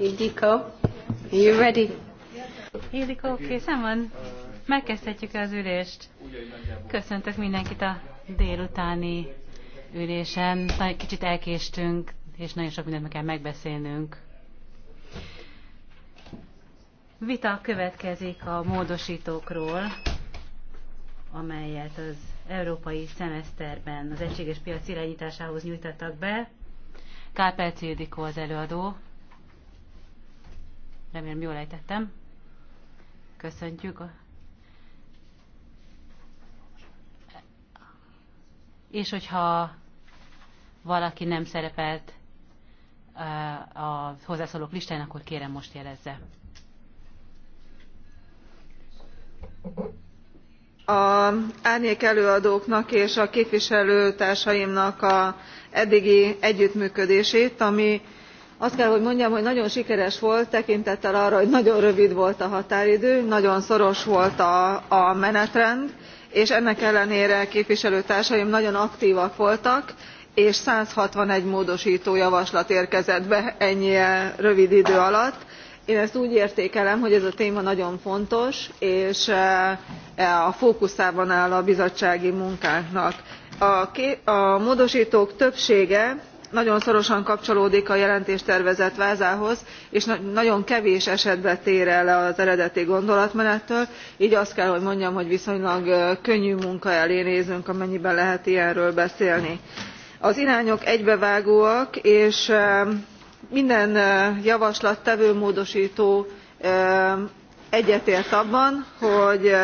Ildikó, are you ready? Ildikó, készen van? Megkezdhetjük az ülést. Köszöntök mindenkit a délutáni ülésen. kicsit elkéstünk, és nagyon sok mindent meg kell megbeszélnünk. Vita következik a módosítókról, amelyet az európai szemeszterben az egységes piac irányításához nyújtottak be. Kárpelci Ildikó az előadó. Remélem jól ejtettem. Köszöntjük. És hogyha valaki nem szerepelt a hozzászólók listáján, akkor kérem most jelezze. A árnyék előadóknak és a képviselőtársaimnak a eddigi együttműködését ami azt kell hogy mondjam hogy nagyon sikeres volt tekintettel arra hogy nagyon rövid volt a határidő nagyon szoros volt a, menetrend és ennek ellenére képviselőtársaim nagyon aktvak voltak és one hundred and sixty one módostó javaslat érkezett be ennyi rövid idő alatt. én ezt úgy értékelem hogy ez a téma nagyon fontos és e, e, a fókuszában áll a bizottsági munkánknak. a, a módostók többsége nagyon szorosan kapcsolódik a jelentéstervezet vázához és nagyon kevés esetben tér el az eredeti gondolatmenettől gy azt kell hogy mondjam hogy viszonylag könnyű munka elé nézünk amennyiben lehet ilyenről beszélni. az irányok egybevágóak és minden javaslattevő módostó egyetért abban hogy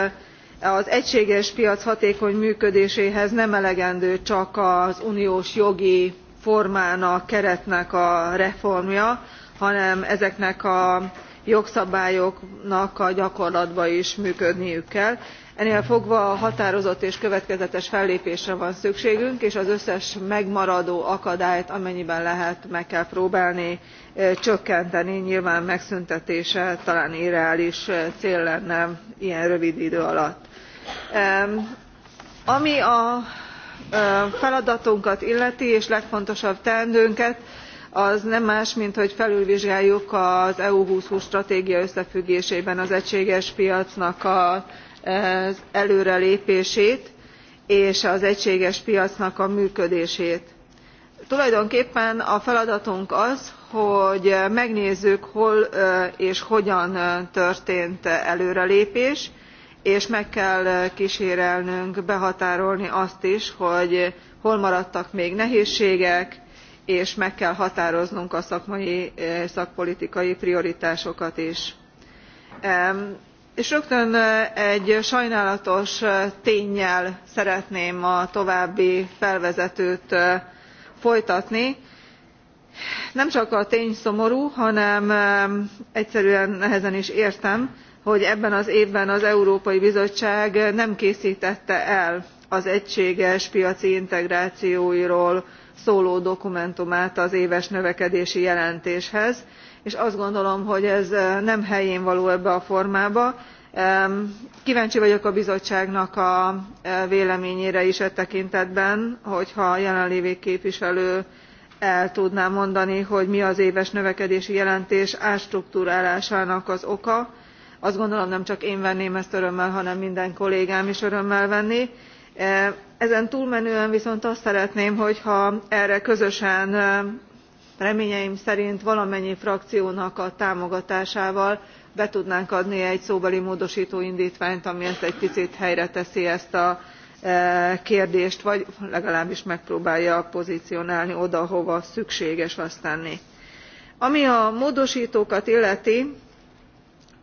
az egységes piac hatékony működéséhez nem elegendő csak az uniós jogi formának keretnek a reformja hanem ezeknek a jogszabályoknak a gyakorlatban is működniük kell. ennél fogva határozott és következetes fellépésre van szükségünk és az összes megmaradó akadályt amennyiben lehet meg kell próbálni eh, csökkenteni nyilván megszüntetése talán irreális eh, cél lenne ilyen rövid idő alatt. ami a feladatunkat illeti és legfontosabb teendőnket az nem más mint hogy felülvizsgáljuk az eu two thousand and twenty stratégia összefüggésében az egységes piacnak az előrelépését és az egységes piacnak a működését. tulajdonképpen a feladatunk az hogy megnézzük hol és hogyan történt előrelépés és meg kell ksérelnünk behatárolni azt is hogy hol maradtak még nehézségek és meg kell határoznunk a szakmai szakpolitikai prioritásokat is. és rögtön egy sajnálatos ténnyel szeretném a további felvezetőt folytatni nem csak a tény szomorú hanem egyszerűen nehezen is értem hogy ebben az évben az európai bizottság nem késztette el az egységes piaci integrációról szóló dokumentumát az éves növekedési jelentéshez és azt gondolom hogy ez nem helyénvaló ebbe a formába. kváncsi vagyok a bizottságnak a e, véleményére is e tekintetben hogyha a jelenlévő képviselő el tudná mondani hogy mi az éves növekedési jelentés átstrukturálásának az oka azt gondolom nem csak én venném ezt örömmel hanem minden kollégám is örömmel venné. E, ezen túlmenően viszont azt szeretném hogyha erre közösen e, reményeim szerint valamennyi frakciónak a támogatásával be tudnánk adni egy szóbeli módostó indtványt ami ezt egy picit helyreteszi ezt a e, kérdést vagy legalábbis megpróbálja pozcionálni oda hova szükséges azt tenni. ami a módostókat illeti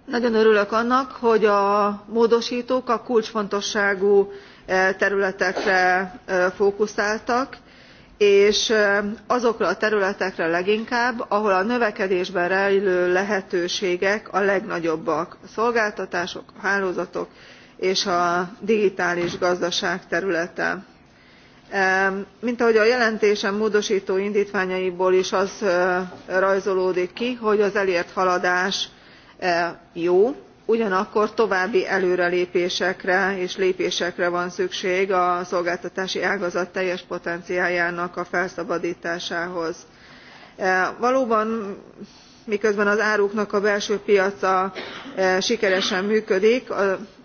nagyon örülök annak hogy a módostók a kulcsfontosságú eh, területekre eh, fókuszáltak és eh, azokra a területekre leginkább ahol a növekedésben rejlő lehetőségek a legnagyobbak a szolgáltatások a hálózatok és a digitális gazdaság területe. mint ahogy a jelentésem módostó indtványaiból is az rajzolódik ki hogy az elért haladás E, jó ugyanakkor további előrelépésekre és lépésekre van szükség a szolgáltatási ágazat teljes potenciáljának a felszabadtásához. E, valóban miközben az áruknak a belső piaca e, sikeresen működik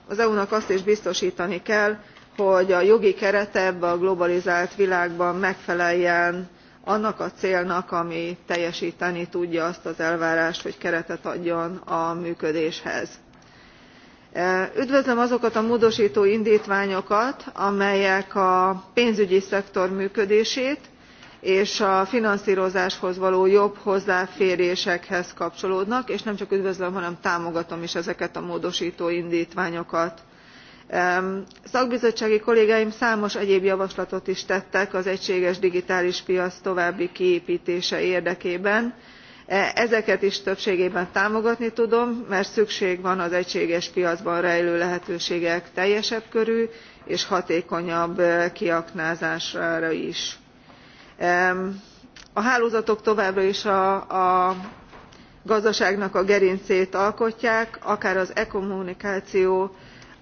az eu nak azt is biztostani kell hogy a jogi kerete ebben a globalizált világban megfeleljen annak a célnak ami teljesteni tudja azt az elvárást hogy keretet adjon a működéshez. E, üdvözlöm azokat a módostó indtványokat amelyek a pénzügyi szektor működését és a finanszrozáshoz való jobb hozzáférésekhez kapcsolódnak és nem csak üdvözlöm hanem támogatom is ezeket a módostó indtványokat szakbizottsági kollégáim számos egyéb javaslatot is tettek az egységes digitális piac további kiéptése érdekében e, ezeket is többségében támogatni tudom mert szükség van az egységes piacban rejlő lehetőségek teljesebb körű és hatékonyabb e, kiaknázására is. a hálózatok továbbra is a, gazdaságnak a gerincét alkotják akár az e kommunikáció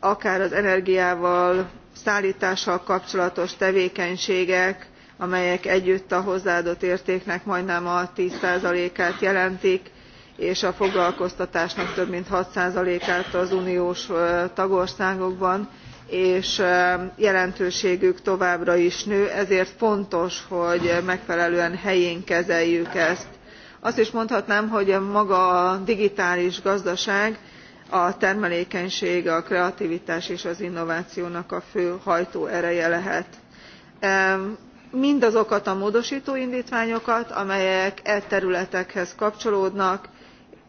akár az energiával szálltással kapcsolatos tevékenységek amelyek együtt a hozzáadott értéknek majdnem a ten át jelentik és a foglalkoztatásnak több mint six át az uniós tagországokban és jelentőségük továbbra is nő ezért fontos hogy megfelelően helyén kezeljük ezt. azt is mondhatnám hogy maga a digitális gazdaság a termelékenység a kreativitás és az innovációnak a fő hajtóereje lehet. mindazokat a módostó indtványokat amelyek e területekhez kapcsolódnak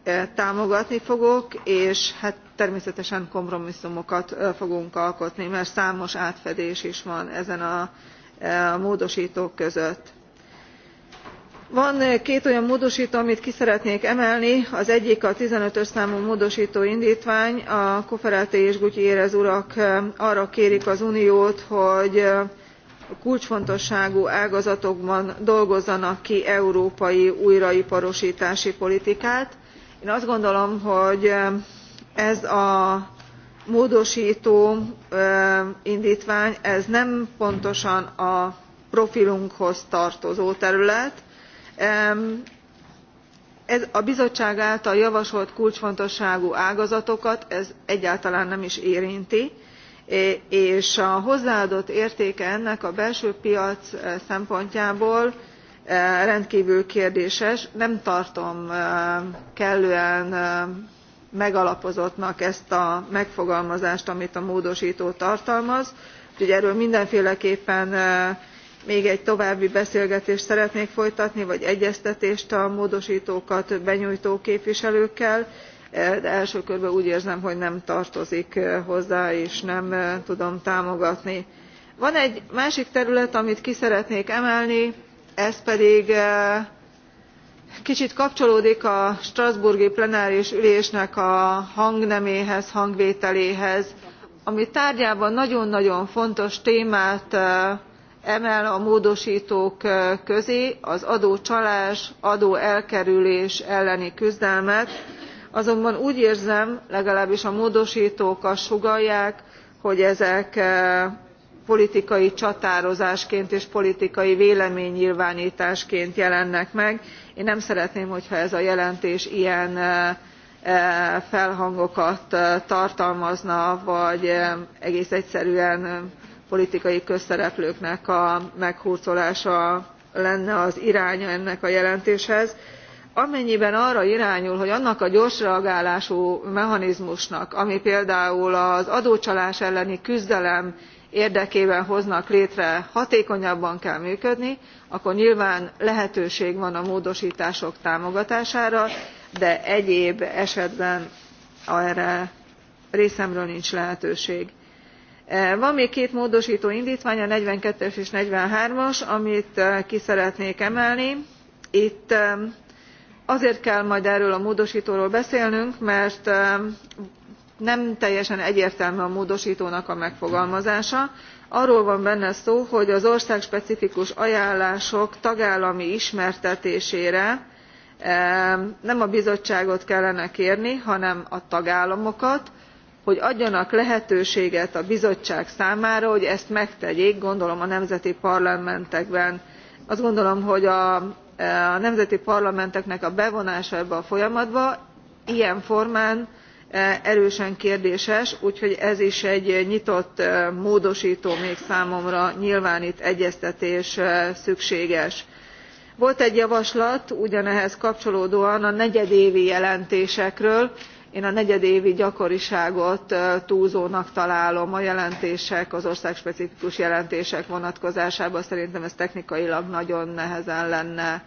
e, támogatni fogok és hát természetesen kompromisszumokat fogunk alkotni mert számos átfedés is van ezen a e, módostók között van eh, két olyan módostó amit ki szeretnék emelni az egyik a fifteen ös számú módostó indtvány a cofferati és gutyérrez urak eh, arra kérik az uniót hogy eh, kulcsfontosságú ágazatokban dolgozzanak ki európai újraiparostási politikát. én azt gondolom hogy ez a módostó indtvány ez nem pontosan a profilunkhoz tartozó terület a bizottság által javasolt kulcsfontosságú ágazatokat ez egyáltalán nem is érinti és a hozzáadott értéke ennek a belső piac eh, szempontjából eh, rendkvül kérdéses nem tartom eh, kellően megalapozottnak ezt a megfogalmazást amit a módostó tartalmaz úgyhogy erről mindenféleképpen még egy további beszélgetést szeretnék folytatni vagy egyeztetést a módostókat benyújtó képviselőkkel e, de első körben úgy érzem hogy nem tartozik e, hozzá és nem e, tudom támogatni. van egy másik terület amit ki szeretnék emelni ez pedig kicsit kapcsolódik a strasbourgi plenáris ülésnek a hangneméhez hangvételéhez ami tárgyában nagyon nagyon fontos témát emel a módostók közé az adócsalás adóelkerülés elleni küzdelmet azonban úgy érzem legalábbis a módostók azt sugallják hogy ezek politikai csatározásként és politikai véleménynyilvántásként jelennek meg én nem szeretném hogyha ez a jelentés ilyen felhangokat tartalmazna vagy egész egyszerűen politikai közszereplőknek a meghurcolása lenne az iránya ennek a jelentéshez amennyiben arra irányul hogy annak a gyorsreagálású mechanizmusnak ami például az adócsalás elleni küzdelem érdekében hoznak létre hatékonyabban kell működni akkor nyilván lehetőség van a módostások támogatására de egyéb esetben erre részemről nincs lehetőség van még két módostó indtvány a forty two es és forty three as amit ki szeretnék emelni. itt azért kell majd erről a módostóról beszélnünk mert nem teljesen egyértelmű a módostónak a megfogalmazása. arról van benne szó hogy az országspecifikus ajánlások tagállami ismertetésére nem a bizottságot kellene kérni hanem a tagállamokat hogy adjanak lehetőséget a bizottság számára hogy ezt megtegyék gondolom a nemzeti parlamentekben. azt gondolom hogy a, e, nemzeti parlamenteknek a bevonása ebbe a folyamatba ilyen formán e, erősen kérdéses úgyhogy ez is egy nyitott e, módostó még számomra nyilván itt egyeztetés szükséges. volt egy javaslat ugyanehhez kapcsolódóan a negyedévi jelentésekről én a negyedévi gyakoriságot túlzónak találom a jelentések az országspecifikus jelentések vonatkozásában szerintem ez technikailag nagyon nehezen lenne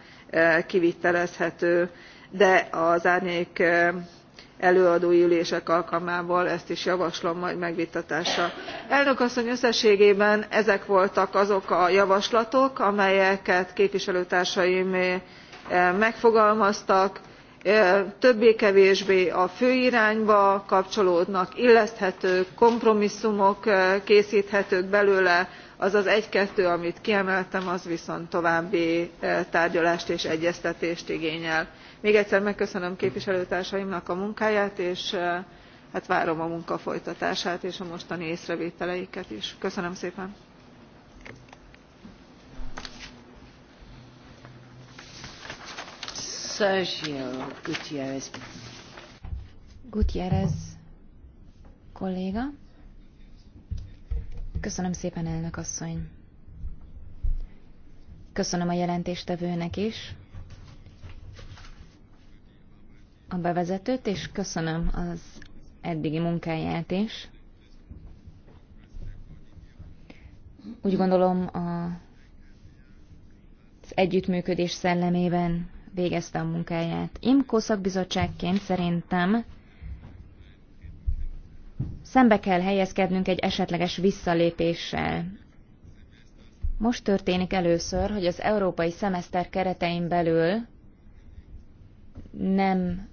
kivitelezhető de az árnyék előadói ülések alkalmával ezt is javaslom majd megvitatásra. elnök asszony összességében ezek voltak azok a javaslatok amelyeket képviselőtársaim megfogalmaztak többé kevésbé a fő irányba kapcsolódnak illeszthetők kompromisszumok készthetők belőle az az egy kettő amit kiemeltem az viszont további tárgyalást és egyeztetést igényel. még egyszer megköszönöm képviselőtársaimnak a munkáját és hát várom a munka folytatását és a mostani észrevételeiket is. köszönöm szépen! Gutierrez kolléga. Köszönöm szépen, elnök asszony. Köszönöm a jelentéstevőnek is a bevezetőt, és köszönöm az eddigi munkáját is. Úgy gondolom, a, az együttműködés szellemében végezte a munkáját. Imkó szakbizottságként szerintem szembe kell helyezkednünk egy esetleges visszalépéssel. Most történik először, hogy az európai szemeszter keretein belül nem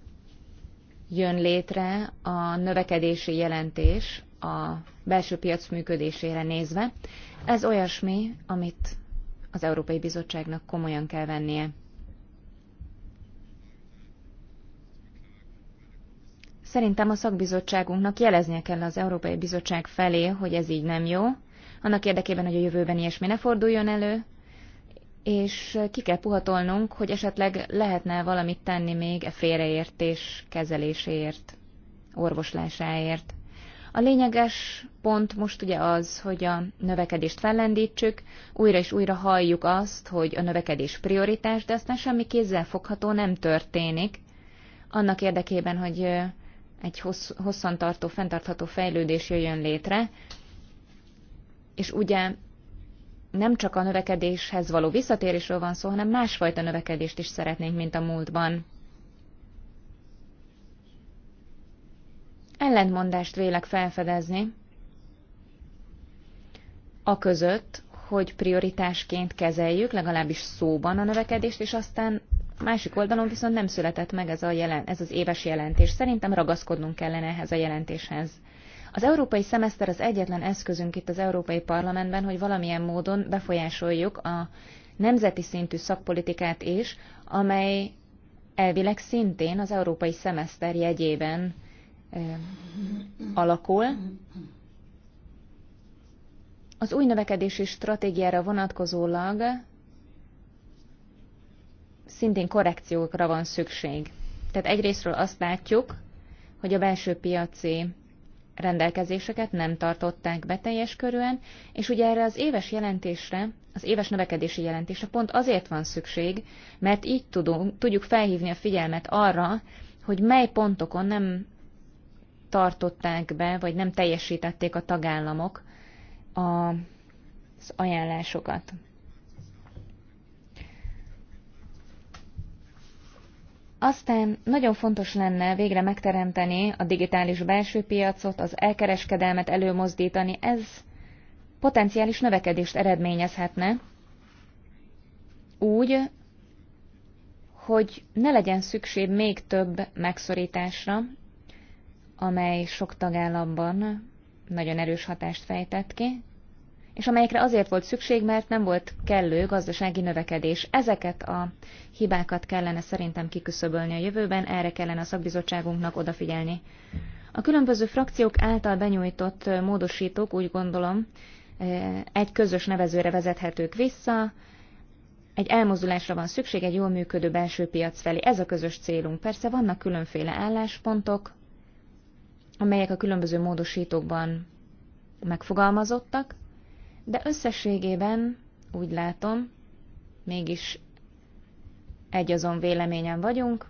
jön létre a növekedési jelentés a belső piac működésére nézve. Ez olyasmi, amit az Európai Bizottságnak komolyan kell vennie. Szerintem a szakbizottságunknak jeleznie kell az Európai Bizottság felé, hogy ez így nem jó, annak érdekében, hogy a jövőben ilyesmi ne forduljon elő, és ki kell puhatolnunk, hogy esetleg lehetne valamit tenni még e félreértés kezeléséért, orvoslásáért. A lényeges pont most ugye az, hogy a növekedést fellendítsük, újra és újra halljuk azt, hogy a növekedés prioritás, de aztán semmi kézzel fogható nem történik. Annak érdekében, hogy egy hossz, hosszantartó, fenntartható fejlődés jöjjön létre, és ugye nem csak a növekedéshez való visszatérésről van szó, hanem másfajta növekedést is szeretnénk, mint a múltban. Ellentmondást vélek felfedezni, a között, hogy prioritásként kezeljük, legalábbis szóban a növekedést, és aztán másik oldalon viszont nem született meg ez, a jelen, ez az éves jelentés. Szerintem ragaszkodnunk kellene ehhez a jelentéshez. Az európai szemeszter az egyetlen eszközünk itt az Európai Parlamentben, hogy valamilyen módon befolyásoljuk a nemzeti szintű szakpolitikát is, amely elvileg szintén az európai szemeszter jegyében ö, alakul. Az új növekedési stratégiára vonatkozólag szintén korrekciókra van szükség. Tehát egyrésztről azt látjuk, hogy a belső piaci rendelkezéseket nem tartották be teljes körűen, és ugye erre az éves jelentésre, az éves növekedési jelentésre pont azért van szükség, mert így tudunk, tudjuk felhívni a figyelmet arra, hogy mely pontokon nem tartották be, vagy nem teljesítették a tagállamok az ajánlásokat. Aztán nagyon fontos lenne végre megteremteni a digitális belső piacot, az elkereskedelmet előmozdítani, ez potenciális növekedést eredményezhetne, úgy, hogy ne legyen szükség még több megszorításra, amely sok tagállamban nagyon erős hatást fejtett ki és amelyekre azért volt szükség, mert nem volt kellő gazdasági növekedés. Ezeket a hibákat kellene szerintem kiküszöbölni a jövőben, erre kellene a szakbizottságunknak odafigyelni. A különböző frakciók által benyújtott módosítók úgy gondolom eh, egy közös nevezőre vezethetők vissza, egy elmozdulásra van szükség egy jól működő belső piac felé. Ez a közös célunk. Persze vannak különféle álláspontok, amelyek a különböző módosítókban megfogalmazottak, de összességében úgy látom, mégis egyazon véleményen vagyunk.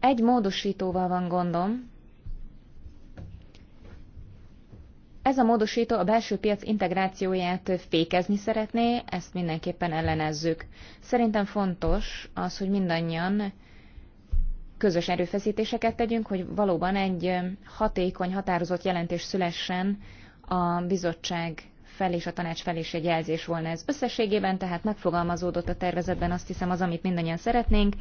Egy módosítóval van gondom. Ez a módosító a belső piac integrációját fékezni szeretné, ezt mindenképpen ellenezzük. Szerintem fontos az, hogy mindannyian közös erőfeszítéseket tegyünk, hogy valóban egy hatékony, határozott jelentés szülessen a bizottság fel és a tanács fel is egy jelzés volna ez. Összességében tehát megfogalmazódott a tervezetben azt hiszem az, amit mindannyian szeretnénk.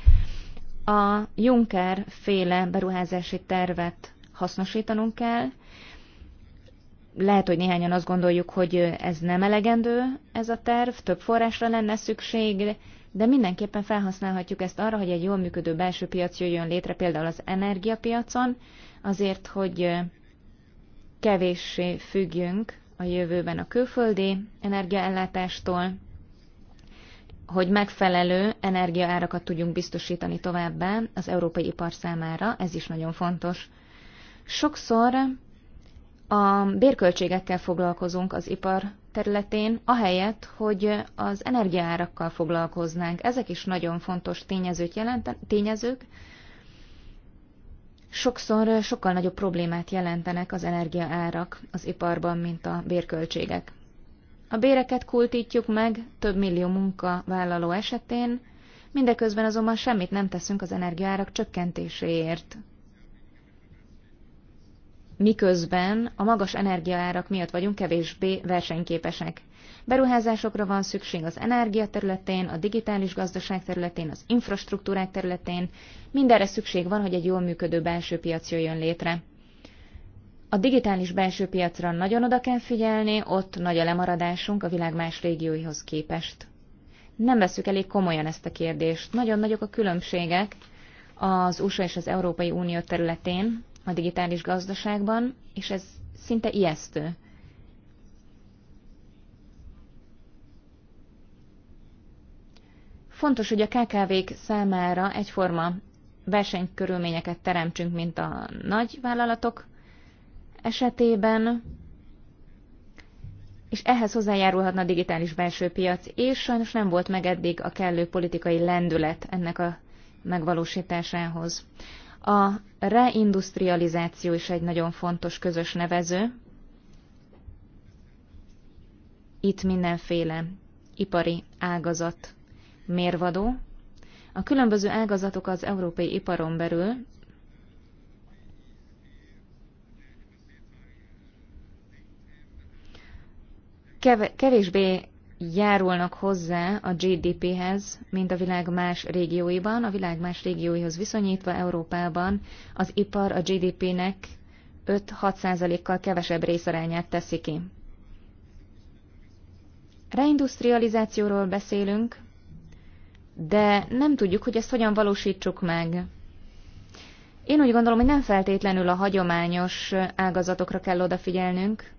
A Juncker féle beruházási tervet hasznosítanunk kell. Lehet, hogy néhányan azt gondoljuk, hogy ez nem elegendő ez a terv, több forrásra lenne szükség, de mindenképpen felhasználhatjuk ezt arra, hogy egy jól működő belső piac jöjjön létre például az energiapiacon, azért, hogy kevéssé függjünk a jövőben a külföldi energiaellátástól, hogy megfelelő energiaárakat tudjunk biztosítani továbbá az európai ipar számára, ez is nagyon fontos. Sokszor a bérköltségekkel foglalkozunk az ipar területén, ahelyett, hogy az energiaárakkal foglalkoznánk. Ezek is nagyon fontos tényezők, jelenten, tényezők sokszor sokkal nagyobb problémát jelentenek az energiaárak az iparban, mint a bérköltségek. A béreket kultítjuk meg több millió munka vállaló esetén, mindeközben azonban semmit nem teszünk az energiaárak csökkentéséért. Miközben a magas energiaárak miatt vagyunk kevésbé versenyképesek. Beruházásokra van szükség az energia területén, a digitális gazdaság területén, az infrastruktúrák területén. Mindenre szükség van, hogy egy jól működő belső piac jöjjön létre. A digitális belső piacra nagyon oda kell figyelni, ott nagy a lemaradásunk a világ más régióihoz képest. Nem veszük elég komolyan ezt a kérdést. Nagyon nagyok a különbségek az USA és az Európai Unió területén, a digitális gazdaságban, és ez szinte ijesztő. Fontos, hogy a KKV-k számára egyforma versenykörülményeket teremtsünk, mint a nagy vállalatok esetében, és ehhez hozzájárulhatna a digitális belső piac, és sajnos nem volt meg eddig a kellő politikai lendület ennek a megvalósításához. A reindustrializáció is egy nagyon fontos közös nevező. Itt mindenféle ipari ágazat mérvadó. A különböző ágazatok az európai iparon belül kevésbé járulnak hozzá a GDP-hez, mint a világ más régióiban. A világ más régióihoz viszonyítva Európában az ipar a GDP-nek 5-6%-kal kevesebb részarányát teszi ki. Reindustrializációról beszélünk, de nem tudjuk, hogy ezt hogyan valósítsuk meg. Én úgy gondolom, hogy nem feltétlenül a hagyományos ágazatokra kell odafigyelnünk,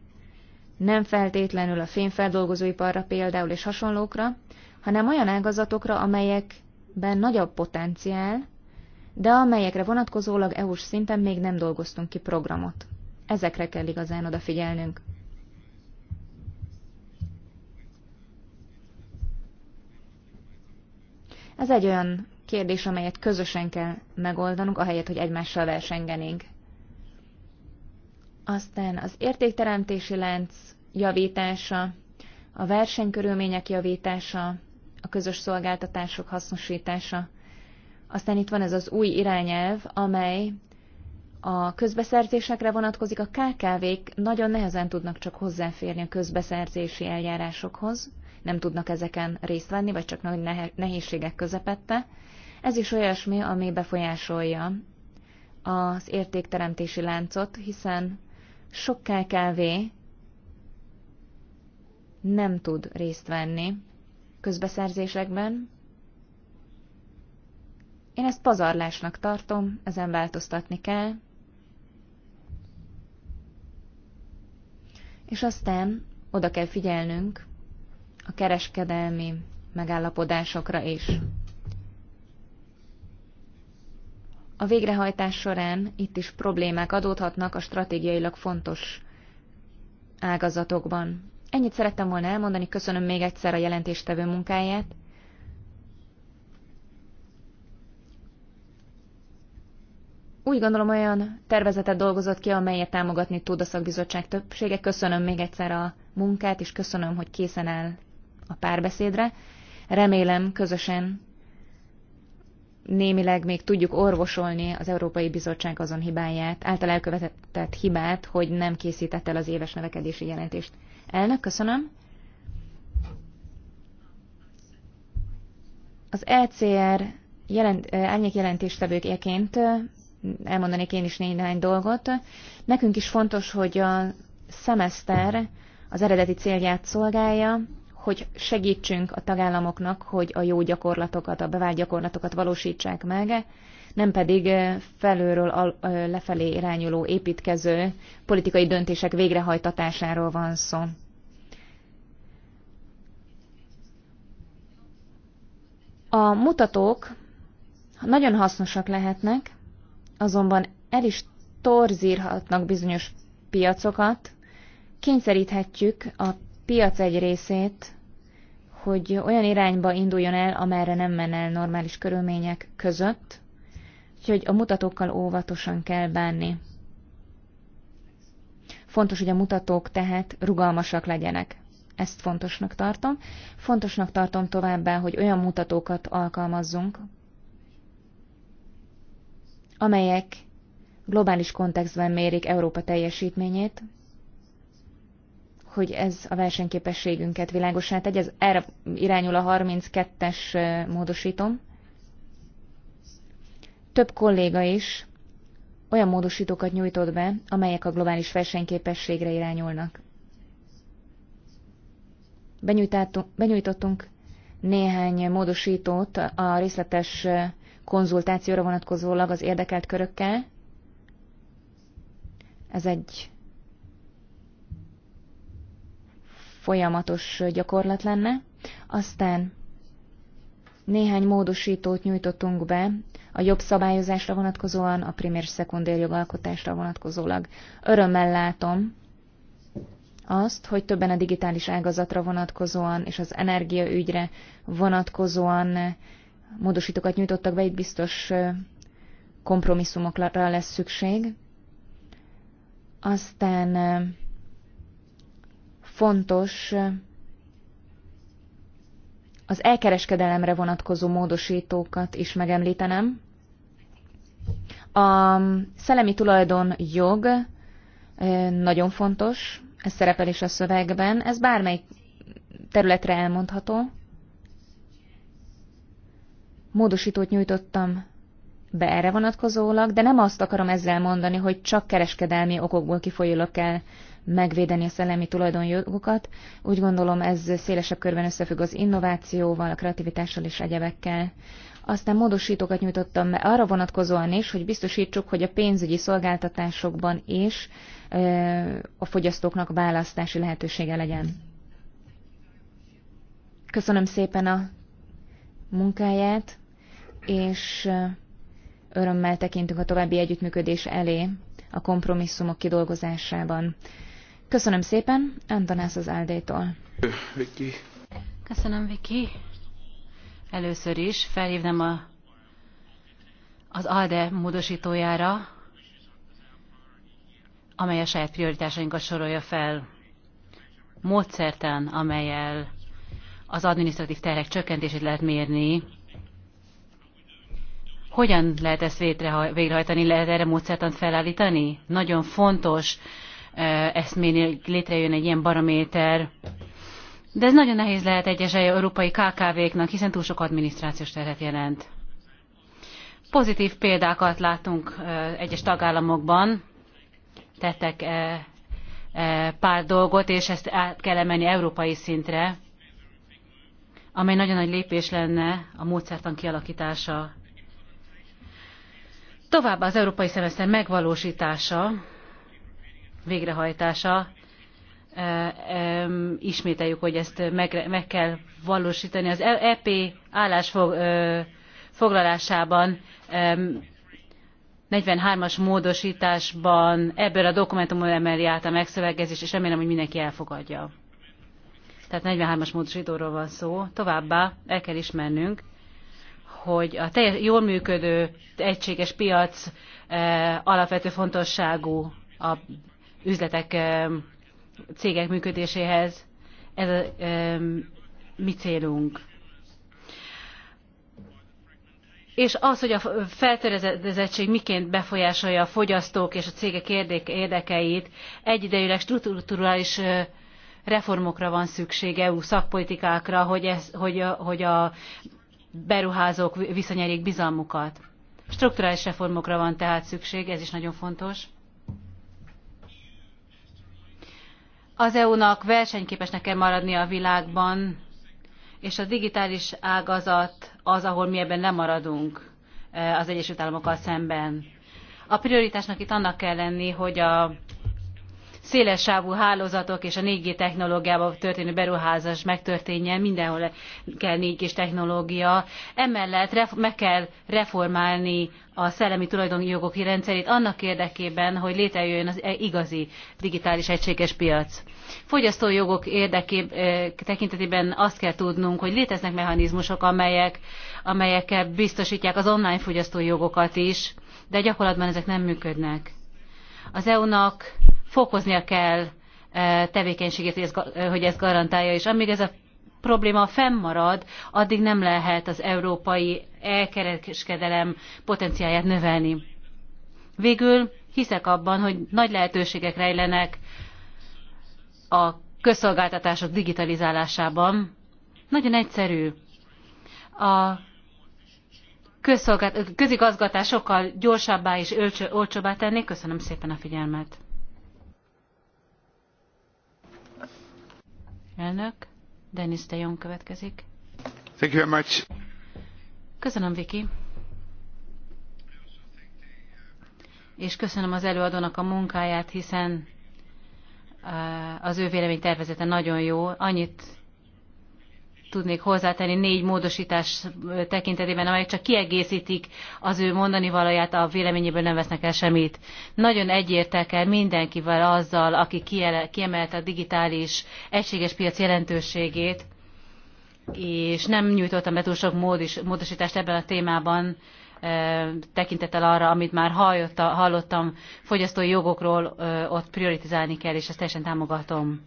nem feltétlenül a fényfeldolgozóiparra például és hasonlókra, hanem olyan ágazatokra, amelyekben nagyobb potenciál, de amelyekre vonatkozólag EU-s szinten még nem dolgoztunk ki programot. Ezekre kell igazán odafigyelnünk. Ez egy olyan kérdés, amelyet közösen kell megoldanunk, ahelyett, hogy egymással versengenénk. Aztán az értékteremtési lánc javítása, a versenykörülmények javítása, a közös szolgáltatások hasznosítása. Aztán itt van ez az új irányelv, amely a közbeszerzésekre vonatkozik, a KKV-k nagyon nehezen tudnak csak hozzáférni a közbeszerzési eljárásokhoz nem tudnak ezeken részt venni, vagy csak nagy nehézségek közepette. Ez is olyasmi, ami befolyásolja az értékteremtési láncot, hiszen sok KKV nem tud részt venni közbeszerzésekben. Én ezt pazarlásnak tartom, ezen változtatni kell. És aztán oda kell figyelnünk a kereskedelmi megállapodásokra is. A végrehajtás során itt is problémák adódhatnak a stratégiailag fontos ágazatokban. Ennyit szerettem volna elmondani, köszönöm még egyszer a jelentéstevő munkáját. Úgy gondolom olyan tervezetet dolgozott ki, amelyet támogatni tud a szakbizottság többsége. Köszönöm még egyszer a munkát, és köszönöm, hogy készen áll a párbeszédre. Remélem közösen némileg még tudjuk orvosolni az Európai Bizottság azon hibáját, által elkövetett hibát, hogy nem készített el az éves növekedési jelentést. Elnök, köszönöm. Az ECR jelent, elnyék jelentéstevőkéként elmondanék én is néhány dolgot. Nekünk is fontos, hogy a szemeszter az eredeti célját szolgálja, hogy segítsünk a tagállamoknak, hogy a jó gyakorlatokat, a bevált gyakorlatokat valósítsák meg, nem pedig felülről al, lefelé irányuló építkező politikai döntések végrehajtatásáról van szó. A mutatók nagyon hasznosak lehetnek, azonban el is torzírhatnak bizonyos piacokat, kényszeríthetjük a piac egy részét, hogy olyan irányba induljon el, amerre nem menne el normális körülmények között, úgyhogy a mutatókkal óvatosan kell bánni. Fontos, hogy a mutatók tehát rugalmasak legyenek. Ezt fontosnak tartom. Fontosnak tartom továbbá, hogy olyan mutatókat alkalmazzunk, amelyek globális kontextben mérik Európa teljesítményét, hogy ez a versenyképességünket világosan, tegy. Ez erre irányul a 32-es módosítom. Több kolléga is olyan módosítókat nyújtott be, amelyek a globális versenyképességre irányulnak. Benyújtottunk néhány módosítót a részletes konzultációra vonatkozólag az érdekelt körökkel. Ez egy folyamatos gyakorlat lenne. Aztán néhány módosítót nyújtottunk be a jobb szabályozásra vonatkozóan, a primér szekundér jogalkotásra vonatkozólag. Örömmel látom azt, hogy többen a digitális ágazatra vonatkozóan és az energiaügyre vonatkozóan módosítókat nyújtottak be, itt biztos kompromisszumokra lesz szükség. Aztán fontos eh, az elkereskedelemre vonatkozó módosítókat is megemlítenem. A szellemi tulajdon jog eh, nagyon fontos, ez szerepel is a szövegben, ez bármelyik területre elmondható. Módosítót nyújtottam be erre vonatkozólag, de nem azt akarom ezzel mondani, hogy csak kereskedelmi okokból kifolyólag kell megvédeni a szellemi tulajdonjogokat. Úgy gondolom ez szélesebb körben összefügg az innovációval, a kreativitással és egyebekkel. Aztán módosítókat nyújtottam be arra vonatkozóan is, hogy biztosítsuk, hogy a pénzügyi szolgáltatásokban is a fogyasztóknak választási lehetősége legyen. Köszönöm szépen a munkáját, és örömmel tekintünk a további együttműködés elé a kompromisszumok kidolgozásában. Köszönöm szépen, Antanász az Áldétól. Viki. Köszönöm, Viki. Először is felhívnám a, az ALDE módosítójára, amely a saját prioritásainkat sorolja fel, módszertan, amelyel az adminisztratív terhek csökkentését lehet mérni, hogyan lehet ezt végrehajtani, lehet erre módszertant felállítani? Nagyon fontos eszménél létrejön egy ilyen barométer. De ez nagyon nehéz lehet egyes európai KKV-knak, hiszen túl sok adminisztrációs terhet jelent. Pozitív példákat látunk egyes tagállamokban, tettek pár dolgot, és ezt át kell emelni európai szintre, amely nagyon nagy lépés lenne a módszertan kialakítása. Továbbá az európai szemeszter megvalósítása, végrehajtása. Ismételjük, hogy ezt meg, meg kell valósítani. Az EP állásfoglalásában 43-as módosításban ebből a dokumentumon emeli át a megszövegezés, és remélem, hogy mindenki elfogadja. Tehát 43-as módosítóról van szó. Továbbá el kell ismernünk, hogy a teljes, jól működő egységes piac e, alapvető fontosságú a üzletek, cégek működéséhez. Ez a mi célunk. És az, hogy a feltörezettség miként befolyásolja a fogyasztók és a cégek érdekeit, egyidejűleg strukturális reformokra van szükség, EU szakpolitikákra, hogy, ez, hogy, hogy a beruházók visszanyerjék bizalmukat. Strukturális reformokra van tehát szükség, ez is nagyon fontos. Az EU-nak versenyképesnek kell maradnia a világban, és a digitális ágazat az, ahol mi ebben lemaradunk eh, az Egyesült Államokkal szemben. A prioritásnak itt annak kell lenni, hogy a széles sávú hálózatok és a 4G technológiába történő beruházás megtörténjen, mindenhol kell 4 g technológia. Emellett meg kell reformálni a szellemi tulajdonjogok rendszerét annak érdekében, hogy létrejöjjön az e- igazi digitális egységes piac fogyasztói jogok érdekében tekintetében azt kell tudnunk, hogy léteznek mechanizmusok, amelyek, amelyekkel biztosítják az online fogyasztói jogokat is, de gyakorlatban ezek nem működnek. Az EU-nak fokoznia kell tevékenységét, hogy ezt garantálja, és amíg ez a probléma fennmarad, addig nem lehet az európai elkereskedelem potenciáját növelni. Végül hiszek abban, hogy nagy lehetőségek rejlenek a közszolgáltatások digitalizálásában. Nagyon egyszerű. A közigazgatás sokkal gyorsabbá és olcsóbbá tenni. Köszönöm szépen a figyelmet. Elnök, Dennis de Jong következik. Thank you very much. Köszönöm, Viki. És köszönöm az előadónak a munkáját, hiszen az ő tervezete nagyon jó. Annyit tudnék hozzátenni négy módosítás tekintetében, amelyek csak kiegészítik az ő mondani valaját, a véleményéből nem vesznek el semmit. Nagyon egyértek el mindenkivel azzal, aki kiemelte a digitális egységes piac jelentőségét, és nem nyújtottam be túl sok módosítást ebben a témában, tekintettel arra, amit már hallottam fogyasztói jogokról, ott prioritizálni kell, és ezt teljesen támogatom.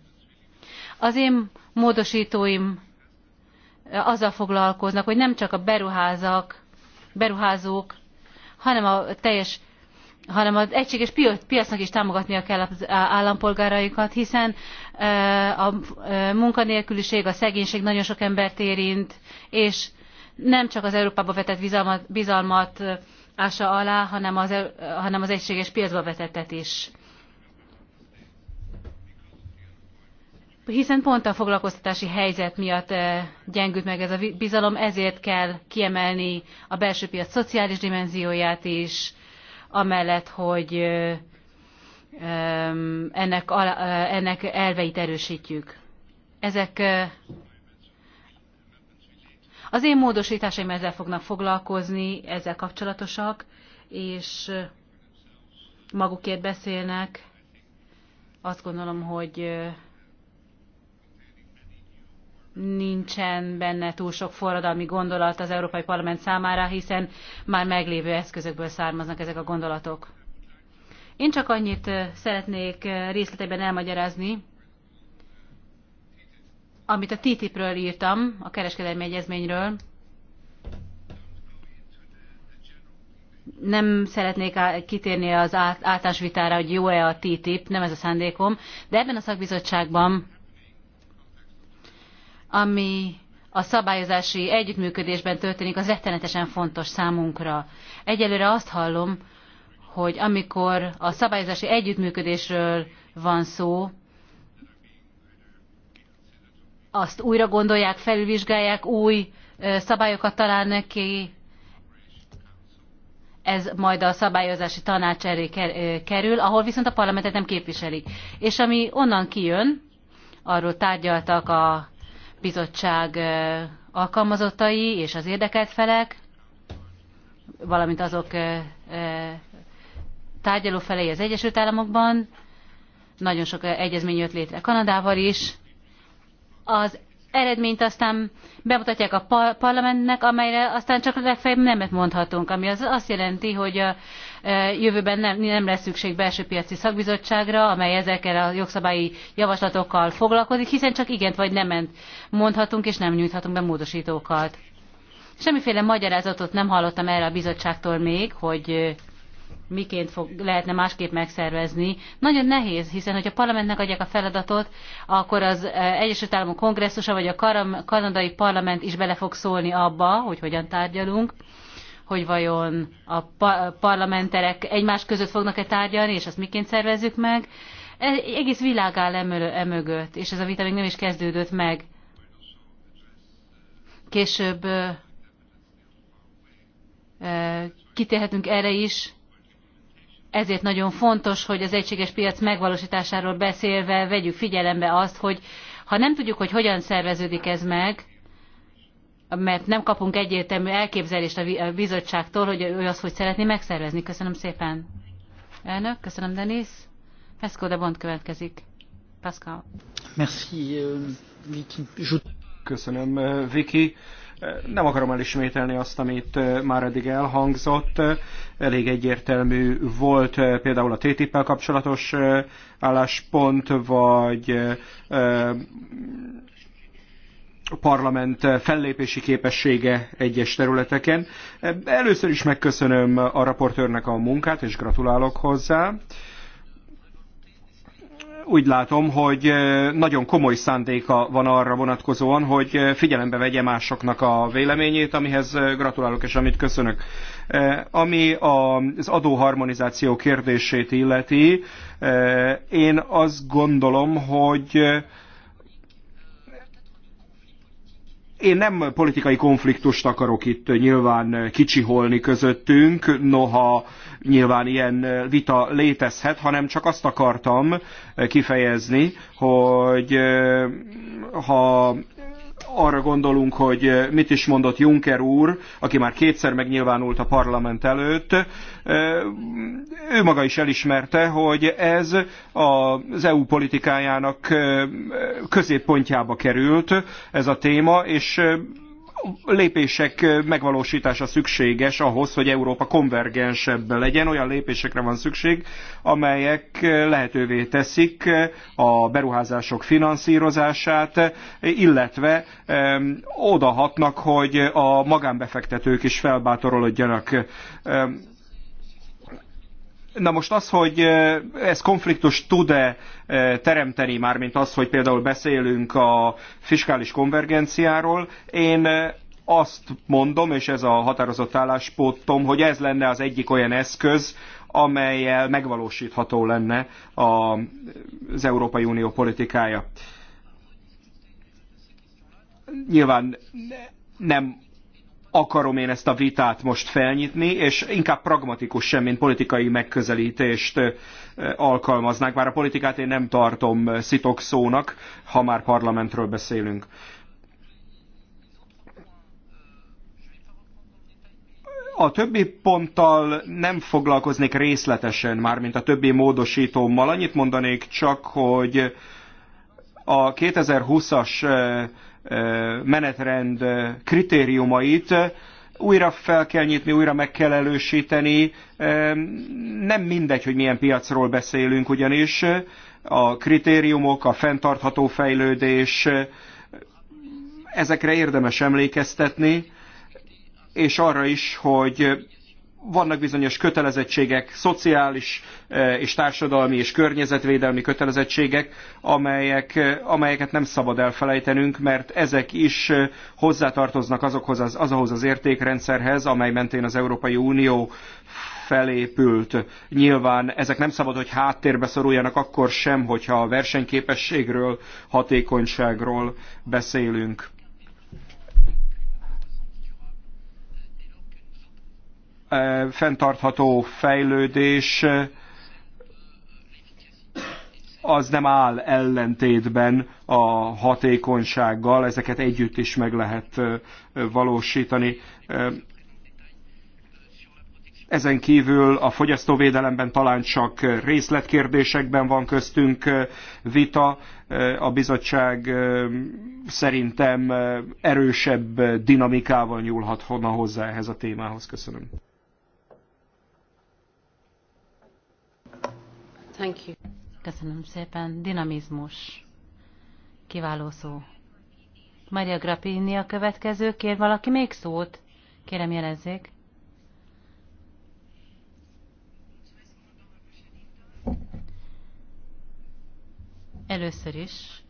Az én módosítóim azzal foglalkoznak, hogy nem csak a beruházak, beruházók, hanem a teljes hanem az egységes piacnak is támogatnia kell az állampolgáraikat, hiszen a munkanélküliség, a szegénység nagyon sok embert érint, és nem csak az Európába vetett bizalmat, bizalmat ása alá, hanem az, e, hanem az egységes piacba vetettet is. Hiszen pont a foglalkoztatási helyzet miatt gyengült meg ez a bizalom, ezért kell kiemelni a belső piac szociális dimenzióját is, amellett, hogy ennek, ennek elveit erősítjük. Ezek az én módosításaim ezzel fognak foglalkozni, ezzel kapcsolatosak, és magukért beszélnek. Azt gondolom, hogy nincsen benne túl sok forradalmi gondolat az Európai Parlament számára, hiszen már meglévő eszközökből származnak ezek a gondolatok. Én csak annyit szeretnék részletében elmagyarázni, amit a TTIP-ről írtam, a kereskedelmi egyezményről, nem szeretnék kitérni az általános vitára, hogy jó-e a TTIP, nem ez a szándékom, de ebben a szakbizottságban, ami a szabályozási együttműködésben történik, az rettenetesen fontos számunkra. Egyelőre azt hallom, hogy amikor a szabályozási együttműködésről van szó, azt újra gondolják, felülvizsgálják, új szabályokat találnak ki, ez majd a szabályozási tanács elé kerül, ahol viszont a parlamentet nem képviselik. És ami onnan kijön, arról tárgyaltak a bizottság alkalmazottai és az érdekelt felek, valamint azok tárgyaló felei az Egyesült Államokban, nagyon sok egyezmény jött létre Kanadával is, az eredményt aztán bemutatják a parlamentnek, amelyre aztán csak legfeljebb nemet mondhatunk, ami az azt jelenti, hogy a e, jövőben nem, nem lesz szükség belső piaci szakbizottságra, amely ezekkel a jogszabályi javaslatokkal foglalkozik, hiszen csak igent vagy nemet mondhatunk, és nem nyújthatunk be módosítókat. Semmiféle magyarázatot nem hallottam erre a bizottságtól még, hogy miként fog, lehetne másképp megszervezni. Nagyon nehéz, hiszen hogyha a parlamentnek adják a feladatot, akkor az e, Egyesült Államok kongresszusa vagy a kanadai parlament is bele fog szólni abba, hogy hogyan tárgyalunk hogy vajon a parlamenterek egymás között fognak-e tárgyalni, és azt miként szervezzük meg. E, egész világ áll emögött, és ez a vita még nem is kezdődött meg. Később e, kitérhetünk erre is, ezért nagyon fontos, hogy az egységes piac megvalósításáról beszélve vegyük figyelembe azt, hogy ha nem tudjuk, hogy hogyan szerveződik ez meg, mert nem kapunk egyértelmű elképzelést a bizottságtól, hogy ő azt hogy szeretné megszervezni. Köszönöm szépen. Elnök, köszönöm Denis. Pesco de Bond következik. Pascal. Merci, euh, Viki. Köszönöm, euh, Viki. Nem akarom elismételni azt, amit már eddig elhangzott. Elég egyértelmű volt például a TTIP-el kapcsolatos álláspont, vagy a parlament fellépési képessége egyes területeken. Először is megköszönöm a raportőrnek a munkát, és gratulálok hozzá úgy látom, hogy eh, nagyon komoly szándéka van arra vonatkozóan, hogy eh, figyelembe vegye másoknak a véleményét, amihez eh, gratulálok és amit köszönök. Ami az adóharmonizáció kérdését illeti, én azt gondolom, hogy Én nem politikai konfliktust akarok itt nyilván kicsiholni közöttünk, noha nyilván ilyen vita létezhet, hanem csak azt akartam kifejezni, hogy eh, ha arra gondolunk, hogy eh, mit is mondott Juncker úr, aki már kétszer megnyilvánult a parlament előtt, eh, ő maga is elismerte, hogy ez az EU politikájának eh, középpontjába került ez a téma, és lépések megvalósítása szükséges ahhoz, hogy Európa konvergensebb legyen. Olyan lépésekre van szükség, amelyek lehetővé teszik a beruházások finanszírozását, illetve odahatnak, hogy a magánbefektetők is felbátorolódjanak Na most az, hogy ez konfliktus tud-e teremteni, már mint az, hogy például beszélünk a fiskális konvergenciáról, én azt mondom, és ez a határozott álláspontom, hogy ez lenne az egyik olyan eszköz, amelyel megvalósítható lenne az Európai Unió politikája. Nyilván nem akarom én ezt a vitát most felnyitni, és inkább pragmatikus sem, mint politikai megközelítést alkalmaznák. Bár a politikát én nem tartom szitokszónak, ha már parlamentről beszélünk. A többi ponttal nem foglalkoznék részletesen, már mint a többi módosítómmal. Annyit mondanék csak, hogy a 2020-as menetrend kritériumait, újra fel kell nyitni, újra meg kell elősíteni. Nem mindegy, hogy milyen piacról beszélünk, ugyanis a kritériumok, a fenntartható fejlődés, ezekre érdemes emlékeztetni, és arra is, hogy vannak bizonyos kötelezettségek, szociális eh, és társadalmi és környezetvédelmi kötelezettségek, amelyek, eh, amelyeket nem szabad elfelejtenünk, mert ezek is eh, hozzátartoznak azokhoz az, ahhoz az értékrendszerhez, amely mentén az Európai Unió felépült. Nyilván ezek nem szabad, hogy háttérbe szoruljanak akkor sem, hogyha a versenyképességről, hatékonyságról beszélünk. fenntartható fejlődés az nem áll ellentétben a hatékonysággal, ezeket együtt is meg lehet valósítani. Ezen kívül a fogyasztóvédelemben talán csak részletkérdésekben van köztünk vita. A bizottság szerintem erősebb dinamikával nyúlhat hozzá ehhez a témához. Köszönöm. Thank you. Köszönöm szépen. Dinamizmus. Kiváló szó. Maria Grappini a következő. Kér valaki még szót? Kérem jelezzék. Először is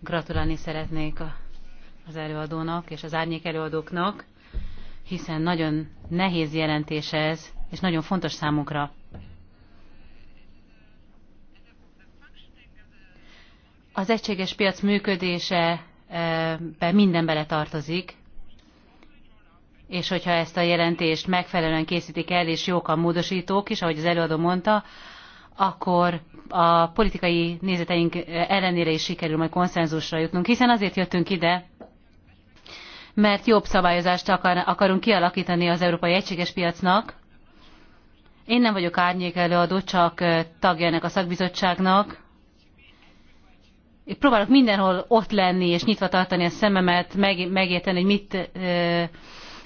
gratulálni szeretnék az előadónak és az árnyék előadóknak, hiszen nagyon nehéz jelentés ez, és nagyon fontos számunkra. Az egységes piac működése e, be minden bele tartozik, és hogyha ezt a jelentést megfelelően készítik el, és jók a módosítók is, ahogy az előadó mondta, akkor a politikai nézeteink ellenére is sikerül majd konszenzusra jutnunk, hiszen azért jöttünk ide, mert jobb szabályozást akar, akarunk kialakítani az Európai Egységes Piacnak. Én nem vagyok árnyék előadó, csak tagja ennek a szakbizottságnak, próbálok mindenhol ott lenni és nyitva tartani a szememet, meg, megérteni, hogy mit ö,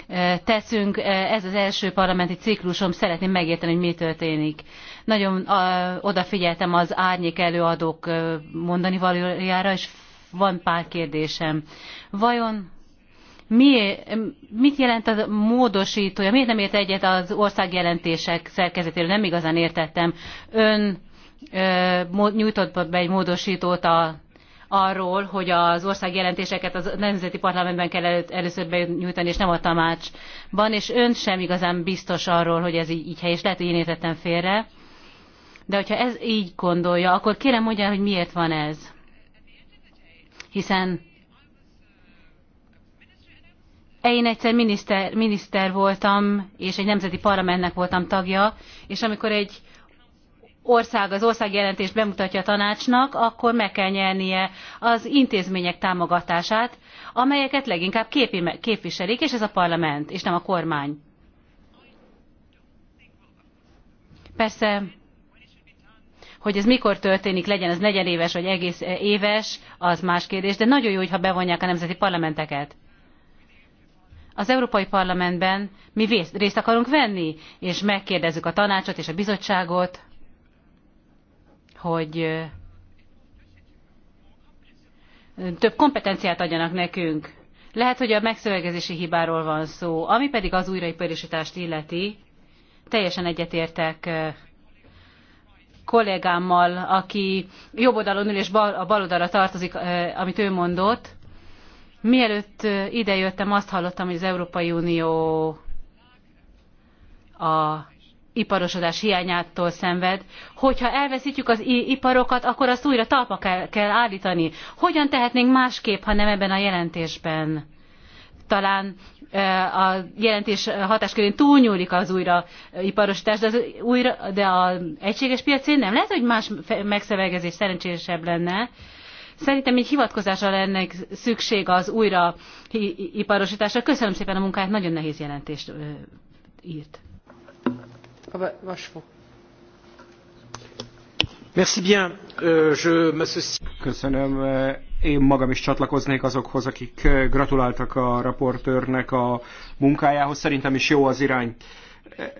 ö, teszünk. Ez az első parlamenti ciklusom, szeretném megérteni, hogy mi történik. Nagyon ö, odafigyeltem az árnyék előadók ö, mondani valójára, és van pár kérdésem. Vajon mi, mit jelent a módosítója? Miért nem ért egyet az országjelentések szerkezetéről? Nem igazán értettem. Ön ö, nyújtott be egy módosítót a arról, hogy az ország jelentéseket az nemzeti parlamentben kell először benyújtani, és nem a tanácsban, és ön sem igazán biztos arról, hogy ez így, így helyes. Lehet, hogy én értettem félre. De hogyha ez így gondolja, akkor kérem mondja, hogy miért van ez. Hiszen én egyszer miniszter, miniszter voltam, és egy nemzeti parlamentnek voltam tagja, és amikor egy ország az országjelentést bemutatja a tanácsnak, akkor meg kell nyernie az intézmények támogatását, amelyeket leginkább képi, képviselik, és ez a parlament, és nem a kormány. Persze, hogy ez mikor történik, legyen ez negyedéves vagy egész éves, az más kérdés, de nagyon jó, hogyha bevonják a nemzeti parlamenteket. Az Európai Parlamentben mi részt akarunk venni, és megkérdezzük a tanácsot és a bizottságot, hogy több kompetenciát adjanak nekünk. Lehet, hogy a megszövegezési hibáról van szó, ami pedig az újraiparisítást illeti. Teljesen egyetértek kollégámmal, aki jobb oldalon ül és bal, a bal oldalra tartozik, amit ő mondott. Mielőtt idejöttem, azt hallottam, hogy az Európai Unió a iparosodás hiányától szenved. Hogyha elveszítjük az iparokat, akkor azt újra talpa kell, kell állítani. Hogyan tehetnénk másképp, ha nem ebben a jelentésben? Talán a jelentés hatáskörén túlnyúlik az iparosítás, de, az újra, de a egységes piacén nem. Lehet, hogy más megszövegezés szerencsésebb lenne. Szerintem egy hivatkozásra lenne szükség az iparosításra. Köszönöm szépen a munkáját, nagyon nehéz jelentést írt. Ah euh, Köszönöm. Eh, én magam is csatlakoznék azokhoz, akik eh, gratuláltak a raportőrnek a munkájához. Szerintem is jó az irány. Eh,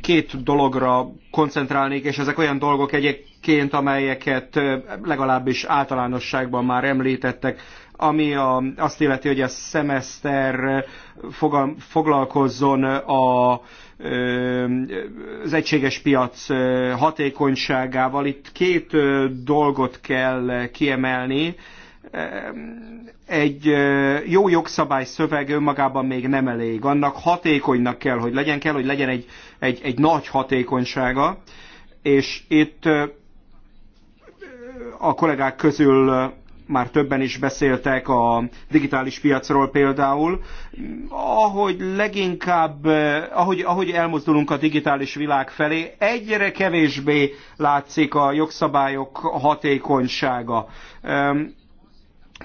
két dologra koncentrálnék, és ezek olyan dolgok egyébként, amelyeket legalábbis általánosságban már említettek ami a, azt illeti, hogy a szemeszter fogal, foglalkozzon a az egységes piac hatékonyságával. Itt két dolgot kell kiemelni. Egy jó jogszabály szöveg önmagában még nem elég. Annak hatékonynak kell, hogy legyen, kell, hogy legyen egy, egy, egy nagy hatékonysága. És itt a kollégák közül már többen is beszéltek a digitális piacról például. Ahogy leginkább, ahogy, ahogy elmozdulunk a digitális világ felé, egyre kevésbé látszik a jogszabályok hatékonysága.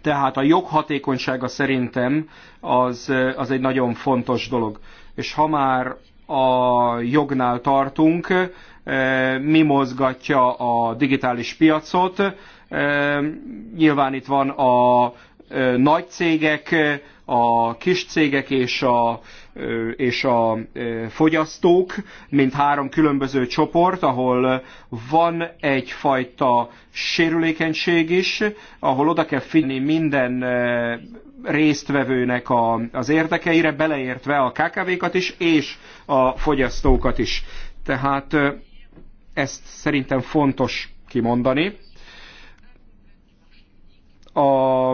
Tehát a jog hatékonysága szerintem az, az egy nagyon fontos dolog. És ha már a jognál tartunk, mi mozgatja a digitális piacot, Nyilván itt van a nagy cégek, a kis cégek és a, és a fogyasztók, mint három különböző csoport, ahol van egyfajta sérülékenység is, ahol oda kell figyelni minden résztvevőnek a, az érdekeire, beleértve a KKV-kat is, és a fogyasztókat is. Tehát ezt szerintem fontos kimondani a,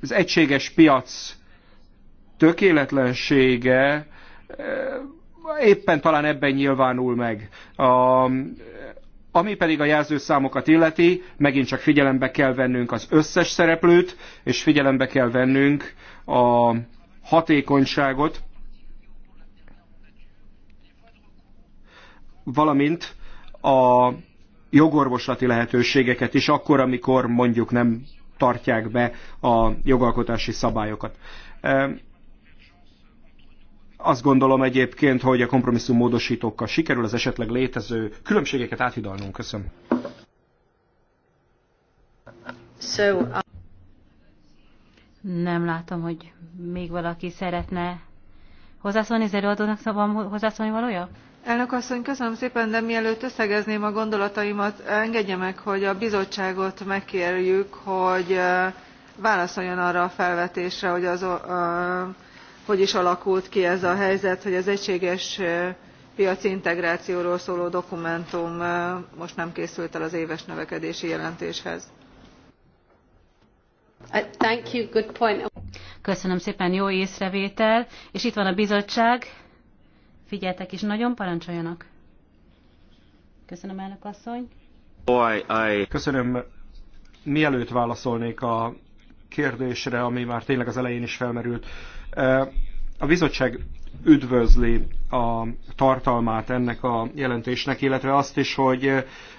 az egységes piac tökéletlensége eh, éppen talán ebben nyilvánul meg. A, ami pedig a jelzőszámokat illeti, megint csak figyelembe kell vennünk az összes szereplőt, és figyelembe kell vennünk a hatékonyságot, valamint a jogorvoslati lehetőségeket is, akkor, amikor mondjuk nem tartják be a jogalkotási szabályokat. Azt gondolom egyébként, hogy a kompromisszum módosítókkal sikerül az esetleg létező különbségeket áthidalnunk. Köszönöm. So, uh... Nem látom, hogy még valaki szeretne hozzászólni az előadónak, szóval hozzászólni valója? elnök asszony köszönöm szépen de mielőtt összegezném a gondolataimat engedje meg hogy a bizottságot megkérjük hogy válaszoljon arra a felvetésre hogy az, hogy is alakult ki ez a helyzet hogy az egységes piaci integrációról szóló dokumentum most nem készült el az éves növekedési jelentéshez. Uh, köszönöm szépen jó észrevétel és itt van a bizottság figyeltek, és nagyon parancsoljanak. Köszönöm, elnök asszony. Köszönöm. Mielőtt válaszolnék a kérdésre, ami már tényleg az elején is felmerült, eh, a bizottság üdvözli a tartalmát ennek a jelentésnek, illetve azt is, hogy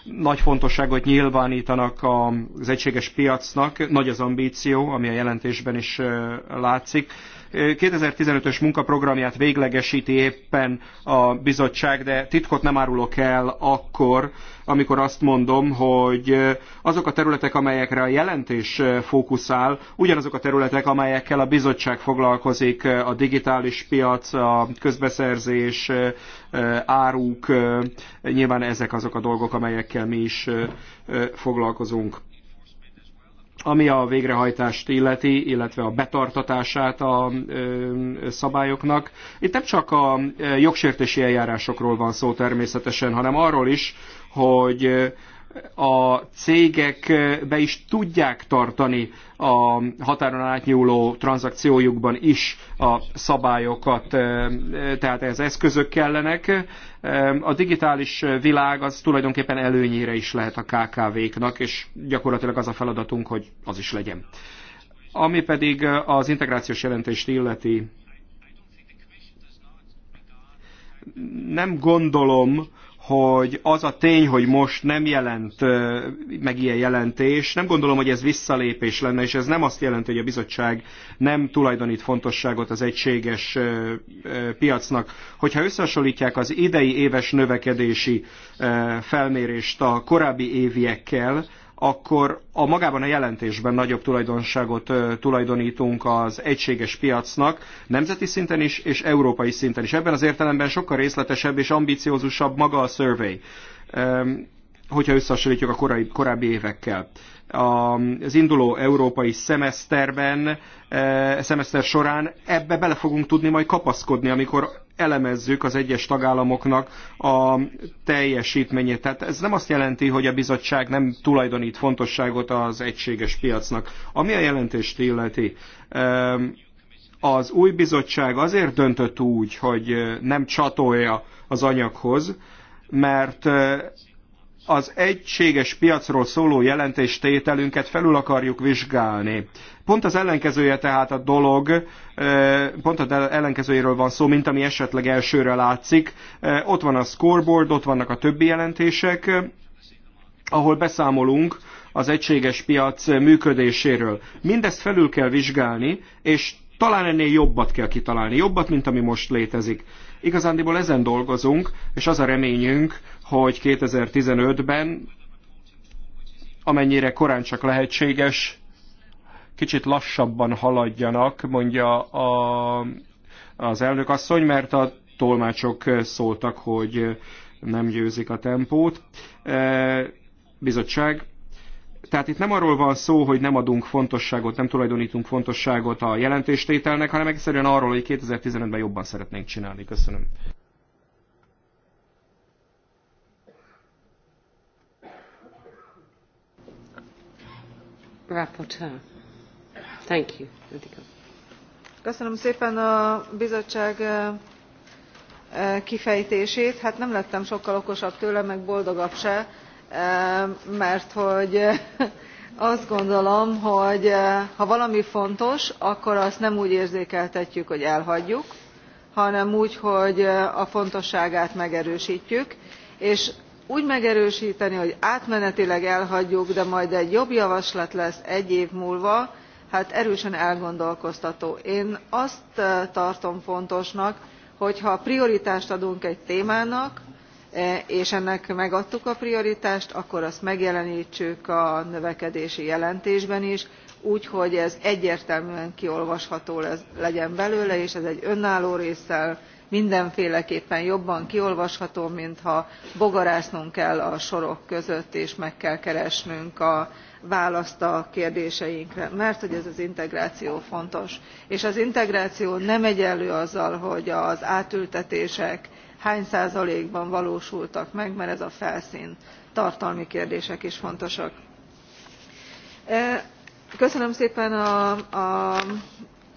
nagy fontosságot nyilvánítanak az egységes piacnak, nagy az ambíció, ami a jelentésben is eh, látszik. 2015-ös munkaprogramját véglegesíti éppen a bizottság, de titkot nem árulok el akkor, amikor azt mondom, hogy azok a területek, amelyekre a jelentés fókuszál, ugyanazok a területek, amelyekkel a bizottság foglalkozik, a digitális piac, a közbeszerzés, áruk, nyilván ezek azok a dolgok, amelyekkel mi is foglalkozunk. Ami a végrehajtást illeti, illetve a betartatását a szabályoknak, itt nem csak a jogsértési eljárásokról van szó természetesen, hanem arról is, hogy a cégek be is tudják tartani a határon átnyúló tranzakciójukban is a szabályokat, tehát ez eszközök kellenek. A digitális világ az tulajdonképpen előnyére is lehet a KKV-knak, és gyakorlatilag az a feladatunk, hogy az is legyen. Ami pedig az integrációs jelentést illeti, nem gondolom, hogy az a tény, hogy most nem jelent meg ilyen jelentés, nem gondolom, hogy ez visszalépés lenne, és ez nem azt jelenti, hogy a bizottság nem tulajdonít fontosságot az egységes piacnak. Hogyha összehasonlítják az idei éves növekedési felmérést a korábbi éviekkel, akkor a magában a jelentésben nagyobb tulajdonságot tulajdonítunk az egységes piacnak, nemzeti szinten is és európai szinten is. Ebben az értelemben sokkal részletesebb és ambiciózusabb maga a survey hogyha összehasonlítjuk a korai, korábbi évekkel. Az induló európai szemeszterben, e, szemeszter során ebbe bele fogunk tudni majd kapaszkodni, amikor elemezzük az egyes tagállamoknak a teljesítményét. Tehát ez nem azt jelenti, hogy a bizottság nem tulajdonít fontosságot az egységes piacnak. Ami a jelentést illeti, e, az új bizottság azért döntött úgy, hogy nem csatolja az anyaghoz, mert az egységes piacról szóló jelentéstételünket felül akarjuk vizsgálni. Pont az ellenkezője tehát a dolog, pont az ellenkezőjéről van szó, mint ami esetleg elsőre látszik. Ott van a scoreboard, ott vannak a többi jelentések, ahol beszámolunk az egységes piac működéséről. Mindezt felül kell vizsgálni, és talán ennél jobbat kell kitalálni, jobbat, mint ami most létezik. Igazándiból ezen dolgozunk, és az a reményünk, hogy 2015-ben, amennyire korán csak lehetséges, kicsit lassabban haladjanak, mondja a, az elnök asszony, mert a tolmácsok szóltak, hogy nem győzik a tempót. E, bizottság. Tehát itt nem arról van szó, hogy nem adunk fontosságot, nem tulajdonítunk fontosságot a jelentéstételnek, hanem egyszerűen arról, hogy 2015-ben jobban szeretnénk csinálni. Köszönöm. rapporteur. Thank you. Köszönöm szépen a bizottság kifejtését. Hát nem lettem sokkal okosabb tőle, meg boldogabb se, mert hogy azt gondolom, hogy ha valami fontos, akkor azt nem úgy érzékeltetjük, hogy elhagyjuk, hanem úgy, hogy a fontosságát megerősítjük, és úgy megerősteni hogy átmenetileg elhagyjuk de majd egy jobb javaslat lesz egy év múlva hát erősen elgondolkoztató. én azt eh, tartom fontosnak hogy ha prioritást adunk egy témának eh, és ennek megadtuk a prioritást akkor azt megjelentsük a növekedési jelentésben is úgy hogy ez egyértelműen kiolvasható legyen belőle és ez egy önálló résszel mindenféleképpen jobban kiolvasható mintha bogarásznunk kell a sorok között és meg kell keresnünk a választ a kérdéseinkre mert hogy ez az integráció fontos és az integráció nem egyenlő azzal hogy az átültetések hány százalékban valósultak meg mert ez a felszn tartalmi kérdések is fontosak. E, köszönöm szépen a, a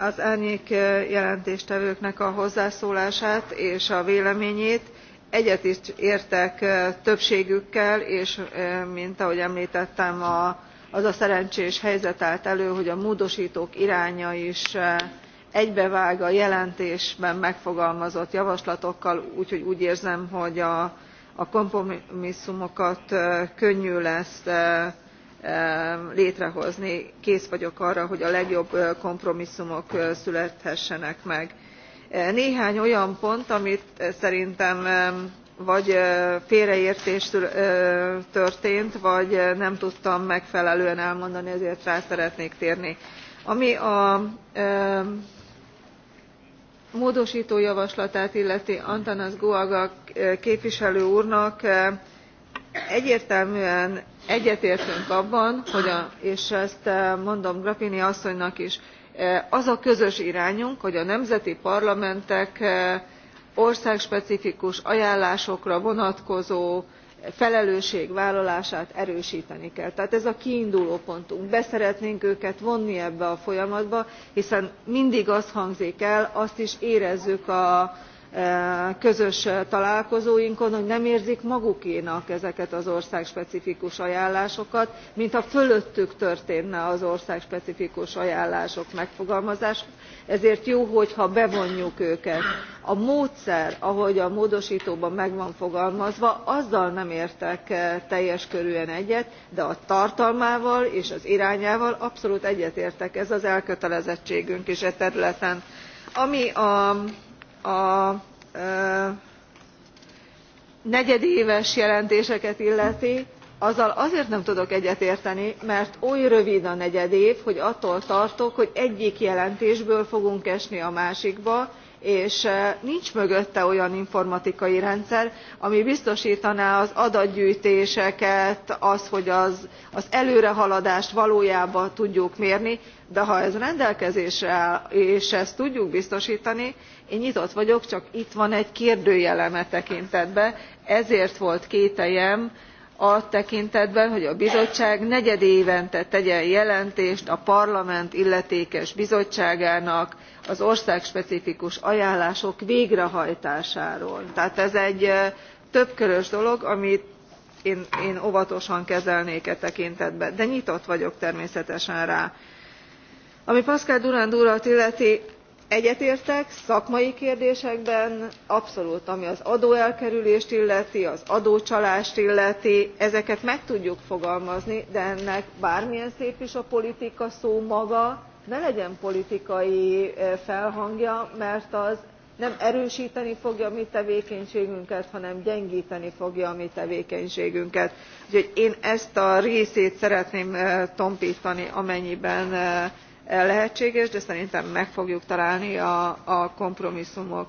az árnyék jelentéstevőknek a hozzászólását és a véleményét egyetértek többségükkel és mint ahogy emltettem az a szerencsés helyzet állt elő hogy a módostók iránya is egybevág a jelentésben megfogalmazott javaslatokkal úgyhogy úgy érzem hogy a kompromisszumokat könnyű lesz létrehozni kész vagyok arra hogy a legjobb kompromisszumok születhessenek meg. néhány olyan pont amit szerintem vagy félreértés történt vagy nem tudtam megfelelően elmondani ezért rá szeretnék térni. ami a módostó javaslatát illeti antanas guaga képviselő úrnak egyértelműen egyetértünk abban hogy a, és ezt eh, mondom grapini asszonynak is eh, az a közös irányunk hogy a nemzeti parlamentek eh, országspecifikus ajánlásokra vonatkozó felelősségvállalását erősteni kell. tehát ez a kiindulópontunk be szeretnénk őket vonni ebbe a folyamatba hiszen mindig az hangzik el azt is érezzük a E, közös találkozóinkon hogy nem érzik magukénak ezeket az országspecifikus ajánlásokat mintha fölöttük történne az országspecifikus ajánlások megfogalmazása ezért jó hogyha bevonjuk őket. a módszer ahogy a módostóban meg van fogalmazva azzal nem értek e, teljes körűen egyet de a tartalmával és az irányával abszolút egyetértek ez az elkötelezettségünk is e területen. ami a a negyedéves jelentéseket illeti azzal azért nem tudok egyetérteni mert oly rövid a negyedév hogy attól tartok hogy egyik jelentésből fogunk esni a másikba és nincs mögötte olyan informatikai rendszer ami biztostaná az adatgyűjtéseket azt hogy az, az előrehaladást valójában tudjuk mérni de ha ez rendelkezésre áll és ezt tudjuk biztostani én nyitott vagyok csak itt van egy kérdőjelem e tekintetben ezért volt kételyem a tekintetben hogy a bizottság negyedévente tegyen jelentést a parlament illetékes bizottságának az országspecifikus ajánlások végrehajtásáról. tehát ez egy többkörös dolog amit én, óvatosan kezelnék e tekintetben de nyitott vagyok természetesen rá. ami pascal durand urat illeti egyetértek szakmai kérdésekben abszolút ami az adóelkerülést illeti az adócsalást illeti ezeket meg tudjuk fogalmazni de ennek bármilyen szép is a politika szó maga ne legyen politikai e, felhangja mert az nem erősteni fogja a mi tevékenységünket hanem gyengteni fogja a mi tevékenységünket. úgyhogy én ezt a részét szeretném e, tomptani amennyiben e, lehetséges de szerintem meg fogjuk találni a, kompromisszumot.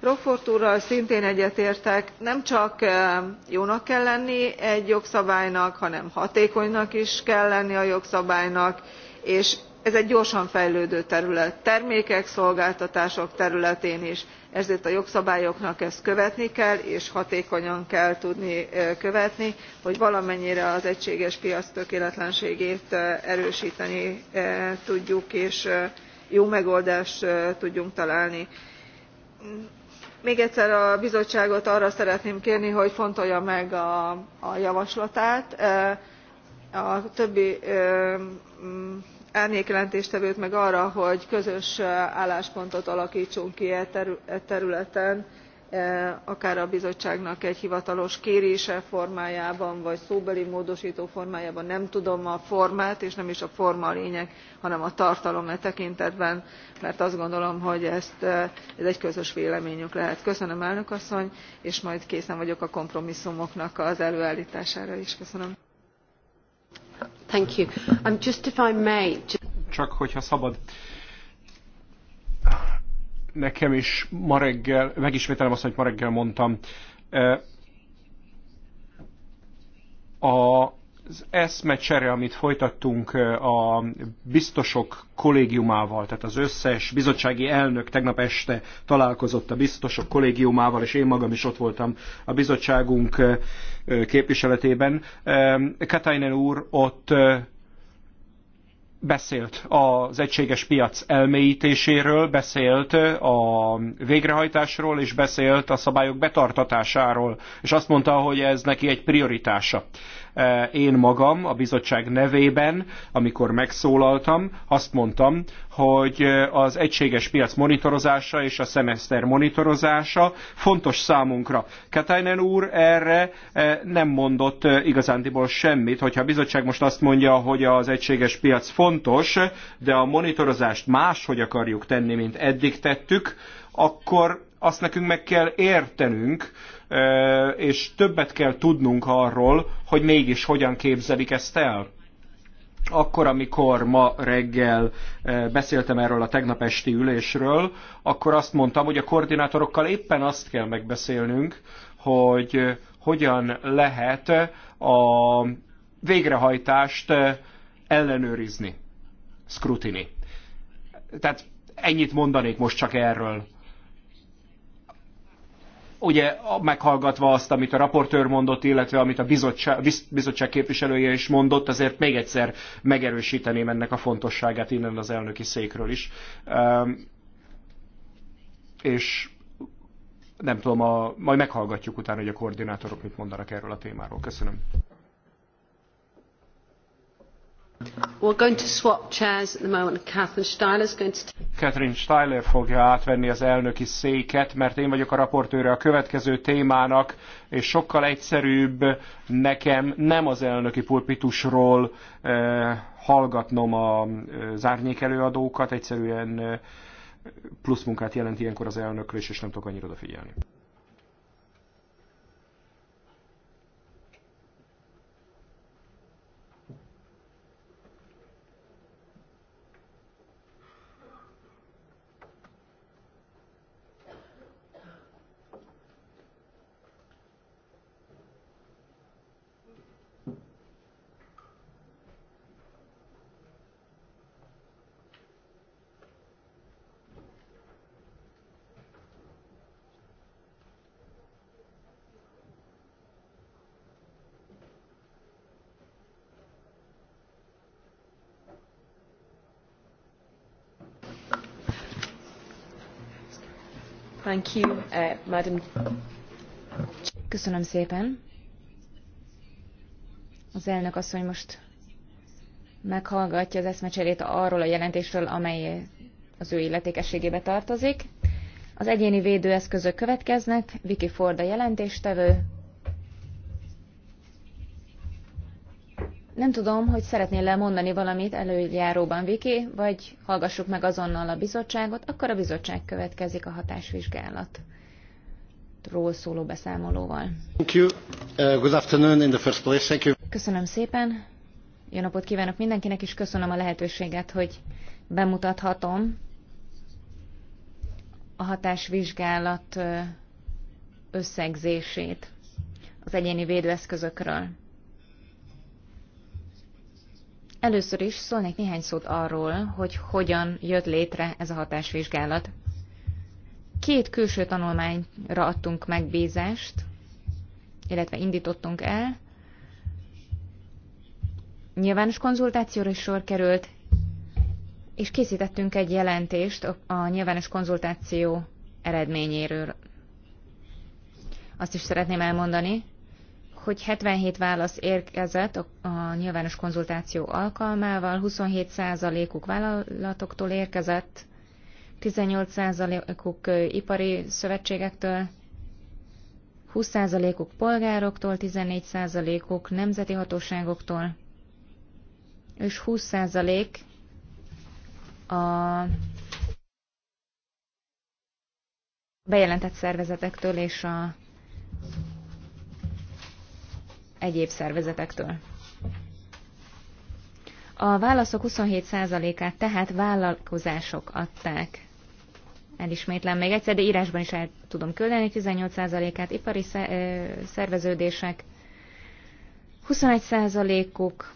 rockford úrral szintén egyetértek nem csak eh, jónak kell lenni egy jogszabálynak hanem hatékonynak is kell lenni a jogszabálynak és ez egy gyorsan fejlődő terület termékek szolgáltatások területén is ezért a jogszabályoknak ezt követni kell és hatékonyan kell tudni követni hogy valamennyire az egységes piac tökéletlenségét erősteni tudjuk és jó megoldást tudjunk találni. még egyszer a bizottságot arra szeretném kérni hogy fontolja meg a, a javaslatát a többi árnyékjelentéstevőt meg arra hogy közös álláspontot alaktsunk ki e, e területen akár a bizottságnak egy hivatalos kérése formájában vagy szóbeli módostó formájában nem tudom a formát és nem is a forma a lényeg hanem a tartalom e tekintetben mert azt gondolom hogy ezt, ez egy közös véleményünk lehet. köszönöm elnök asszony és majd készen vagyok a kompromisszumoknak az előálltására is. köszönöm. Thank you. I'm um, just if I may. Csak hogyha szabad. Nekem is ma reggel, megismételem azt, hogy ma reggel mondtam. Eh, a az eszmecsere, amit folytattunk a biztosok kollégiumával, tehát az összes bizottsági elnök tegnap este találkozott a biztosok kollégiumával, és én magam is ott voltam a bizottságunk képviseletében. Katainen úr ott beszélt az egységes piac elmélyítéséről, beszélt a végrehajtásról, és beszélt a szabályok betartatásáról, és azt mondta, hogy ez neki egy prioritása. Eh, én magam a bizottság nevében, amikor megszólaltam, azt mondtam, hogy eh, az egységes piac monitorozása és a szemeszter monitorozása fontos számunkra. Katainen úr erre eh, nem mondott igazándiból semmit, hogyha a bizottság most azt mondja, hogy az egységes piac fontos, de a monitorozást máshogy akarjuk tenni, mint eddig tettük, akkor azt nekünk meg kell értenünk, és többet kell tudnunk arról, hogy mégis hogyan képzelik ezt el. Akkor, amikor ma reggel beszéltem erről a tegnap esti ülésről, akkor azt mondtam, hogy a koordinátorokkal éppen azt kell megbeszélnünk, hogy hogyan lehet a végrehajtást ellenőrizni, scrutiny. Tehát ennyit mondanék most csak erről ugye meghallgatva azt, amit a raportőr mondott, illetve amit a bizottság, bizottság képviselője is mondott, azért még egyszer megerősíteném ennek a fontosságát innen az elnöki székről is. Ehm, és nem tudom, a, majd meghallgatjuk utána, hogy a koordinátorok mit mondanak erről a témáról. Köszönöm. Catherine Styler's fogja átvenni az elnöki széket, mert én vagyok a raportőre a következő témának, és sokkal egyszerűbb nekem nem az elnöki pulpitusról eh, hallgatnom a eh, árnyékelőadókat előadókat, egyszerűen eh, plusz munkát jelent ilyenkor az elnöklés, és nem tudok annyira odafigyelni. Uh, Köszönöm szépen. Az elnök asszony most meghallgatja az eszmecserét arról a jelentésről, amely az ő illetékességébe tartozik. Az egyéni védőeszközök következnek, Vicky Ford a jelentéstevő, Nem tudom, hogy szeretnél -e mondani valamit előjáróban, Viki, vagy hallgassuk meg azonnal a bizottságot, akkor a bizottság következik a hatásvizsgálat ról szóló beszámolóval. Thank you. Uh, good afternoon in the first place. Thank you. Köszönöm szépen. Jó napot kívánok mindenkinek, és köszönöm a lehetőséget, hogy bemutathatom a hatásvizsgálat uh, összegzését az egyéni védőeszközökről. Először is szólnék néhány szót arról, hogy hogyan jött létre ez a hatásvizsgálat. Két külső tanulmányra adtunk megbízást, illetve indítottunk el. Nyilvános konzultációra is sor került, és készítettünk egy jelentést a nyilvános konzultáció eredményéről. Azt is szeretném elmondani, hogy 77 válasz érkezett a nyilvános konzultáció alkalmával, 27%-uk vállalatoktól érkezett, 18%-uk ipari szövetségektől, 20%-uk polgároktól, 14%-uk nemzeti hatóságoktól, és 20% a bejelentett szervezetektől és a egyéb szervezetektől. A válaszok 27%-át tehát vállalkozások adták. Elismétlem még egyszer, de írásban is el tudom küldeni 18%-át ipari szerveződések, 21%-uk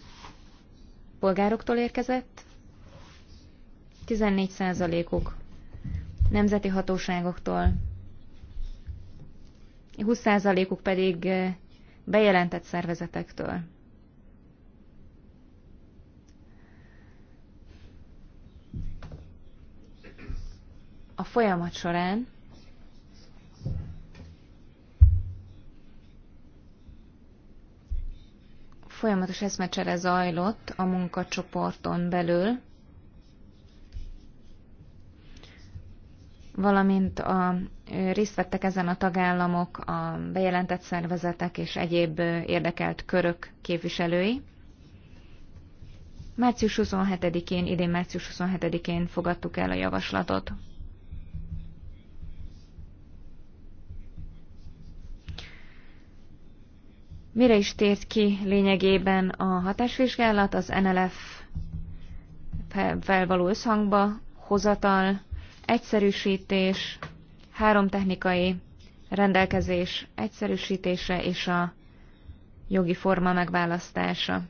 polgároktól érkezett, 14%-uk nemzeti hatóságoktól, 20%-uk pedig bejelentett szervezetektől. A folyamat során folyamatos eszmecsere zajlott a munkacsoporton belül, valamint a részt vettek ezen a tagállamok, a bejelentett szervezetek és egyéb érdekelt körök képviselői. Március 27-én, idén március 27-én fogadtuk el a javaslatot. Mire is tért ki lényegében a hatásvizsgálat, az NLF felvaló összhangba hozatal, egyszerűsítés, három technikai rendelkezés egyszerűsítése és a jogi forma megválasztása.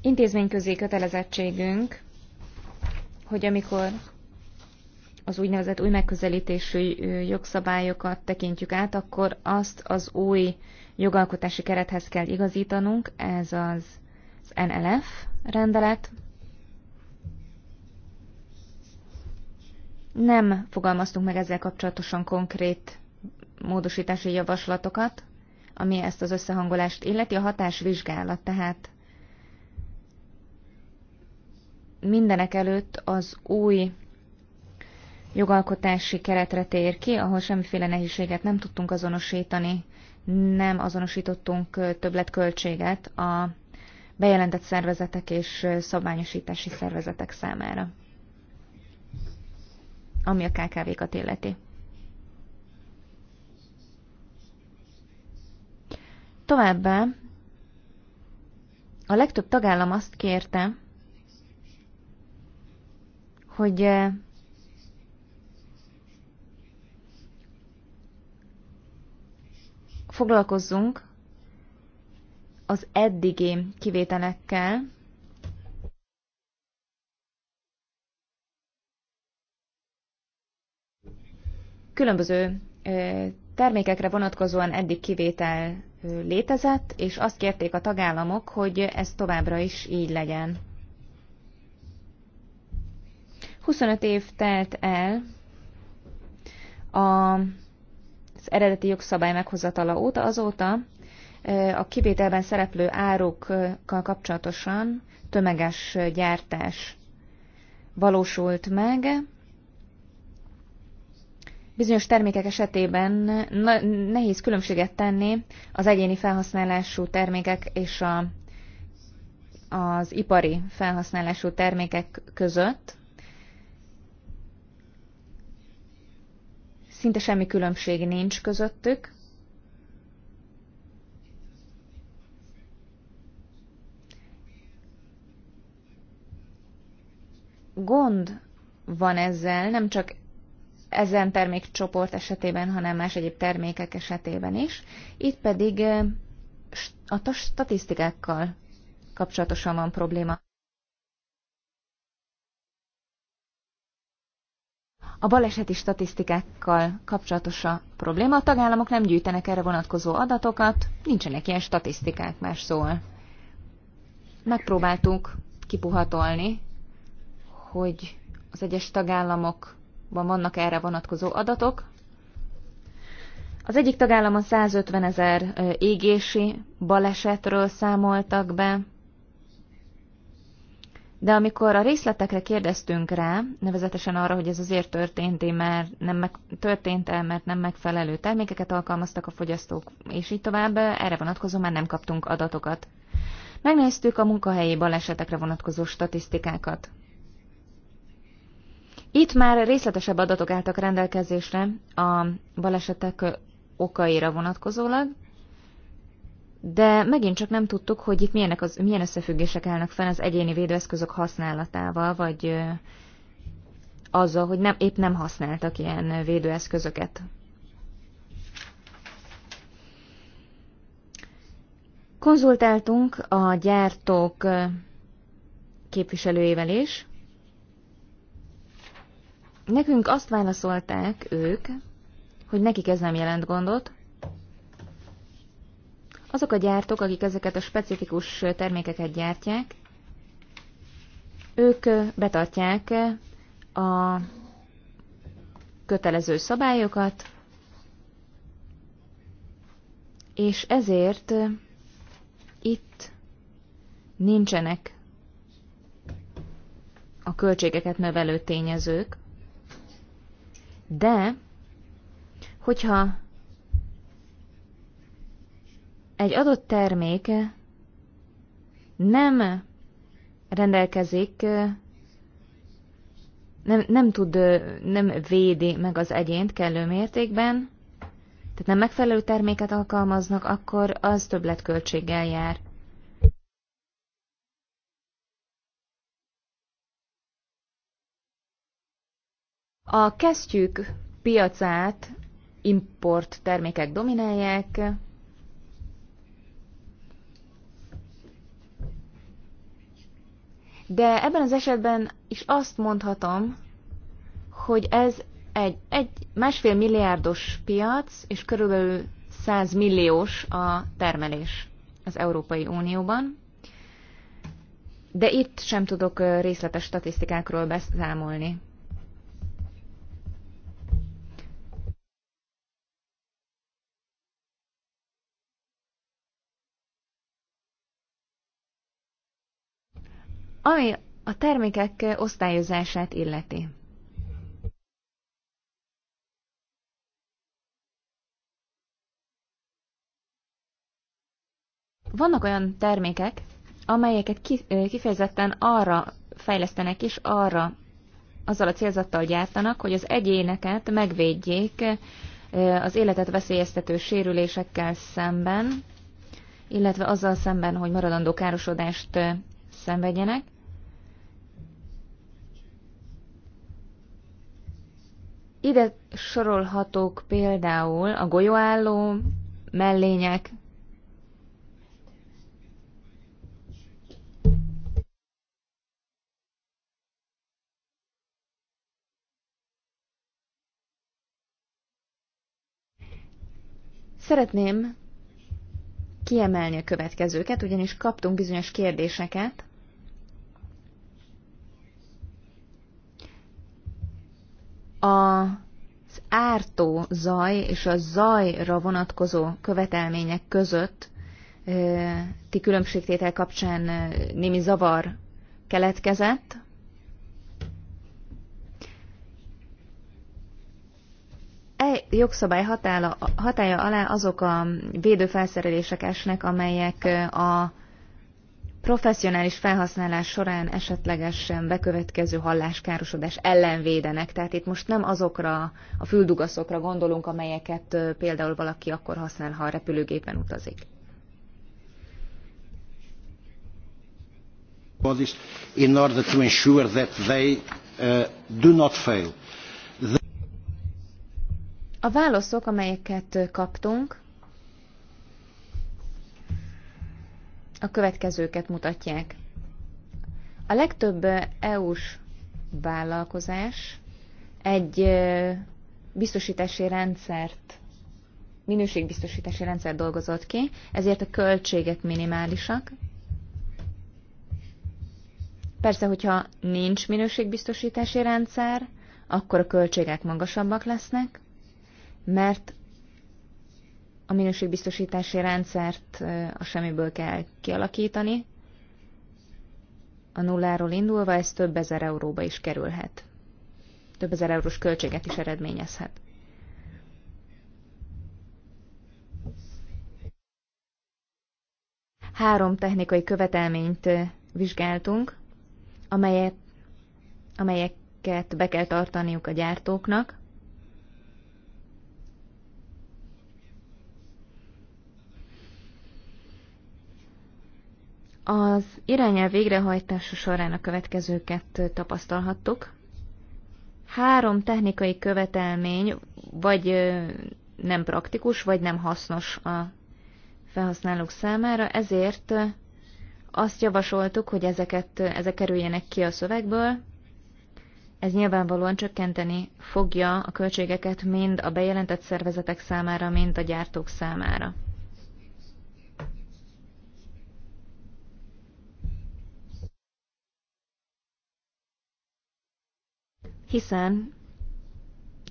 Intézményközi kötelezettségünk, hogy amikor az úgynevezett új megközelítésű jogszabályokat tekintjük át, akkor azt az új jogalkotási kerethez kell igazítanunk, ez az az NLF rendelet nem fogalmaztunk meg ezzel kapcsolatosan konkrét módosítási javaslatokat, ami ezt az összehangolást illeti, a hatásvizsgálat, tehát mindenek előtt az új jogalkotási keretre tér ki, ahol semmiféle nehézséget nem tudtunk azonosítani, nem azonosítottunk többletköltséget a bejelentett szervezetek és szabványosítási szervezetek számára, ami a KKV-kat illeti. Továbbá a legtöbb tagállam azt kérte, hogy foglalkozzunk az eddigi kivételekkel, különböző termékekre vonatkozóan eddig kivétel létezett, és azt kérték a tagállamok, hogy ez továbbra is így legyen. 25 év telt el az eredeti jogszabály meghozatala óta, azóta, a kivételben szereplő árukkal kapcsolatosan tömeges gyártás valósult meg. Bizonyos termékek esetében nehéz különbséget tenni az egyéni felhasználású termékek és a, az ipari felhasználású termékek között. Szinte semmi különbség nincs közöttük. gond van ezzel, nem csak ezen termékcsoport esetében, hanem más egyéb termékek esetében is. Itt pedig eh, a statisztikákkal kapcsolatosan van probléma. A baleseti statisztikákkal kapcsolatos a probléma. A tagállamok nem gyűjtenek erre vonatkozó adatokat, nincsenek ilyen statisztikák más szól. Megpróbáltuk kipuhatolni hogy az egyes tagállamokban vannak erre vonatkozó adatok. Az egyik tagállamon 150 ezer égési balesetről számoltak be, de amikor a részletekre kérdeztünk rá, nevezetesen arra, hogy ez azért történt-e, mert nem, meg, történt -e, mert nem megfelelő termékeket alkalmaztak a fogyasztók, és így tovább, erre vonatkozó már nem kaptunk adatokat. Megnéztük a munkahelyi balesetekre vonatkozó statisztikákat. Itt már részletesebb adatok álltak rendelkezésre a balesetek okaira vonatkozólag, de megint csak nem tudtuk, hogy itt milyenek az, milyen összefüggések állnak fenn az egyéni védőeszközök használatával, vagy azzal, hogy nem, épp nem használtak ilyen védőeszközöket. Konzultáltunk a gyártók képviselőjével is, Nekünk azt válaszolták ők, hogy nekik ez nem jelent gondot. Azok a gyártók, akik ezeket a specifikus termékeket gyártják, ők betartják a kötelező szabályokat, és ezért itt nincsenek a költségeket növelő tényezők. De, hogyha egy adott termék nem rendelkezik, nem, nem tud, nem védi meg az egyént kellő mértékben, tehát nem megfelelő terméket alkalmaznak, akkor az többletköltséggel jár. A kesztyűk piacát import termékek dominálják, de ebben az esetben is azt mondhatom, hogy ez egy, egy másfél milliárdos piac, és körülbelül 100 milliós a termelés az Európai Unióban. De itt sem tudok részletes statisztikákról beszámolni. ami a termékek osztályozását illeti. Vannak olyan termékek, amelyeket kifejezetten arra fejlesztenek és arra azzal a célzattal gyártanak, hogy az egyéneket megvédjék az életet veszélyeztető sérülésekkel szemben, illetve azzal szemben, hogy maradandó károsodást szenvedjenek. Ide sorolhatók például a golyóálló mellények, Szeretném kiemelni a következőket, ugyanis kaptunk bizonyos kérdéseket, az ártó zaj és a zajra vonatkozó követelmények között ti különbségtétel kapcsán némi zavar keletkezett. E jogszabály hatála, hatája alá azok a védőfelszerelések esnek, amelyek a professzionális felhasználás során esetlegesen bekövetkező halláskárosodás ellen védenek. Tehát itt most nem azokra a füldugaszokra gondolunk, amelyeket például valaki akkor használ, ha a repülőgépen utazik. in order to ensure that they uh, do not fail. A válaszok, amelyeket kaptunk, a következőket mutatják. A legtöbb EU-s vállalkozás egy biztosítási rendszert, minőségbiztosítási rendszer dolgozott ki, ezért a költségek minimálisak. Persze, hogyha nincs minőségbiztosítási rendszer, akkor a költségek magasabbak lesznek, mert a minőségbiztosítási rendszert a semmiből kell kialakítani. A nulláról indulva ez több ezer euróba is kerülhet. Több ezer eurós költséget is eredményezhet. Három technikai követelményt vizsgáltunk, amelyet, amelyeket be kell tartaniuk a gyártóknak – Az irányelv végrehajtása során a következőket tapasztalhattuk. Három technikai követelmény vagy nem praktikus, vagy nem hasznos a felhasználók számára, ezért azt javasoltuk, hogy ezeket, ezek kerüljenek ki a szövegből. Ez nyilvánvalóan csökkenteni fogja a költségeket mind a bejelentett szervezetek számára, mind a gyártók számára. hiszen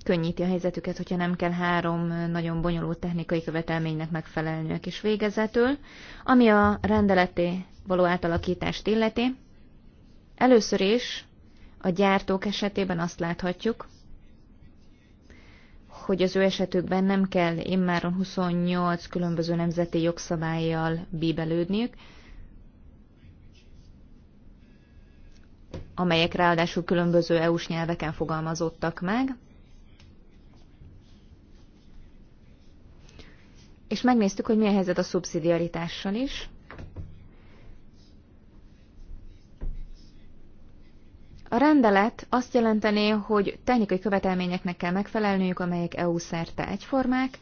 könnyíti a helyzetüket, hogyha nem kell három nagyon bonyolult technikai követelménynek megfelelniük is végezetül, ami a rendeleté való átalakítást illeti. Először is a gyártók esetében azt láthatjuk, hogy az ő esetükben nem kell immáron 28 különböző nemzeti jogszabályjal bíbelődniük, amelyek ráadásul különböző EU-s nyelveken fogalmazódtak meg. És megnéztük, hogy milyen helyzet a szubszidiaritással is. A rendelet azt jelentené, hogy technikai követelményeknek kell megfelelniük, amelyek EU szerte egyformák,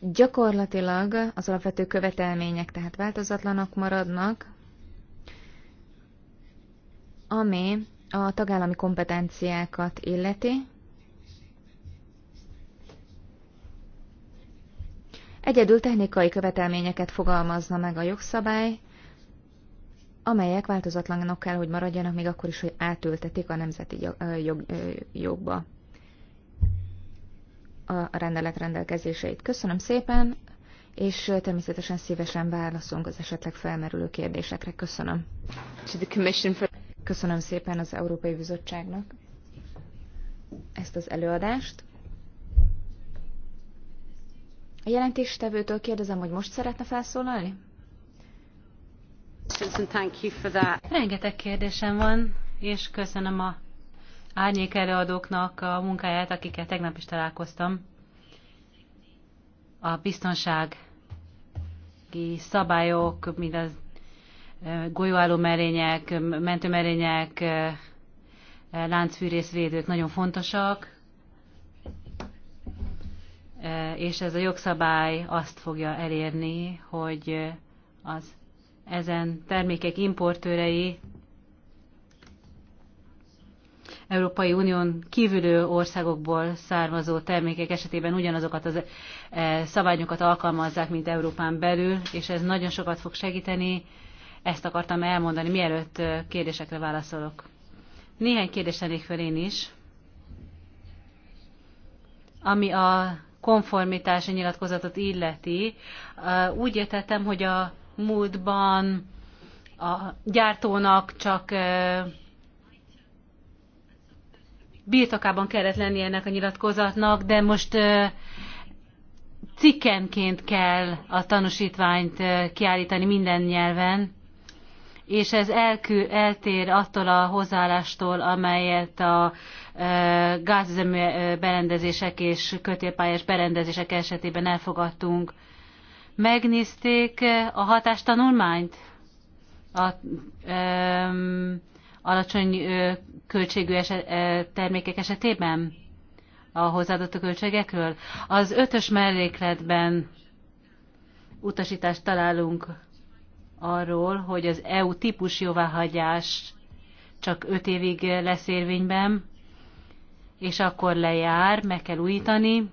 Gyakorlatilag az alapvető követelmények tehát változatlanok maradnak, ami a tagállami kompetenciákat illeti. Egyedül technikai követelményeket fogalmazna meg a jogszabály, amelyek változatlanok kell, hogy maradjanak, még akkor is, hogy átültetik a nemzeti jog, jog, jogba a rendelet rendelkezéseit. Köszönöm szépen, és természetesen szívesen válaszolunk az esetleg felmerülő kérdésekre. Köszönöm. Köszönöm szépen az Európai Bizottságnak ezt az előadást. A jelentéstevőtől kérdezem, hogy most szeretne felszólalni? Rengeteg kérdésem van, és köszönöm a árnyék előadóknak a munkáját, akikkel tegnap is találkoztam. A biztonsági szabályok, mint az golyóálló merények, mentőmerények, láncfűrészvédők nagyon fontosak, és ez a jogszabály azt fogja elérni, hogy az ezen termékek importőrei Európai Unión kívülő országokból származó termékek esetében ugyanazokat a e, szabályokat alkalmazzák, mint Európán belül, és ez nagyon sokat fog segíteni. Ezt akartam elmondani, mielőtt e, kérdésekre válaszolok. Néhány kérdés tennék föl én is, ami a konformitási nyilatkozatot illeti. E, úgy értettem, hogy a múltban a gyártónak csak birtokában kellett lennie ennek a nyilatkozatnak, de most cikkenként kell a tanúsítványt kiállítani minden nyelven, és ez elkül, eltér attól a hozzáállástól, amelyet a gázüzemű berendezések és kötélpályás berendezések esetében elfogadtunk. Megnézték a hatástanulmányt? A, ö, alacsony költségű eset, termékek esetében a hozzáadott a költségekről. Az ötös mellékletben utasítást találunk arról, hogy az EU típus jóváhagyás csak öt évig lesz érvényben, és akkor lejár, meg kell újítani,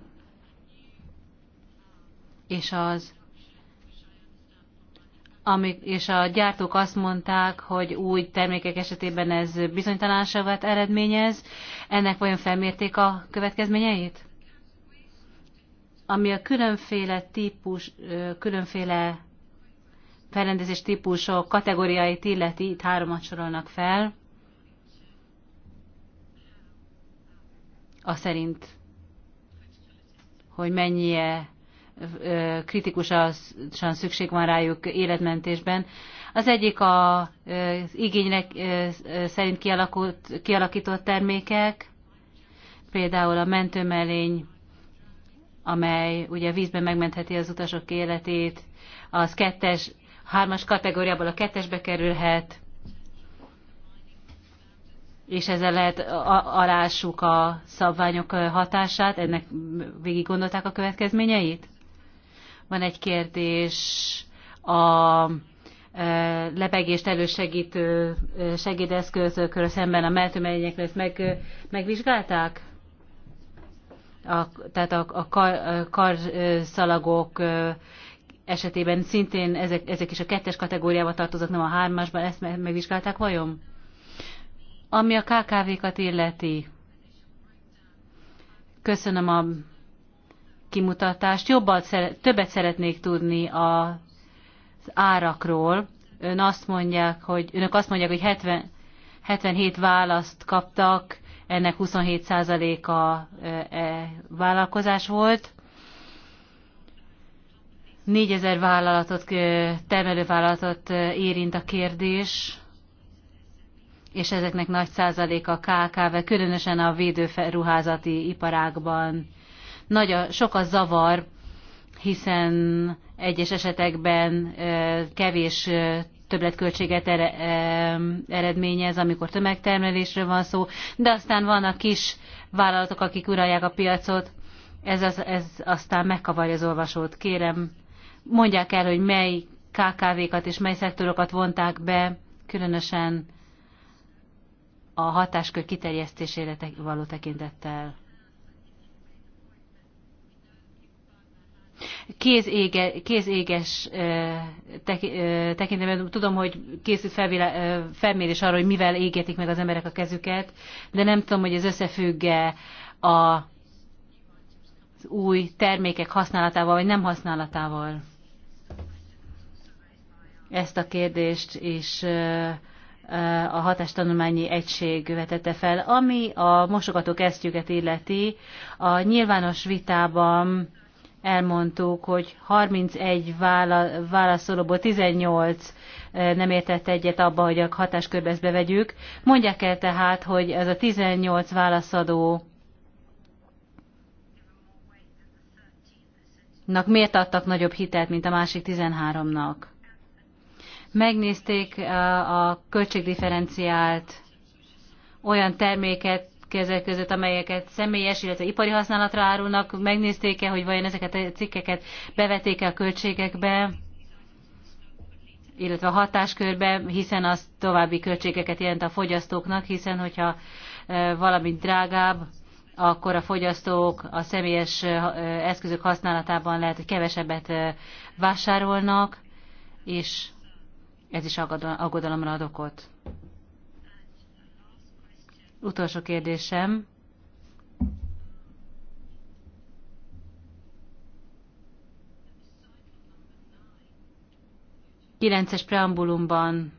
és az amik, és a gyártók azt mondták, hogy új termékek esetében ez bizonytalanságot eredményez. Ennek vajon felmérték a következményeit? Ami a különféle típus, különféle felrendezés típusok kategóriáit illeti, itt háromat sorolnak fel. A szerint, hogy mennyie kritikusan szükség van rájuk életmentésben. Az egyik a igénynek szerint kialakult, kialakított termékek, például a mentőmelény, amely ugye vízben megmentheti az utasok életét, az kettes, hármas kategóriából a kettesbe kerülhet, és ezzel lehet alássuk a szabványok hatását, ennek végig gondolták a következményeit? Van egy kérdés a e, lebegést elősegítő e, segédeszközökről szemben a melltöményekre ezt meg, e, megvizsgálták? A, tehát a, a kar, karszalagok esetében szintén ezek, ezek is a kettes kategóriába tartoznak, nem a hármasban, ezt megvizsgálták vajon? Ami a KKV-kat illeti, köszönöm a kimutatást. Jobban, többet szeretnék tudni az árakról. Ön azt mondják, hogy, önök azt mondják, hogy 70, 77 választ kaptak, ennek 27%-a e vállalkozás volt. 4000 vállalatot, termelővállalatot érint a kérdés, és ezeknek nagy százaléka KKV, különösen a védőruházati iparágban nagy a, sok a zavar, hiszen egyes esetekben kevés többletköltséget eredményez, amikor tömegtermelésről van szó, de aztán vannak kis vállalatok, akik uralják a piacot, ez, az, ez aztán megkavarja az olvasót. Kérem, mondják el, hogy mely KKV-kat és mely szektorokat vonták be, különösen a hatáskör kiterjesztésére való tekintettel. kézége, kézéges tekintetben tudom, hogy készült felmérés arra, hogy mivel égetik meg az emberek a kezüket, de nem tudom, hogy ez összefügg-e a, az új termékek használatával, vagy nem használatával. Ezt a kérdést is a hatástanulmányi egység vetette fel, ami a mosogató kesztyüket illeti. A nyilvános vitában elmondtuk, hogy 31 vála, válaszolóból 18 nem értett egyet abba, hogy a hatáskörbe ezt bevegyük. Mondják el tehát, hogy ez a 18 válaszadó nak miért adtak nagyobb hitelt, mint a másik 13-nak. Megnézték a költségdifferenciált olyan terméket, kezek között, amelyeket személyes, illetve ipari használatra árulnak. Megnézték-e, hogy vajon ezeket a cikkeket bevették-e a költségekbe, illetve a hatáskörbe, hiszen az további költségeket jelent a fogyasztóknak, hiszen hogyha valami drágább, akkor a fogyasztók a személyes eszközök használatában lehet, hogy kevesebbet vásárolnak, és ez is aggodalomra ad okot. Utolsó kérdésem. Kilences preambulumban,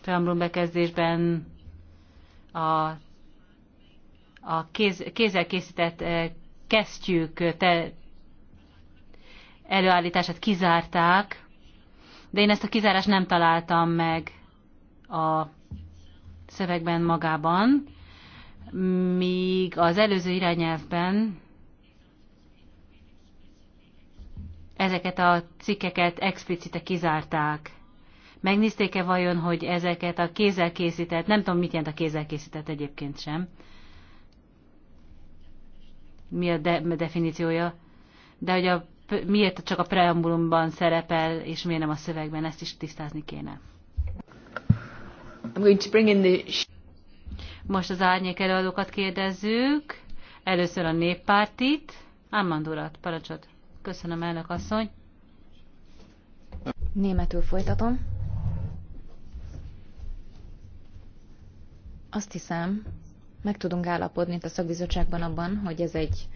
preambulum bekezdésben a, a kéz, kézzel készített eh, kesztyűk te, előállítását kizárták, de én ezt a kizárást nem találtam meg a szövegben magában, míg az előző irányelvben ezeket a cikkeket explicite kizárták. Megnézték-e vajon, hogy ezeket a kézzel készített, nem tudom, mit jelent a kézzel készített egyébként sem, mi a de- definíciója, de hogy a, miért csak a preambulumban szerepel, és miért nem a szövegben, ezt is tisztázni kéne. I'm going to bring in the... Most az árnyék előadókat kérdezzük. Először a néppártit. Ámand urat, parancsot. Köszönöm, elnök asszony. Németül folytatom. Azt hiszem, meg tudunk állapodni itt a szakbizottságban abban, hogy ez egy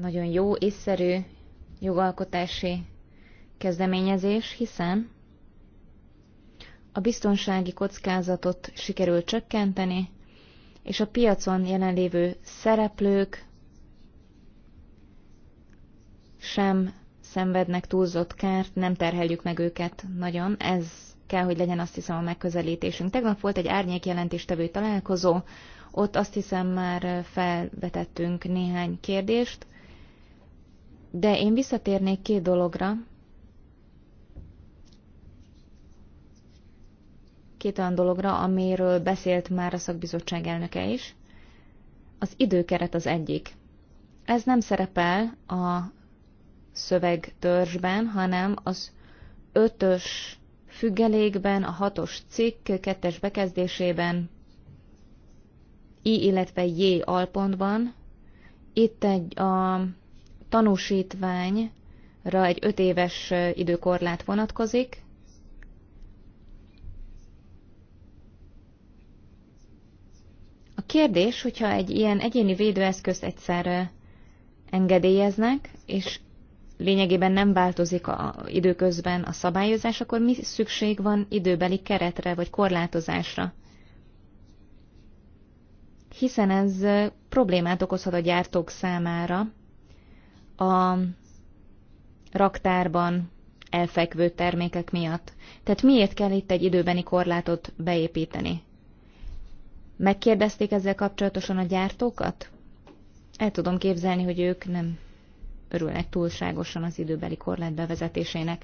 nagyon jó, észszerű jogalkotási kezdeményezés, hiszen a biztonsági kockázatot sikerül csökkenteni, és a piacon jelenlévő szereplők sem szenvednek túlzott kárt, nem terheljük meg őket nagyon. Ez kell, hogy legyen azt hiszem a megközelítésünk. Tegnap volt egy árnyék jelentéstevő találkozó, ott azt hiszem már felvetettünk néhány kérdést, de én visszatérnék két dologra, két olyan dologra, amiről beszélt már a szakbizottság elnöke is. Az időkeret az egyik. Ez nem szerepel a szövegtörzsben, hanem az ötös függelékben, a hatos cikk kettes bekezdésében, I, illetve J alpontban. Itt egy a tanúsítványra egy öt éves időkorlát vonatkozik, Kérdés, hogyha egy ilyen egyéni védőeszközt egyszer engedélyeznek, és lényegében nem változik a, időközben a szabályozás, akkor mi szükség van időbeli keretre vagy korlátozásra? Hiszen ez problémát okozhat a gyártók számára. A raktárban elfekvő termékek miatt. Tehát miért kell itt egy időbeni korlátot beépíteni? Megkérdezték ezzel kapcsolatosan a gyártókat? El tudom képzelni, hogy ők nem örülnek túlságosan az időbeli korlát bevezetésének.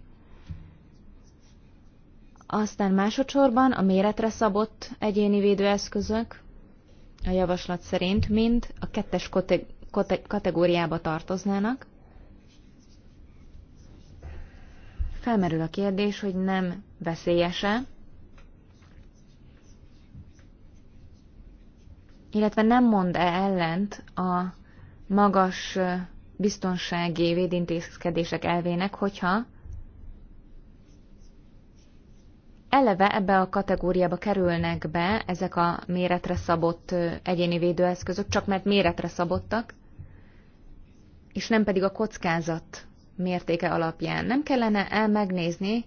Aztán másodszorban a méretre szabott egyéni védőeszközök a javaslat szerint mind a kettes kote- kote- kategóriába tartoznának. Felmerül a kérdés, hogy nem veszélyese illetve nem mond-e ellent a magas biztonsági védintézkedések elvének, hogyha eleve ebbe a kategóriába kerülnek be ezek a méretre szabott egyéni védőeszközök, csak mert méretre szabottak, és nem pedig a kockázat mértéke alapján. Nem kellene el megnézni,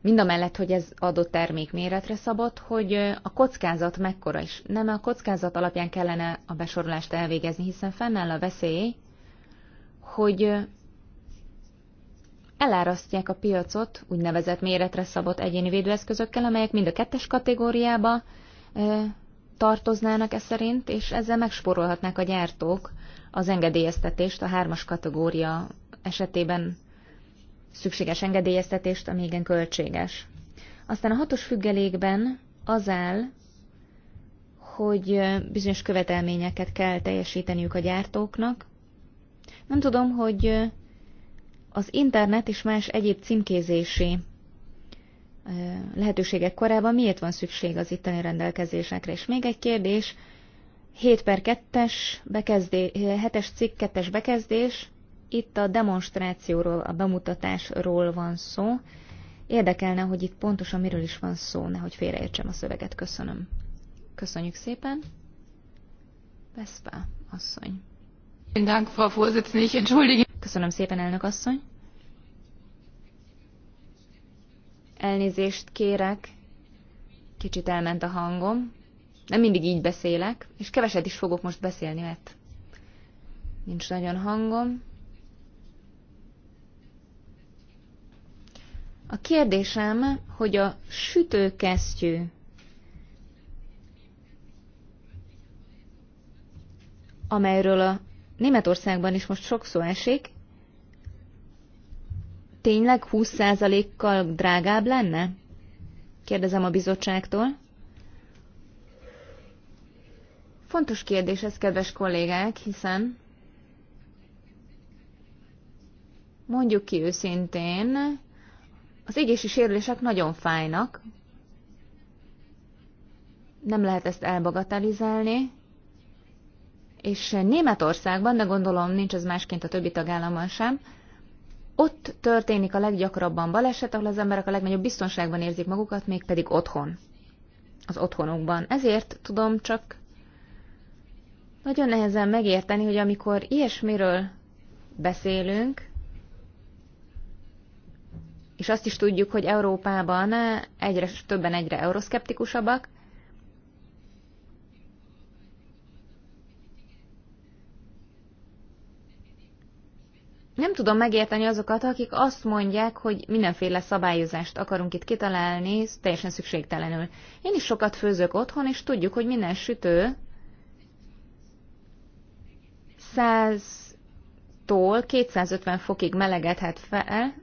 mind a mellett, hogy ez adott termék méretre szabott, hogy a kockázat mekkora is. Nem a kockázat alapján kellene a besorolást elvégezni, hiszen fennáll a veszély, hogy elárasztják a piacot úgynevezett méretre szabott egyéni védőeszközökkel, amelyek mind a kettes kategóriába tartoznának e szerint, és ezzel megspórolhatnák a gyártók az engedélyeztetést a hármas kategória esetében szükséges engedélyeztetést, ami igen költséges. Aztán a hatos függelékben az áll, hogy bizonyos követelményeket kell teljesíteniük a gyártóknak. Nem tudom, hogy az internet és más egyéb címkézési lehetőségek korában miért van szükség az itteni rendelkezésekre. És még egy kérdés, 7 per 2-es bekezdés, 7-es cikk, 2-es bekezdés, itt a demonstrációról, a bemutatásról van szó. Érdekelne, hogy itt pontosan miről is van szó, nehogy félreértsem a szöveget. Köszönöm. Köszönjük szépen. Veszpá, asszony. Köszönöm szépen, elnök asszony. Elnézést kérek, kicsit elment a hangom. Nem mindig így beszélek, és keveset is fogok most beszélni, mert nincs nagyon hangom. A kérdésem, hogy a sütőkesztyű amelyről a Németországban is most sok szó esik, tényleg 20%-kal drágább lenne? Kérdezem a bizottságtól. Fontos kérdés ez, kedves kollégák, hiszen mondjuk ki őszintén, az égési sérülések nagyon fájnak, nem lehet ezt elbagatelizálni, és Németországban, de gondolom nincs ez másként a többi tagállamban sem, ott történik a leggyakrabban baleset, ahol az emberek a legnagyobb biztonságban érzik magukat, mégpedig otthon, az otthonukban. Ezért tudom csak nagyon nehezen megérteni, hogy amikor ilyesmiről beszélünk, és azt is tudjuk, hogy Európában egyre többen egyre euroszkeptikusabbak, Nem tudom megérteni azokat, akik azt mondják, hogy mindenféle szabályozást akarunk itt kitalálni, teljesen szükségtelenül. Én is sokat főzök otthon, és tudjuk, hogy minden sütő 100-tól 250 fokig melegedhet fel,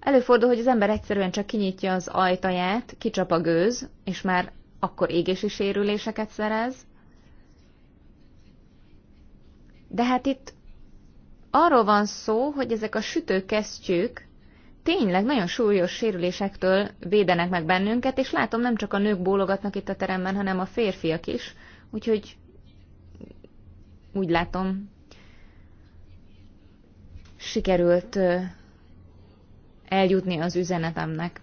Előfordul, hogy az ember egyszerűen csak kinyitja az ajtaját, kicsap a gőz, és már akkor égési sérüléseket szerez. De hát itt arról van szó, hogy ezek a sütőkesztyűk tényleg nagyon súlyos sérülésektől védenek meg bennünket, és látom, nem csak a nők bólogatnak itt a teremben, hanem a férfiak is, úgyhogy úgy látom, sikerült eljutni az üzenetemnek.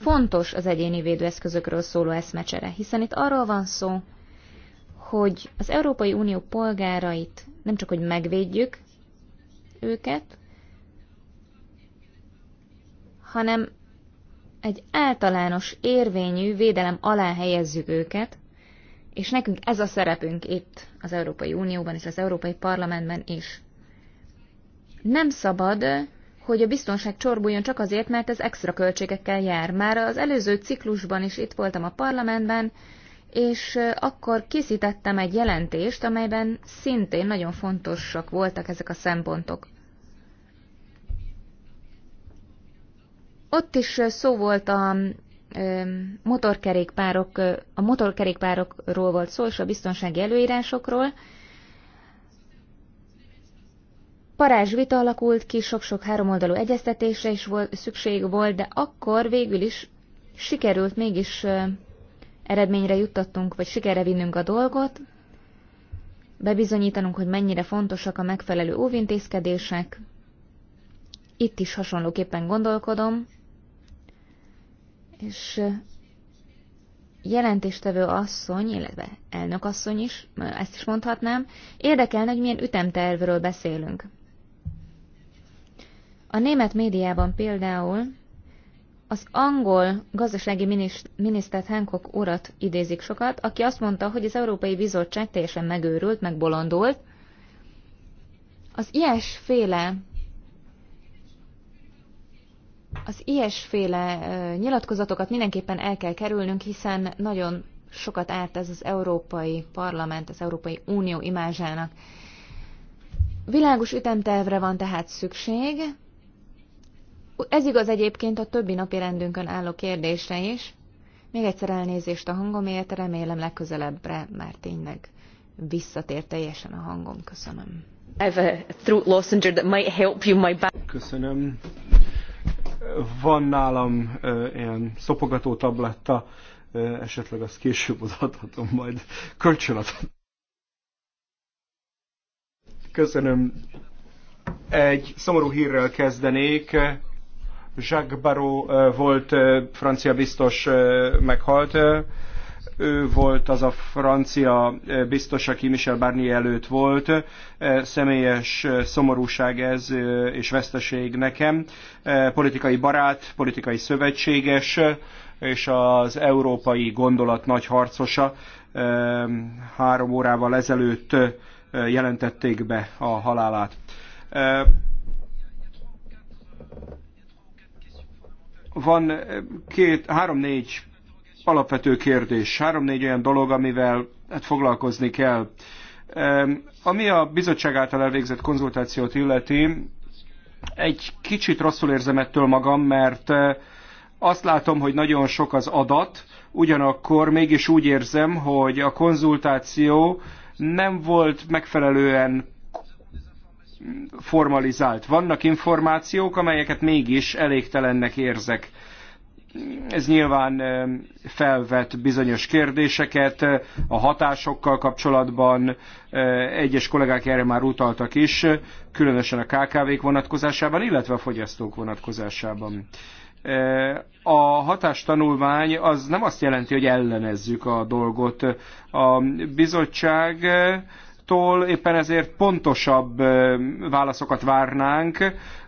Fontos az egyéni védőeszközökről szóló eszmecsere, hiszen itt arról van szó, hogy az Európai Unió polgárait nemcsak, hogy megvédjük őket, hanem egy általános érvényű védelem alá helyezzük őket, és nekünk ez a szerepünk itt az Európai Unióban és az Európai Parlamentben is. Nem szabad hogy a biztonság csorbuljon csak azért, mert ez extra költségekkel jár. Már az előző ciklusban is itt voltam a parlamentben, és akkor készítettem egy jelentést, amelyben szintén nagyon fontosak voltak ezek a szempontok. Ott is szó volt a motorkerékpárok, a motorkerékpárokról volt szó, és a biztonsági előírásokról, Parázs vita alakult ki, sok-sok háromoldalú egyeztetésre is volt, szükség volt, de akkor végül is sikerült mégis eredményre juttattunk, vagy sikerre vinnünk a dolgot, bebizonyítanunk, hogy mennyire fontosak a megfelelő óvintézkedések. Itt is hasonlóképpen gondolkodom, és jelentéstevő asszony, illetve elnök asszony is, ezt is mondhatnám, érdekelne, hogy milyen ütemtervről beszélünk. A német médiában például az angol gazdasági minisztert Hancock urat idézik sokat, aki azt mondta, hogy az Európai Bizottság teljesen megőrült, megbolondult. Az ilyesféle az ilyesféle nyilatkozatokat mindenképpen el kell kerülnünk, hiszen nagyon sokat árt ez az Európai Parlament, az Európai Unió imázsának. Világos ütemtervre van tehát szükség, ez igaz egyébként a többi napi rendünkön álló kérdésre is. Még egyszer elnézést a hangomért, remélem legközelebbre már tényleg visszatér teljesen a hangom. Köszönöm. a throat that might help you my back. Köszönöm. Van nálam uh, ilyen szopogató tabletta, uh, esetleg azt később odaadhatom majd kölcsönatot. Köszönöm. Egy szomorú hírrel kezdenék. Jacques Barrot volt francia biztos meghalt. Ő volt az a francia biztos, aki Michel Barnier előtt volt. Személyes szomorúság ez és veszteség nekem. Politikai barát, politikai szövetséges és az európai gondolat nagy harcosa. Három órával ezelőtt jelentették be a halálát. Van eh, két, három-négy alapvető kérdés, három-négy olyan dolog, amivel hát foglalkozni kell. Ami a bizottság által elvégzett konzultációt illeti, egy kicsit rosszul érzem ettől magam, mert eh, azt látom, hogy nagyon sok az adat, ugyanakkor mégis úgy érzem, hogy a konzultáció nem volt megfelelően formalizált. Vannak információk, amelyeket mégis elégtelennek érzek. Ez nyilván felvet bizonyos kérdéseket a hatásokkal kapcsolatban, egyes kollégák erre már utaltak is, különösen a KKV-k vonatkozásában, illetve a fogyasztók vonatkozásában. A hatástanulmány az nem azt jelenti, hogy ellenezzük a dolgot. A bizottság bizottságtól, éppen ezért pontosabb válaszokat várnánk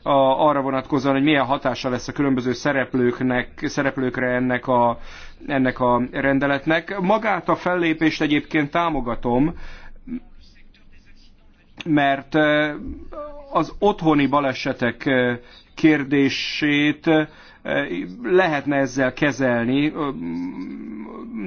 a, arra vonatkozóan, hogy milyen hatása lesz a különböző szereplőknek, szereplőkre ennek a, ennek a rendeletnek. Magát a fellépést egyébként támogatom, mert az otthoni balesetek kérdését lehetne ezzel kezelni.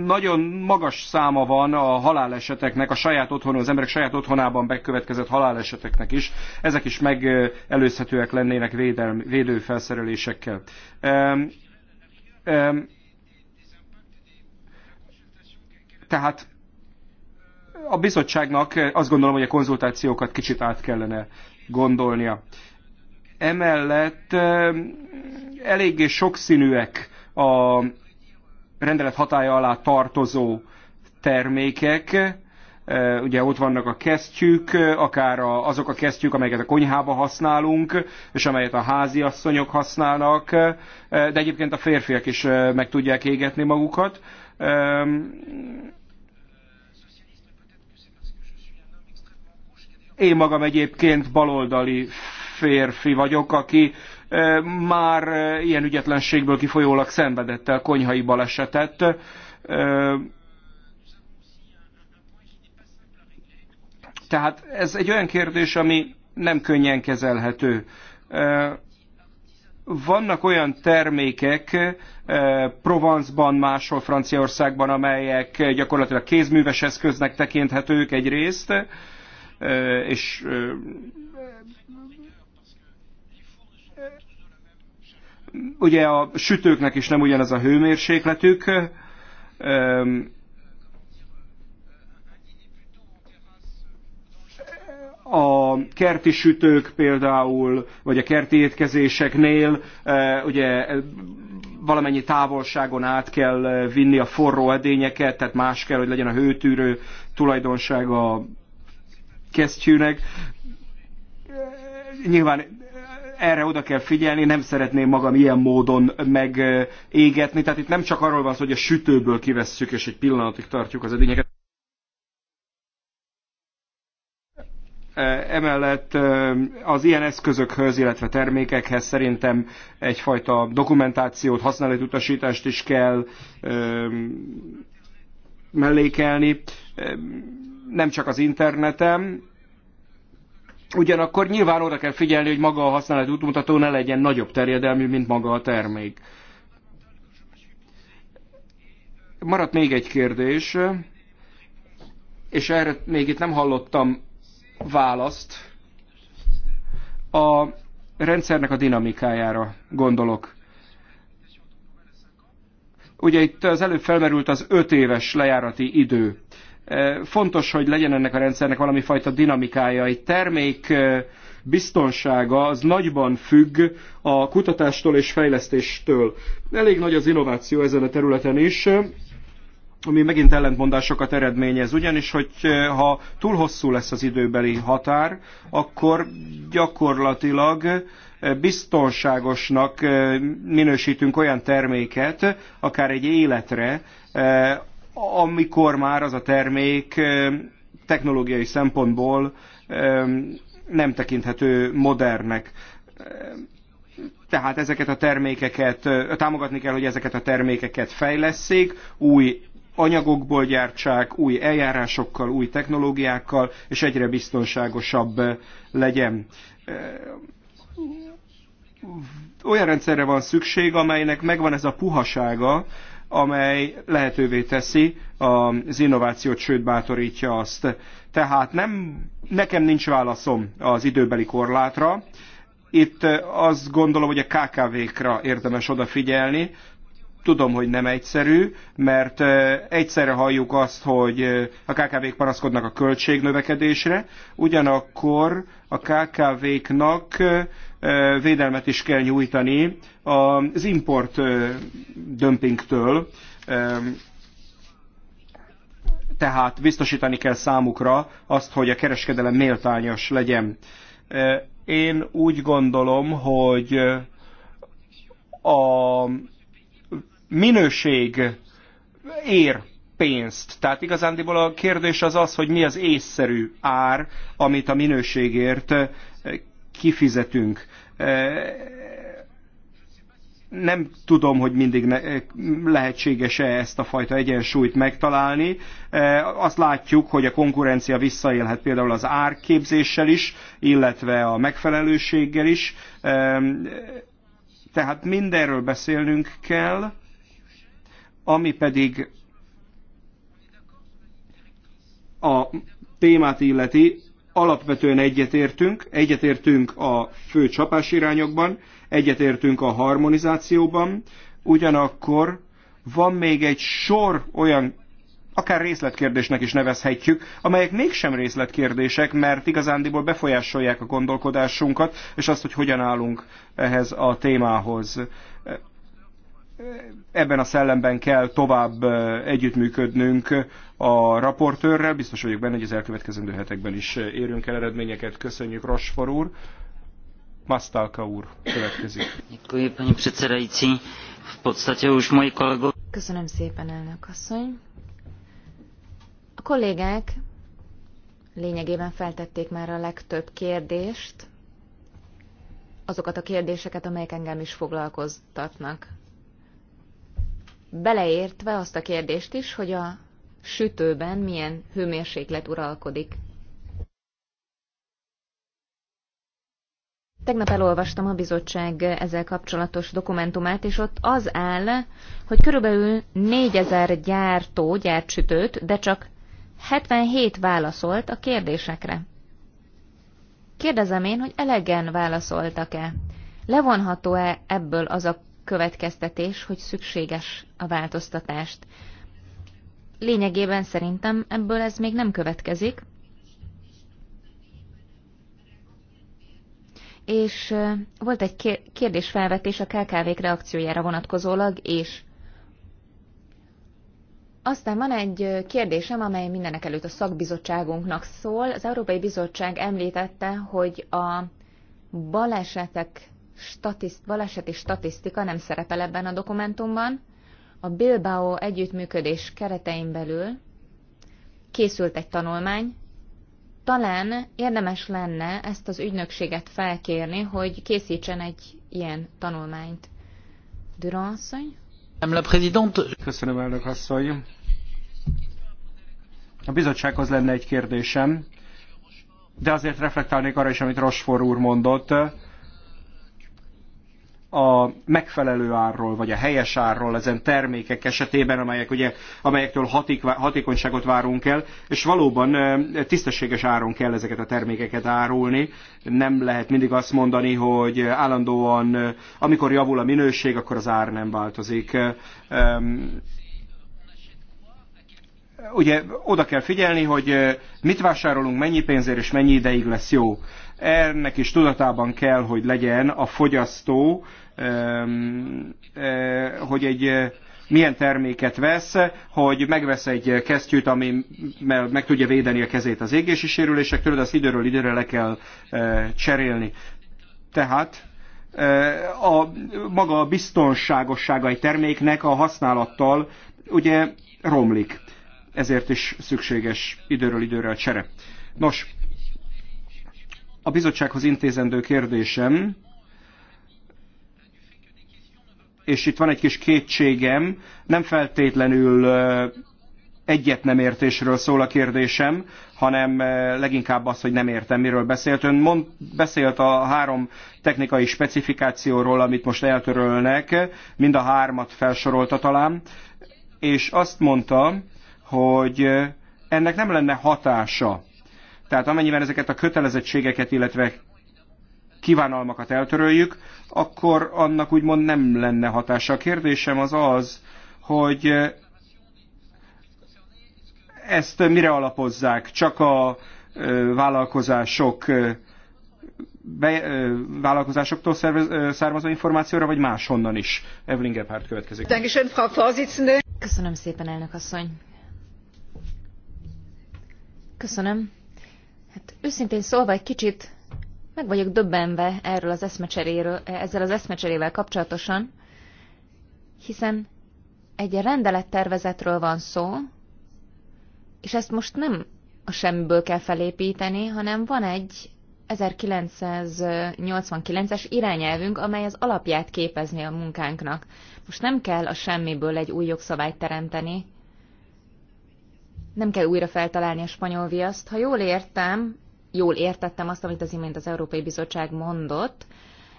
Nagyon magas száma van a haláleseteknek, a saját otthon, az emberek saját otthonában bekövetkezett haláleseteknek is. Ezek is megelőzhetőek lennének védelm, védőfelszerelésekkel. Tehát a bizottságnak azt gondolom, hogy a konzultációkat kicsit át kellene gondolnia. Emellett eléggé sokszínűek a rendelet hatája alá tartozó termékek, ugye ott vannak a kesztyűk, akár azok a kesztyűk, amelyeket a konyhába használunk, és amelyet a háziasszonyok használnak, de egyébként a férfiak is meg tudják égetni magukat. Én magam egyébként baloldali férfi vagyok, aki már ilyen ügyetlenségből kifolyólag szenvedett el konyhai balesetet. Tehát ez egy olyan kérdés, ami nem könnyen kezelhető. Vannak olyan termékek Provence-ban, máshol Franciaországban, amelyek gyakorlatilag kézműves eszköznek tekinthetők egyrészt, és Ugye a sütőknek is nem ugyanez a hőmérsékletük, ehm, a kerti sütők például, vagy a kerti étkezéseknél e, ugye e, valamennyi távolságon át kell vinni a forró edényeket, tehát más kell, hogy legyen a hőtűrő tulajdonsága a kesztyűnek. Nyilván erre oda kell figyelni, nem szeretném magam ilyen módon megégetni. Tehát itt nem csak arról van szó, hogy a sütőből kivesszük, és egy pillanatig tartjuk az edényeket. E, emellett e, az ilyen eszközökhöz, illetve termékekhez szerintem egyfajta dokumentációt, használatutasítást is kell e, mellékelni. Nem csak az interneten, Ugyanakkor nyilván oda kell figyelni, hogy maga a használat útmutató ne legyen nagyobb terjedelmű, mint maga a termék. Maradt még egy kérdés, és erre még itt nem hallottam választ. A rendszernek a dinamikájára gondolok. Ugye itt az előbb felmerült az öt éves lejárati idő. Fontos, hogy legyen ennek a rendszernek valami fajta dinamikája. Egy termék biztonsága az nagyban függ a kutatástól és fejlesztéstől. Elég nagy az innováció ezen a területen is, ami megint ellentmondásokat eredményez. Ugyanis, hogy ha túl hosszú lesz az időbeli határ, akkor gyakorlatilag biztonságosnak minősítünk olyan terméket, akár egy életre, amikor már az a termék technológiai szempontból nem tekinthető modernnek. Tehát ezeket a termékeket, támogatni kell, hogy ezeket a termékeket fejlesszék, új anyagokból gyártsák, új eljárásokkal, új technológiákkal, és egyre biztonságosabb legyen. Olyan rendszerre van szükség, amelynek megvan ez a puhasága, amely lehetővé teszi az innovációt, sőt bátorítja azt. Tehát nem, nekem nincs válaszom az időbeli korlátra. Itt azt gondolom, hogy a KKV-kra érdemes odafigyelni, tudom, hogy nem egyszerű, mert egyszerre halljuk azt, hogy a KKV-k panaszkodnak a költségnövekedésre, ugyanakkor a KKV-knak védelmet is kell nyújtani az import dömpingtől, tehát biztosítani kell számukra azt, hogy a kereskedelem méltányos legyen. Én úgy gondolom, hogy a minőség ér pénzt. Tehát igazándiból a kérdés az az, hogy mi az észszerű ár, amit a minőségért kifizetünk. Nem tudom, hogy mindig lehetséges-e ezt a fajta egyensúlyt megtalálni. Azt látjuk, hogy a konkurencia visszaélhet például az árképzéssel is, illetve a megfelelőséggel is. Tehát mindenről beszélnünk kell, ami pedig a témát illeti, alapvetően egyetértünk, egyetértünk a fő csapásirányokban, egyetértünk a harmonizációban, ugyanakkor van még egy sor olyan akár részletkérdésnek is nevezhetjük, amelyek mégsem részletkérdések, mert igazándiból befolyásolják a gondolkodásunkat, és azt, hogy hogyan állunk ehhez a témához ebben a szellemben kell tovább együttműködnünk a raportőrrel. Biztos vagyok benne, hogy az elkövetkezendő hetekben is érünk el eredményeket. Köszönjük, Rosfor úr. Masztálka úr következik. Köszönöm szépen, elnök asszony. A kollégák lényegében feltették már a legtöbb kérdést, azokat a kérdéseket, amelyek engem is foglalkoztatnak beleértve azt a kérdést is, hogy a sütőben milyen hőmérséklet uralkodik. Tegnap elolvastam a bizottság ezzel kapcsolatos dokumentumát, és ott az áll, hogy körülbelül 4000 gyártó gyárt sütőt, de csak 77 válaszolt a kérdésekre. Kérdezem én, hogy elegen válaszoltak-e? Levonható-e ebből az a következtetés, hogy szükséges a változtatást. Lényegében szerintem ebből ez még nem következik, és volt egy kérdésfelvetés a KKV-k reakciójára vonatkozólag, és aztán van egy kérdésem, amely mindenek előtt a szakbizottságunknak szól. Az Európai Bizottság említette, hogy a balesetek statiszt, baleseti statisztika nem szerepel ebben a dokumentumban. A Bilbao együttműködés keretein belül készült egy tanulmány, talán érdemes lenne ezt az ügynökséget felkérni, hogy készítsen egy ilyen tanulmányt. Durand asszony? Köszönöm, elnök asszony. A bizottsághoz lenne egy kérdésem, de azért reflektálnék arra is, amit Rosfor úr mondott a megfelelő árról, vagy a helyes árról ezen termékek esetében, amelyek ugye, amelyektől hatik, hatékonyságot várunk el, és valóban tisztességes áron kell ezeket a termékeket árulni. Nem lehet mindig azt mondani, hogy állandóan, amikor javul a minőség, akkor az ár nem változik ugye oda kell figyelni, hogy mit vásárolunk, mennyi pénzért és mennyi ideig lesz jó ennek is tudatában kell, hogy legyen a fogyasztó, hogy egy eh, milyen terméket vesz, hogy megvesz egy kesztyűt, ami meg tudja védeni a kezét az égési sérülésektől, de azt időről időre le kell eh, cserélni. Tehát eh, a maga a biztonságossága egy terméknek a használattal ugye romlik. Ezért is szükséges időről időre a csere. Nos, a bizottsághoz intézendő kérdésem, és itt van egy kis kétségem, nem feltétlenül egyet nem értésről szól a kérdésem, hanem leginkább az, hogy nem értem, miről beszélt. Ön mond, beszélt a három technikai specifikációról, amit most eltörölnek, mind a hármat felsorolta talán, és azt mondta, hogy ennek nem lenne hatása tehát amennyiben ezeket a kötelezettségeket, illetve kívánalmakat eltöröljük, akkor annak úgymond nem lenne hatása. A kérdésem az az, hogy ezt mire alapozzák? Csak a vállalkozások be, vállalkozásoktól szervez, származó információra, vagy máshonnan is? Evelyn Gebhardt következik. Köszönöm szépen, elnök asszony. Köszönöm. Hát őszintén szólva egy kicsit meg vagyok döbbenve erről az eszmecseréről, e, ezzel az eszmecserével kapcsolatosan, hiszen egy rendelettervezetről van szó, és ezt most nem a semmiből kell felépíteni, hanem van egy 1989-es irányelvünk, amely az alapját képezni a munkánknak. Most nem kell a semmiből egy új jogszabályt teremteni, nem kell újra feltalálni a spanyol viaszt. Ha jól értem, jól értettem azt, amit az imént az Európai Bizottság mondott,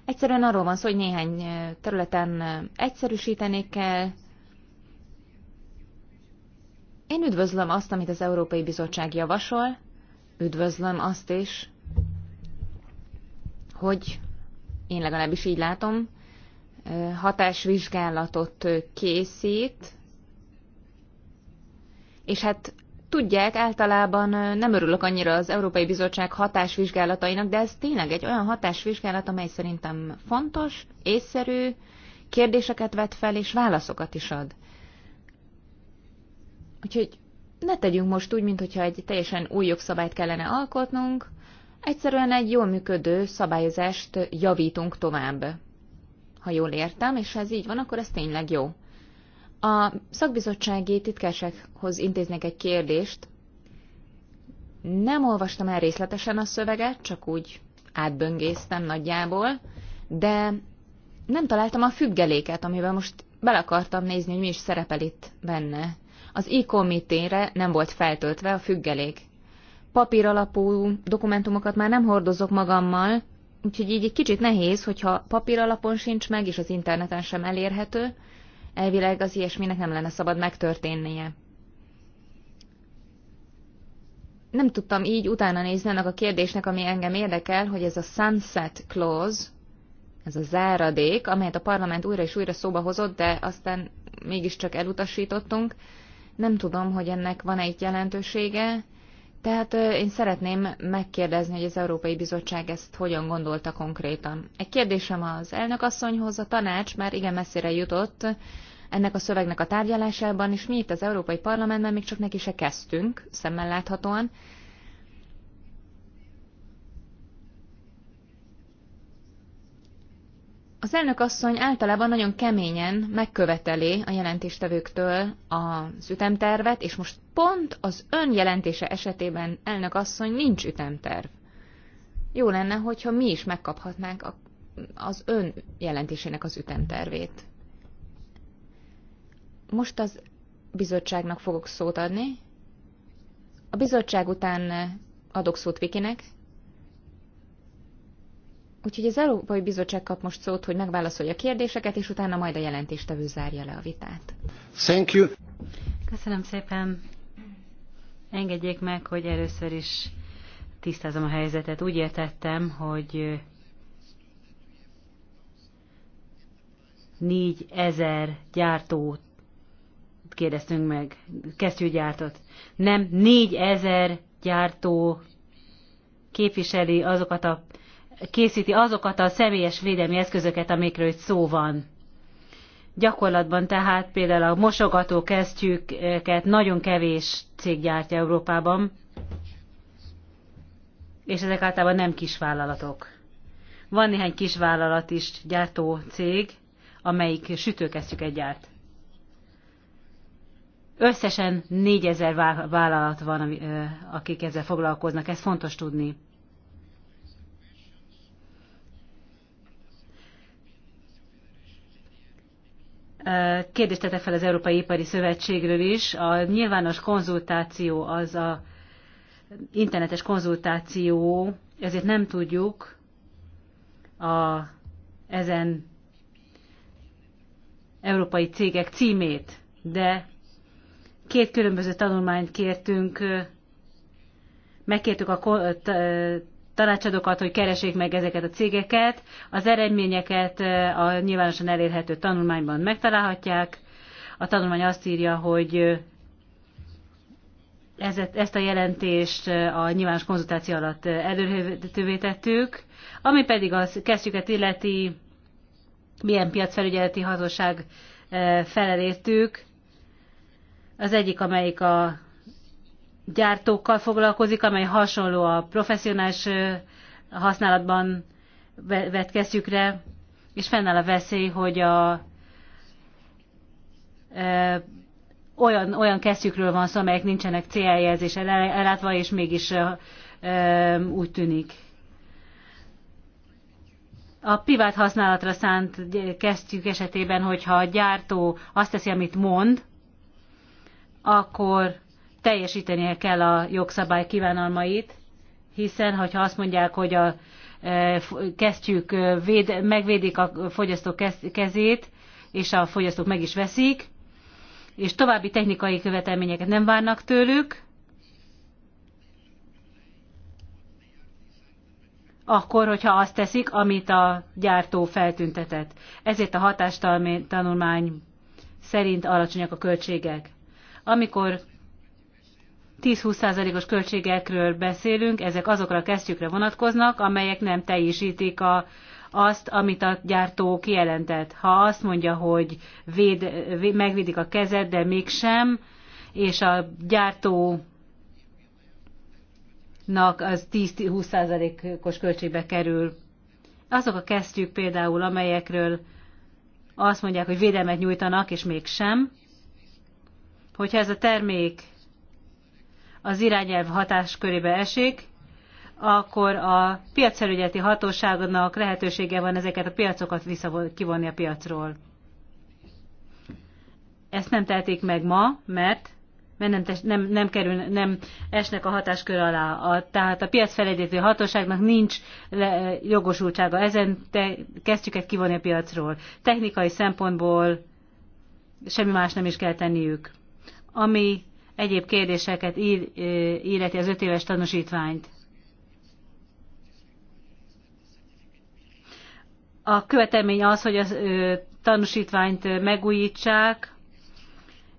egyszerűen arról van szó, hogy néhány területen egyszerűsíteni kell. Én üdvözlöm azt, amit az Európai Bizottság javasol, üdvözlöm azt is, hogy én legalábbis így látom, hatásvizsgálatot készít, és hát Tudják, általában nem örülök annyira az Európai Bizottság hatásvizsgálatainak, de ez tényleg egy olyan hatásvizsgálat, amely szerintem fontos, észszerű, kérdéseket vet fel, és válaszokat is ad. Úgyhogy ne tegyünk most úgy, mintha egy teljesen új jogszabályt kellene alkotnunk, egyszerűen egy jól működő szabályozást javítunk tovább. Ha jól értem, és ha ez így van, akkor ez tényleg jó. A szakbizottsági titkársághoz intéznék egy kérdést. Nem olvastam el részletesen a szöveget, csak úgy átböngésztem nagyjából, de nem találtam a függeléket, amiben most bel akartam nézni, hogy mi is szerepel itt benne. Az e komitére nem volt feltöltve a függelék. Papír alapú dokumentumokat már nem hordozok magammal, úgyhogy így egy kicsit nehéz, hogyha papír alapon sincs meg, és az interneten sem elérhető, Elvileg az ilyesminek nem lenne szabad megtörténnie. Nem tudtam így utána nézni annak a kérdésnek, ami engem érdekel, hogy ez a sunset clause, ez a záradék, amelyet a parlament újra és újra szóba hozott, de aztán mégiscsak elutasítottunk. Nem tudom, hogy ennek van-e itt jelentősége, tehát én szeretném megkérdezni, hogy az Európai Bizottság ezt hogyan gondolta konkrétan. Egy kérdésem az elnök asszonyhoz, a tanács már igen messzire jutott ennek a szövegnek a tárgyalásában, és mi itt az Európai Parlamentben még csak neki se kezdtünk, szemmel láthatóan. Az elnök asszony általában nagyon keményen megköveteli a jelentéstevőktől az ütemtervet, és most pont az ön jelentése esetében elnök asszony nincs ütemterv. Jó lenne, hogyha mi is megkaphatnánk a, az ön jelentésének az ütemtervét. Most az bizottságnak fogok szót adni. A bizottság után adok szót Vikinek, Úgyhogy az Európai Bizottság kap most szót, hogy megválaszolja a kérdéseket, és utána majd a jelentéstevő zárja le a vitát. Thank you. Köszönöm szépen. Engedjék meg, hogy először is tisztázom a helyzetet. Úgy értettem, hogy 4000 gyártót kérdeztünk meg, kesztyűgyártót. Nem, 4000 gyártó képviseli azokat a készíti azokat a személyes védelmi eszközöket, amikről itt szó van. Gyakorlatban tehát például a mosogató kesztyűket nagyon kevés cég gyártja Európában, és ezek általában nem kisvállalatok. Van néhány kisvállalat is gyártó cég, amelyik sütőkesztyüket gyárt. Összesen 4000 vállalat van, akik ezzel foglalkoznak, ez fontos tudni. Kérdést tettek fel az Európai Ipari Szövetségről is. A nyilvános konzultáció az a internetes konzultáció, ezért nem tudjuk a, ezen európai cégek címét, de két különböző tanulmányt kértünk, megkértük a tanácsadókat, hogy keresék meg ezeket a cégeket. Az eredményeket a nyilvánosan elérhető tanulmányban megtalálhatják. A tanulmány azt írja, hogy ezt a jelentést a nyilvános konzultáció alatt előhetővé tettük, ami pedig a kezdjüket illeti, milyen piacfelügyeleti hatóság felelértük. Az egyik, amelyik a gyártókkal foglalkozik, amely hasonló a professzionális használatban vett keszükre, és fennáll a veszély, hogy a, ö, olyan, olyan kesztyűkről van szó, amelyek nincsenek céljelzés jelzés ellátva, és mégis ö, ö, úgy tűnik. A privát használatra szánt kesztyűk esetében, hogyha a gyártó azt teszi, amit mond, akkor teljesítenie kell a jogszabály kívánalmait, hiszen hogyha azt mondják, hogy a e, kesztyűk e, véd, megvédik a fogyasztók kezét, és a fogyasztók meg is veszik, és további technikai követelményeket nem várnak tőlük, akkor, hogyha azt teszik, amit a gyártó feltüntetett. Ezért a tanulmány szerint alacsonyak a költségek. Amikor 10-20%-os költségekről beszélünk, ezek azokra a kesztyűkre vonatkoznak, amelyek nem teljesítik a, azt, amit a gyártó kijelentett. Ha azt mondja, hogy véd, véd, megvédik a kezed, de mégsem, és a gyártónak az 10-20%-os költségbe kerül. Azok a kesztyűk például, amelyekről azt mondják, hogy védelmet nyújtanak, és mégsem. Hogyha ez a termék az irányelv hatáskörébe esik, akkor a piacfelügyeleti hatóságnak lehetősége van ezeket a piacokat visszakivonni a piacról. Ezt nem tehetik meg ma, mert mert nem, nem, nem, kerül, nem esnek a hatáskör alá. A, tehát a piacfelügyeleti hatóságnak nincs le, jogosultsága. Ezen te, kezdjük egy kivonni a piacról. Technikai szempontból semmi más nem is kell tenniük. Ami egyéb kérdéseket ír, íreti az öt éves tanúsítványt. A követelmény az, hogy a tanúsítványt megújítsák,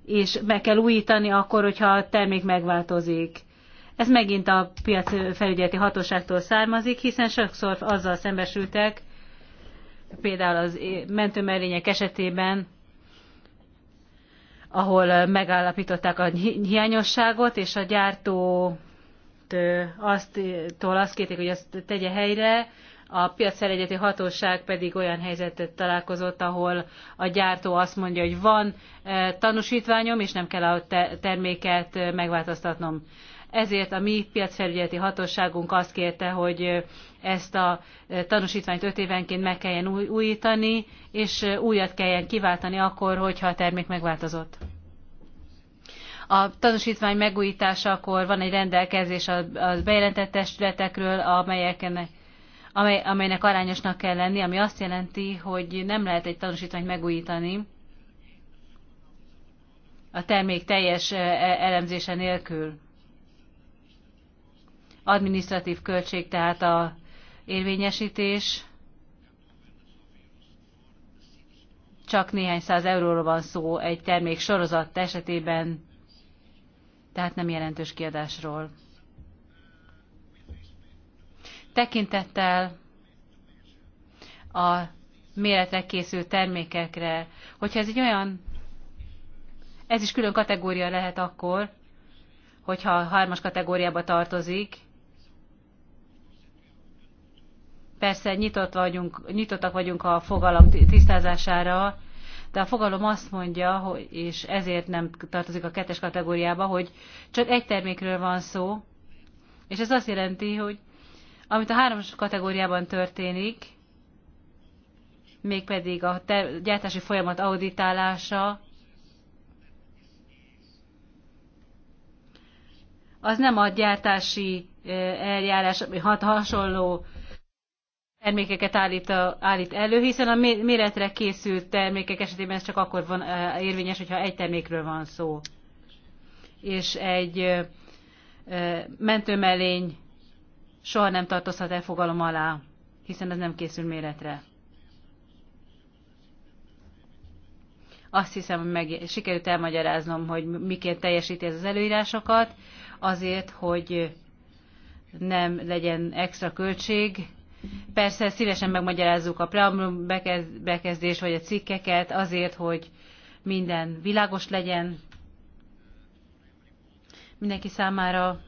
és meg kell újítani akkor, hogyha a termék megváltozik. Ez megint a piac felügyeleti hatóságtól származik, hiszen sokszor azzal szembesültek, például az mentőmerények esetében, ahol megállapították a hiányosságot, és a gyártó azt, azt kérték, hogy azt tegye helyre, a piac piacfelügyeleti hatóság pedig olyan helyzetet találkozott, ahol a gyártó azt mondja, hogy van tanúsítványom, és nem kell a terméket megváltoztatnom. Ezért a mi piacfelügyeleti hatóságunk azt kérte, hogy ezt a tanúsítványt öt évenként meg kelljen új, újítani, és újat kelljen kiváltani akkor, hogyha a termék megváltozott. A tanúsítvány megújításakor van egy rendelkezés a, a bejelentett testületekről, amelyeknek amely, amelynek arányosnak kell lenni, ami azt jelenti, hogy nem lehet egy tanúsítványt megújítani a termék teljes e-, elemzése nélkül administratív költség, tehát a érvényesítés. Csak néhány száz euróról van szó egy termék sorozat esetében, tehát nem jelentős kiadásról. Tekintettel a méretre készült termékekre, hogyha ez egy olyan, ez is külön kategória lehet akkor, hogyha a hármas kategóriába tartozik, Persze nyitott vagyunk, nyitottak vagyunk a fogalom tisztázására, de a fogalom azt mondja, hogy, és ezért nem tartozik a kettes kategóriába, hogy csak egy termékről van szó, és ez azt jelenti, hogy amit a háromos kategóriában történik, mégpedig a gyártási folyamat auditálása, az nem a gyártási eh, eljárás, ami hasonló termékeket állít, a, állít elő, hiszen a méretre készült termékek esetében ez csak akkor van eh, érvényes, hogyha egy termékről van szó. És egy eh, mentőmelény soha nem tartozhat el fogalom alá, hiszen ez nem készül méretre. Azt hiszem, hogy meg, sikerült elmagyaráznom, hogy miként teljesíti ez az előírásokat, azért, hogy nem legyen extra költség, Persze szívesen megmagyarázzuk a preambulum bekezdés vagy a cikkeket azért, hogy minden világos legyen, mindenki számára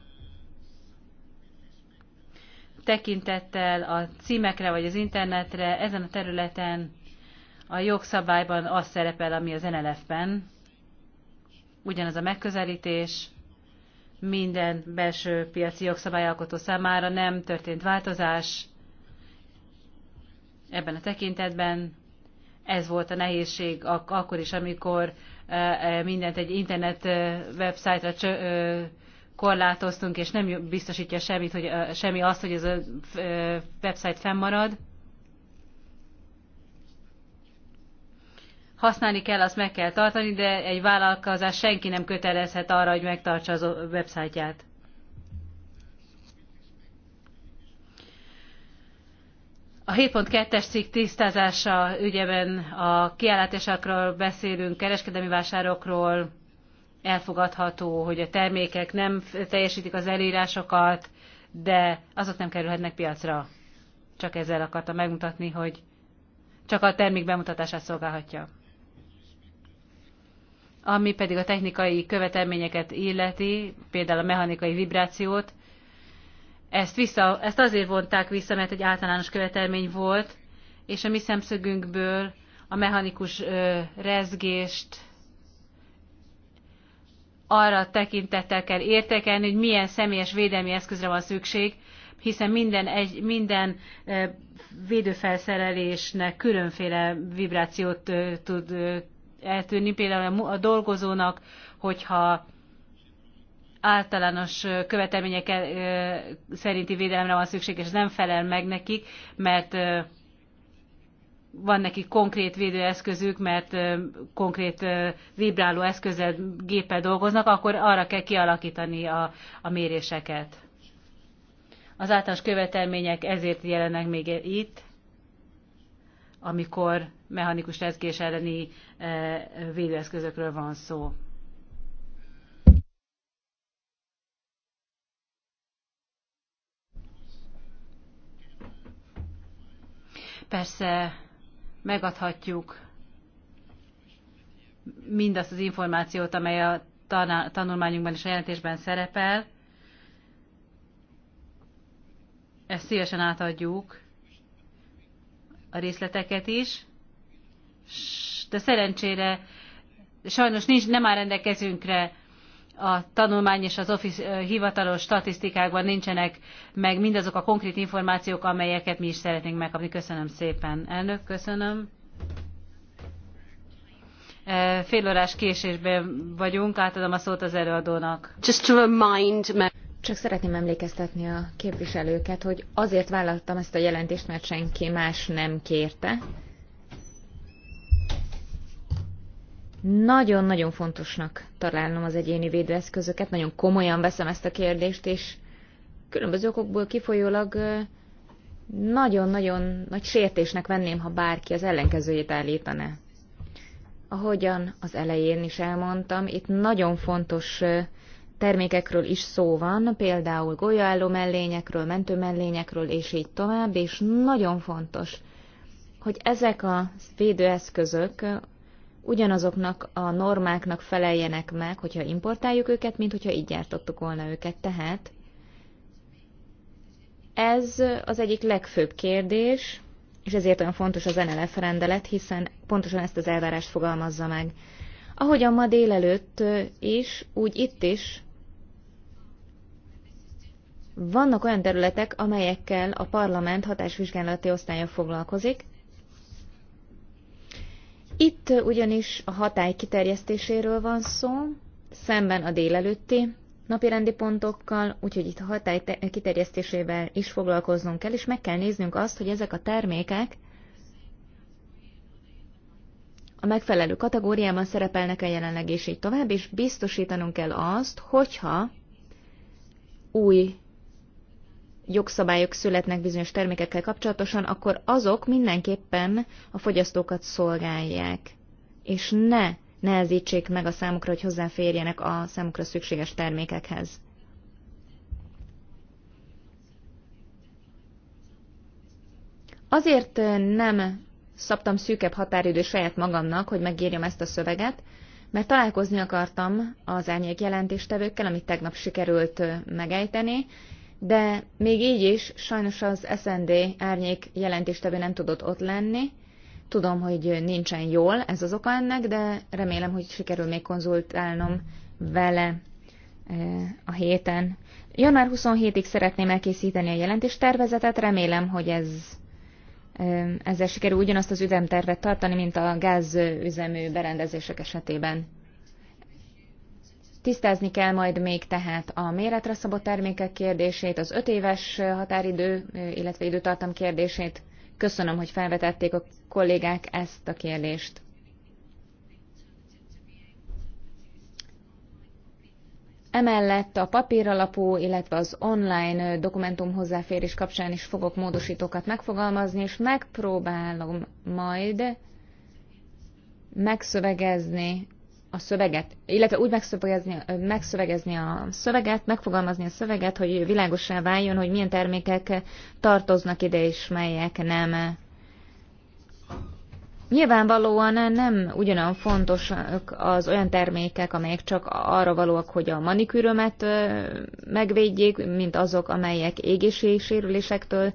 tekintettel a címekre vagy az internetre, ezen a területen a jogszabályban az szerepel, ami az NLF-ben. Ugyanaz a megközelítés minden belső piaci jogszabályalkotó számára nem történt változás, ebben a tekintetben. Ez volt a nehézség ak- akkor is, amikor e, e, mindent egy internet e, websájtra korlátoztunk, és nem biztosítja semmit, hogy, semmi azt, hogy ez a website fennmarad. használni kell, azt meg kell tartani, de egy vállalkozás senki nem kötelezhet arra, hogy megtartsa az websájtját. A 7.2-es cikk tisztázása ügyeben a kiállításokról beszélünk, kereskedelmi vásárokról, elfogadható, hogy a termékek nem teljesítik az elírásokat, de azok nem kerülhetnek piacra. Csak ezzel akarta megmutatni, hogy csak a termék bemutatását szolgálhatja. Ami pedig a technikai követelményeket illeti, például a mechanikai vibrációt, ezt, vissza, ezt azért vonták vissza, mert egy általános követelmény volt, és a mi szemszögünkből a mechanikus ö, rezgést arra tekintettel kell értekelni, hogy milyen személyes védelmi eszközre van szükség, hiszen minden, egy, minden védőfelszerelésnek különféle vibrációt tud eltűnni. Például a dolgozónak, hogyha általános követelmények szerinti védelemre van szükség, és nem felel meg nekik, mert van nekik konkrét védőeszközük, mert konkrét vibráló eszközzel, géppel dolgoznak, akkor arra kell kialakítani a, a méréseket. Az általános követelmények ezért jelennek még itt, amikor mechanikus rezgés elleni védőeszközökről van szó. Persze megadhatjuk mindazt az információt, amely a tanulmányunkban és a jelentésben szerepel. Ezt szívesen átadjuk, a részleteket is, de szerencsére sajnos nincs, nem áll rendelkezünkre a tanulmány és az office hivatalos statisztikákban nincsenek meg mindazok a konkrét információk, amelyeket mi is szeretnénk megkapni. Köszönöm szépen. Elnök, köszönöm. Fél órás késésben vagyunk, átadom a szót az előadónak. Just to remind me. Csak szeretném emlékeztetni a képviselőket, hogy azért vállaltam ezt a jelentést, mert senki más nem kérte. Nagyon-nagyon fontosnak találnom az egyéni védőeszközöket, nagyon komolyan veszem ezt a kérdést, és különböző okokból kifolyólag nagyon-nagyon nagy sértésnek venném, ha bárki az ellenkezőjét állítaná. Ahogyan az elején is elmondtam, itt nagyon fontos termékekről is szó van, például golyóálló mellényekről, mellényekről, és így tovább, és nagyon fontos, hogy ezek a védőeszközök ugyanazoknak a normáknak feleljenek meg, hogyha importáljuk őket, mint hogyha így gyártottuk volna őket. Tehát ez az egyik legfőbb kérdés, és ezért olyan fontos az NLF rendelet, hiszen pontosan ezt az elvárást fogalmazza meg. Ahogyan ma délelőtt is, úgy itt is vannak olyan területek, amelyekkel a parlament hatásvizsgálati osztálya foglalkozik, itt ugyanis a hatály kiterjesztéséről van szó, szemben a délelőtti napirendi pontokkal, úgyhogy itt a hatály kiterjesztésével is foglalkoznunk kell, és meg kell néznünk azt, hogy ezek a termékek a megfelelő kategóriában szerepelnek a jelenleg, és így tovább, és biztosítanunk kell azt, hogyha új jogszabályok születnek bizonyos termékekkel kapcsolatosan, akkor azok mindenképpen a fogyasztókat szolgálják, és ne nehezítsék meg a számukra, hogy hozzáférjenek a számukra szükséges termékekhez. Azért eh, nem szabtam szűkebb határidő saját magamnak, hogy megírjam ezt a szöveget, mert találkozni akartam az árnyék jelentéstevőkkel, amit tegnap sikerült eh, megejteni, de még így is sajnos az SND árnyék jelentéstevő nem tudott ott lenni. Tudom, hogy nincsen jól ez az oka ennek, de remélem, hogy sikerül még konzultálnom vele e, a héten. Január 27-ig szeretném elkészíteni a jelentéstervezetet, remélem, hogy ez e, ezzel sikerül ugyanazt az üzemtervet tartani, mint a gázüzemű berendezések esetében. Tisztázni kell majd még tehát a méretre szabott termékek kérdését, az öt éves határidő, illetve időtartam kérdését. Köszönöm, hogy felvetették a kollégák ezt a kérdést. Emellett a papíralapú, illetve az online dokumentum hozzáférés kapcsán is fogok módosítókat megfogalmazni, és megpróbálom majd megszövegezni a szöveget, illetve úgy megszövegezni, megszövegezni a szöveget, megfogalmazni a szöveget, hogy világosá váljon, hogy milyen termékek tartoznak ide, és melyek nem. Nyilvánvalóan nem ugyanolyan fontosak az olyan termékek, amelyek csak arra valóak, hogy a manikűrömet megvédjék, mint azok, amelyek égési sérülésektől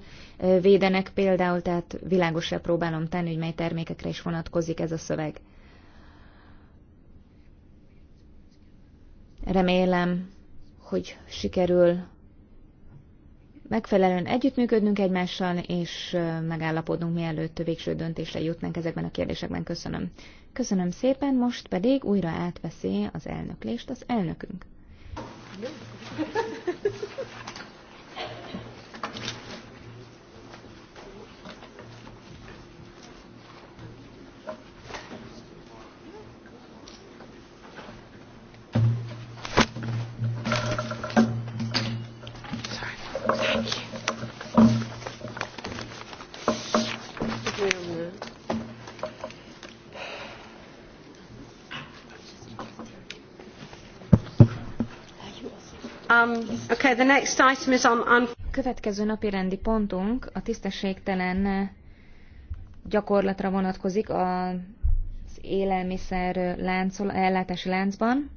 védenek például, tehát világosra próbálom tenni, hogy mely termékekre is vonatkozik ez a szöveg. Remélem, hogy sikerül megfelelően együttműködnünk egymással, és megállapodnunk, mielőtt végső döntésre jutnánk ezekben a kérdésekben. Köszönöm. Köszönöm szépen, most pedig újra átveszi az elnöklést az elnökünk. Um, okay, the next item is on, Következő napi rendi pontunk a tisztességtelen gyakorlatra vonatkozik az élelmiszer láncol, ellátási láncban.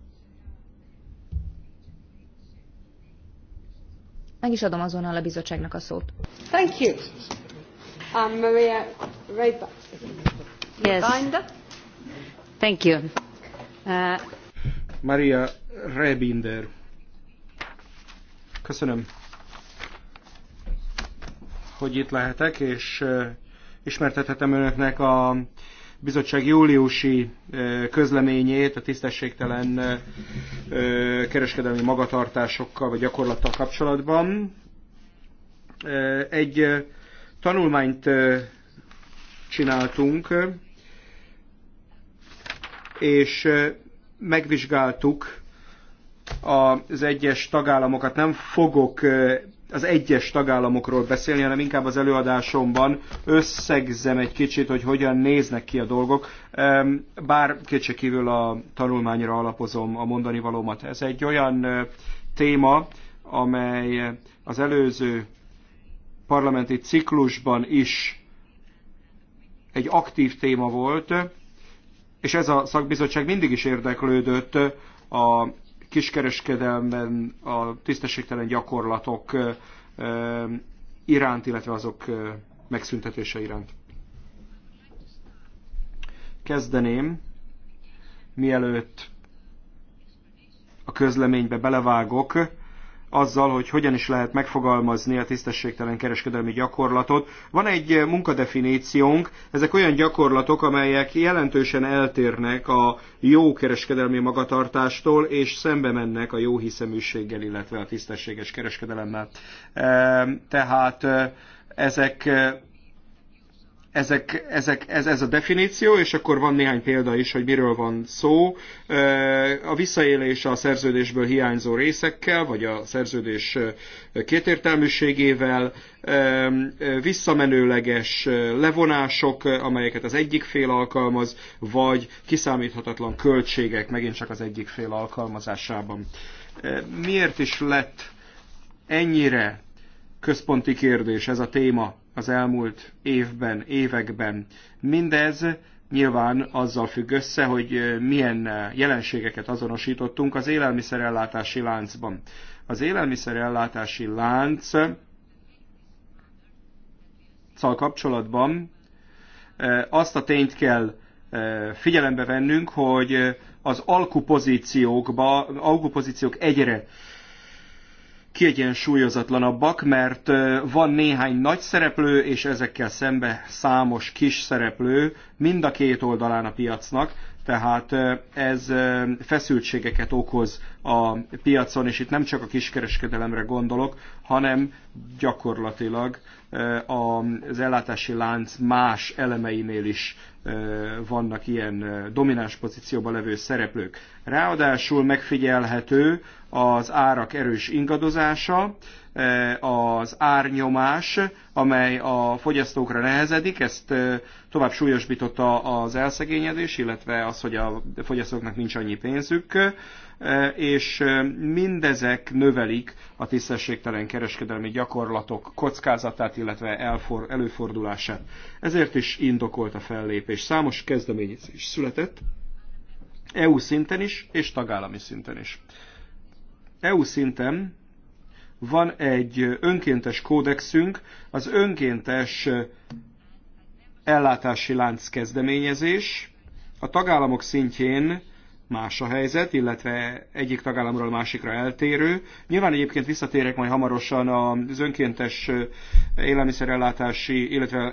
Meg is adom azonnal a bizottságnak a szót. Thank you. I'm um, Maria Reba. Yes. Thank you. Uh... Maria Rebinder. Köszönöm, hogy itt lehetek, és ismertethetem önöknek a bizottság júliusi közleményét a tisztességtelen kereskedelmi magatartásokkal vagy gyakorlattal kapcsolatban. Egy tanulmányt csináltunk, és megvizsgáltuk az egyes tagállamokat. Nem fogok az egyes tagállamokról beszélni, hanem inkább az előadásomban összegzem egy kicsit, hogy hogyan néznek ki a dolgok. Bár kívül a tanulmányra alapozom a mondani valómat. Ez egy olyan téma, amely az előző parlamenti ciklusban is egy aktív téma volt, és ez a szakbizottság mindig is érdeklődött a kiskereskedelmen a tisztességtelen gyakorlatok iránt, illetve azok megszüntetése iránt. Kezdeném, mielőtt a közleménybe belevágok, azzal, hogy hogyan is lehet megfogalmazni a tisztességtelen kereskedelmi gyakorlatot. Van egy munkadefiníciónk, ezek olyan gyakorlatok, amelyek jelentősen eltérnek a jó kereskedelmi magatartástól, és szembe mennek a jó hiszeműséggel, illetve a tisztességes kereskedelemmel. Ehm, tehát eh, ezek eh, ezek, ezek, ez, ez a definíció, és akkor van néhány példa is, hogy miről van szó. A visszaélés a szerződésből hiányzó részekkel, vagy a szerződés kétértelműségével, visszamenőleges levonások, amelyeket az egyik fél alkalmaz, vagy kiszámíthatatlan költségek, megint csak az egyik fél alkalmazásában. Miért is lett ennyire központi kérdés, ez a téma az elmúlt évben, években. Mindez nyilván azzal függ össze, hogy milyen jelenségeket azonosítottunk az élelmiszerellátási láncban. Az élelmiszerellátási lánc kapcsolatban azt a tényt kell figyelembe vennünk, hogy az alkupozíciókba, alkupozíciók egyre kiegyensúlyozatlanabbak, mert van néhány nagy szereplő, és ezekkel szembe számos kis szereplő mind a két oldalán a piacnak, tehát ez feszültségeket okoz a piacon, és itt nem csak a kiskereskedelemre gondolok, hanem gyakorlatilag az ellátási lánc más elemeinél is vannak ilyen domináns pozícióban levő szereplők. Ráadásul megfigyelhető az árak erős ingadozása, Eh, az árnyomás, amely a fogyasztókra nehezedik, ezt eh, tovább súlyosbította az elszegényedés, illetve az, hogy a fogyasztóknak nincs annyi pénzük, eh, és mindezek növelik a tisztességtelen kereskedelmi gyakorlatok kockázatát, illetve elfor, előfordulását. Ezért is indokolt a fellépés. Számos kezdeményezés született, EU szinten is, és tagállami szinten is. EU szinten van egy önkéntes kódexünk, az önkéntes ellátási lánc kezdeményezés. A tagállamok szintjén más a helyzet, illetve egyik tagállamról másikra eltérő. Nyilván egyébként visszatérek majd hamarosan az önkéntes élelmiszerellátási, illetve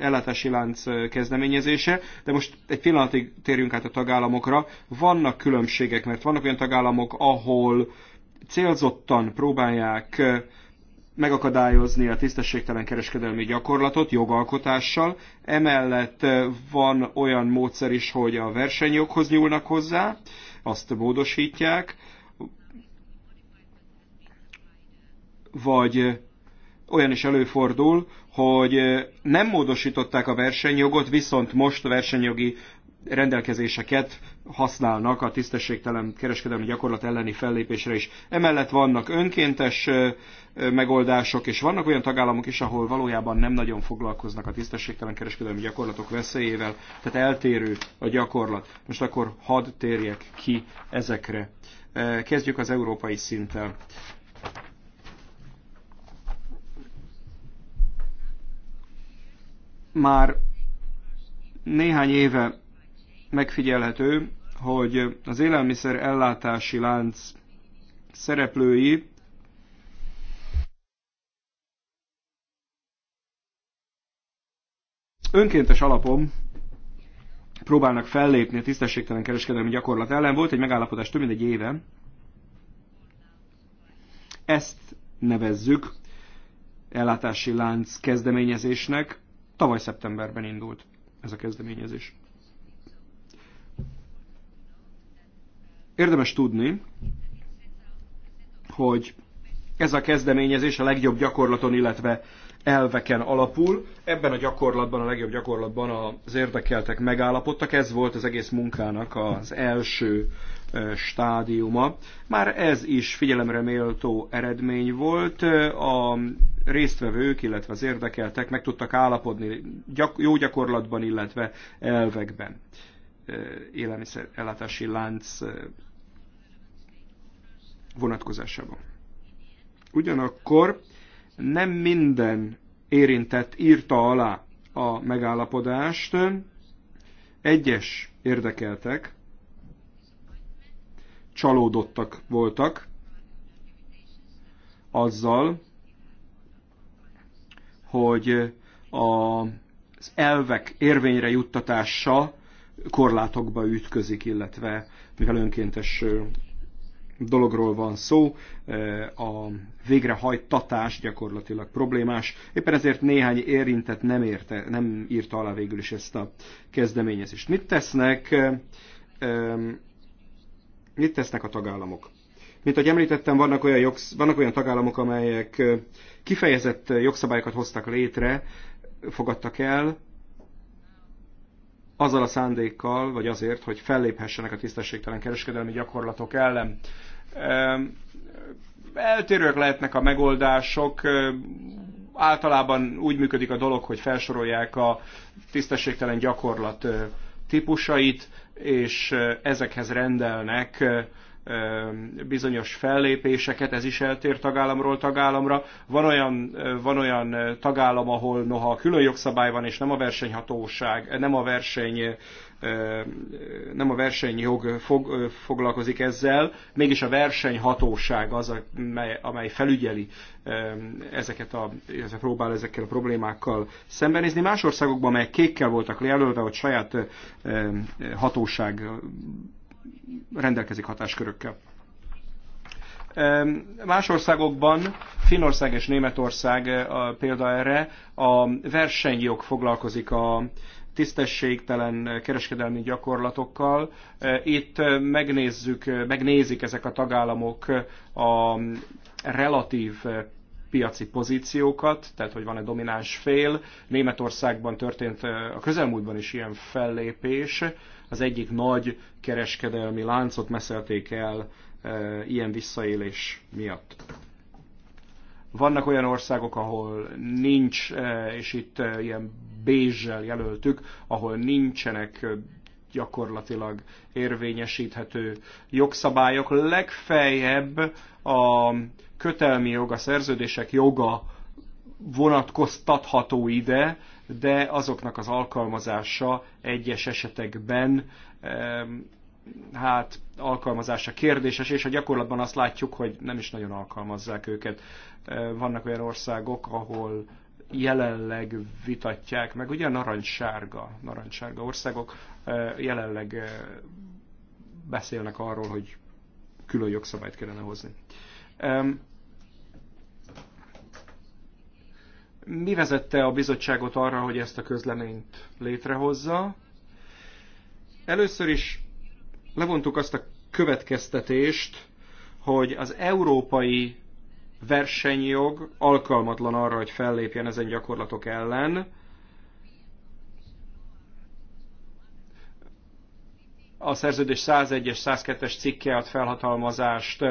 ellátási lánc kezdeményezése, de most egy pillanatig térjünk át a tagállamokra. Vannak különbségek, mert vannak olyan tagállamok, ahol célzottan próbálják megakadályozni a tisztességtelen kereskedelmi gyakorlatot jogalkotással. Emellett van olyan módszer is, hogy a versenyjoghoz nyúlnak hozzá, azt módosítják, vagy olyan is előfordul, hogy nem módosították a versenyjogot, viszont most versenyjogi rendelkezéseket használnak a tisztességtelen kereskedelmi gyakorlat elleni fellépésre is. Emellett vannak önkéntes megoldások, és vannak olyan tagállamok is, ahol valójában nem nagyon foglalkoznak a tisztességtelen kereskedelmi gyakorlatok veszélyével, tehát eltérő a gyakorlat. Most akkor hadd térjek ki ezekre. Kezdjük az európai szinten. Már néhány éve megfigyelhető, hogy az élelmiszer ellátási lánc szereplői önkéntes alapon próbálnak fellépni a tisztességtelen kereskedelmi gyakorlat ellen. Volt egy megállapodás több mint egy éve. Ezt nevezzük ellátási lánc kezdeményezésnek. Tavaly szeptemberben indult ez a kezdeményezés. Érdemes tudni, hogy ez a kezdeményezés a legjobb gyakorlaton, illetve elveken alapul. Ebben a gyakorlatban, a legjobb gyakorlatban az érdekeltek megállapodtak. Ez volt az egész munkának az első stádiuma. Már ez is figyelemre méltó eredmény volt. A résztvevők, illetve az érdekeltek meg tudtak állapodni gyak jó gyakorlatban, illetve elvekben élelmiszerellátási lánc vonatkozásában. Ugyanakkor nem minden érintett írta alá a megállapodást, egyes érdekeltek, csalódottak voltak azzal, hogy az elvek érvényre juttatása korlátokba ütközik, illetve mivel önkéntes dologról van szó, eh, a végrehajtatás gyakorlatilag problémás. Éppen ezért néhány érintett nem, érte, nem írta alá végül is ezt a kezdeményezést. Mit tesznek, eh, mit tesznek a tagállamok? Mint ahogy említettem, vannak olyan, jogsz, vannak olyan tagállamok, amelyek eh, kifejezett jogszabályokat hoztak létre, fogadtak el, azzal a szándékkal, vagy azért, hogy felléphessenek a tisztességtelen kereskedelmi gyakorlatok ellen. Eltérőek lehetnek a megoldások, általában úgy működik a dolog, hogy felsorolják a tisztességtelen gyakorlat típusait, és ezekhez rendelnek bizonyos fellépéseket, ez is eltér tagállamról tagállamra. Van olyan, van olyan tagállam, ahol noha külön jogszabály van, és nem a versenyhatóság, nem a verseny nem a versenyjog fog, foglalkozik ezzel, mégis a versenyhatóság az, amely, amely felügyeli ezeket a, ezek próbál ezekkel a problémákkal szembenézni. Más országokban, amelyek kékkel voltak jelölve, hogy saját hatóság rendelkezik hatáskörökkel. Más országokban, Finnország és Németország eh, a példa erre, a versenyjog foglalkozik a tisztességtelen kereskedelmi gyakorlatokkal. Eh, itt eh, megnézzük, megnézik ezek a tagállamok a relatív piaci pozíciókat, tehát hogy van-e domináns fél. Németországban történt a közelmúltban is ilyen fellépés, az egyik nagy kereskedelmi láncot meszelték el e, ilyen visszaélés miatt. Vannak olyan országok, ahol nincs, e, és itt e, ilyen bézsel jelöltük, ahol nincsenek gyakorlatilag érvényesíthető jogszabályok. Legfeljebb a kötelmi joga, szerződések joga vonatkoztatható ide, de azoknak az alkalmazása egyes esetekben hát alkalmazása kérdéses, és a gyakorlatban azt látjuk, hogy nem is nagyon alkalmazzák őket. Vannak olyan országok, ahol jelenleg vitatják, meg ugye a narancssárga, narancssárga országok jelenleg beszélnek arról, hogy külön jogszabályt kellene hozni. Mi vezette a bizottságot arra, hogy ezt a közleményt létrehozza? Először is levontuk azt a következtetést, hogy az európai versenyjog alkalmatlan arra, hogy fellépjen ezen gyakorlatok ellen. A szerződés 101 es 102-es cikke ad felhatalmazást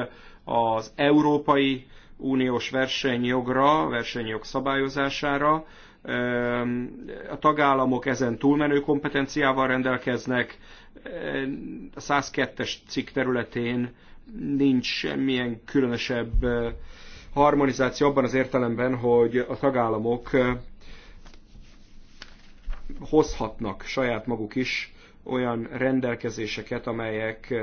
az európai uniós versenyjogra, versenyjog szabályozására. A tagállamok ezen túlmenő kompetenciával rendelkeznek. A 102-es cikk területén nincs semmilyen különösebb harmonizáció abban az értelemben, hogy a tagállamok hozhatnak saját maguk is olyan rendelkezéseket, amelyek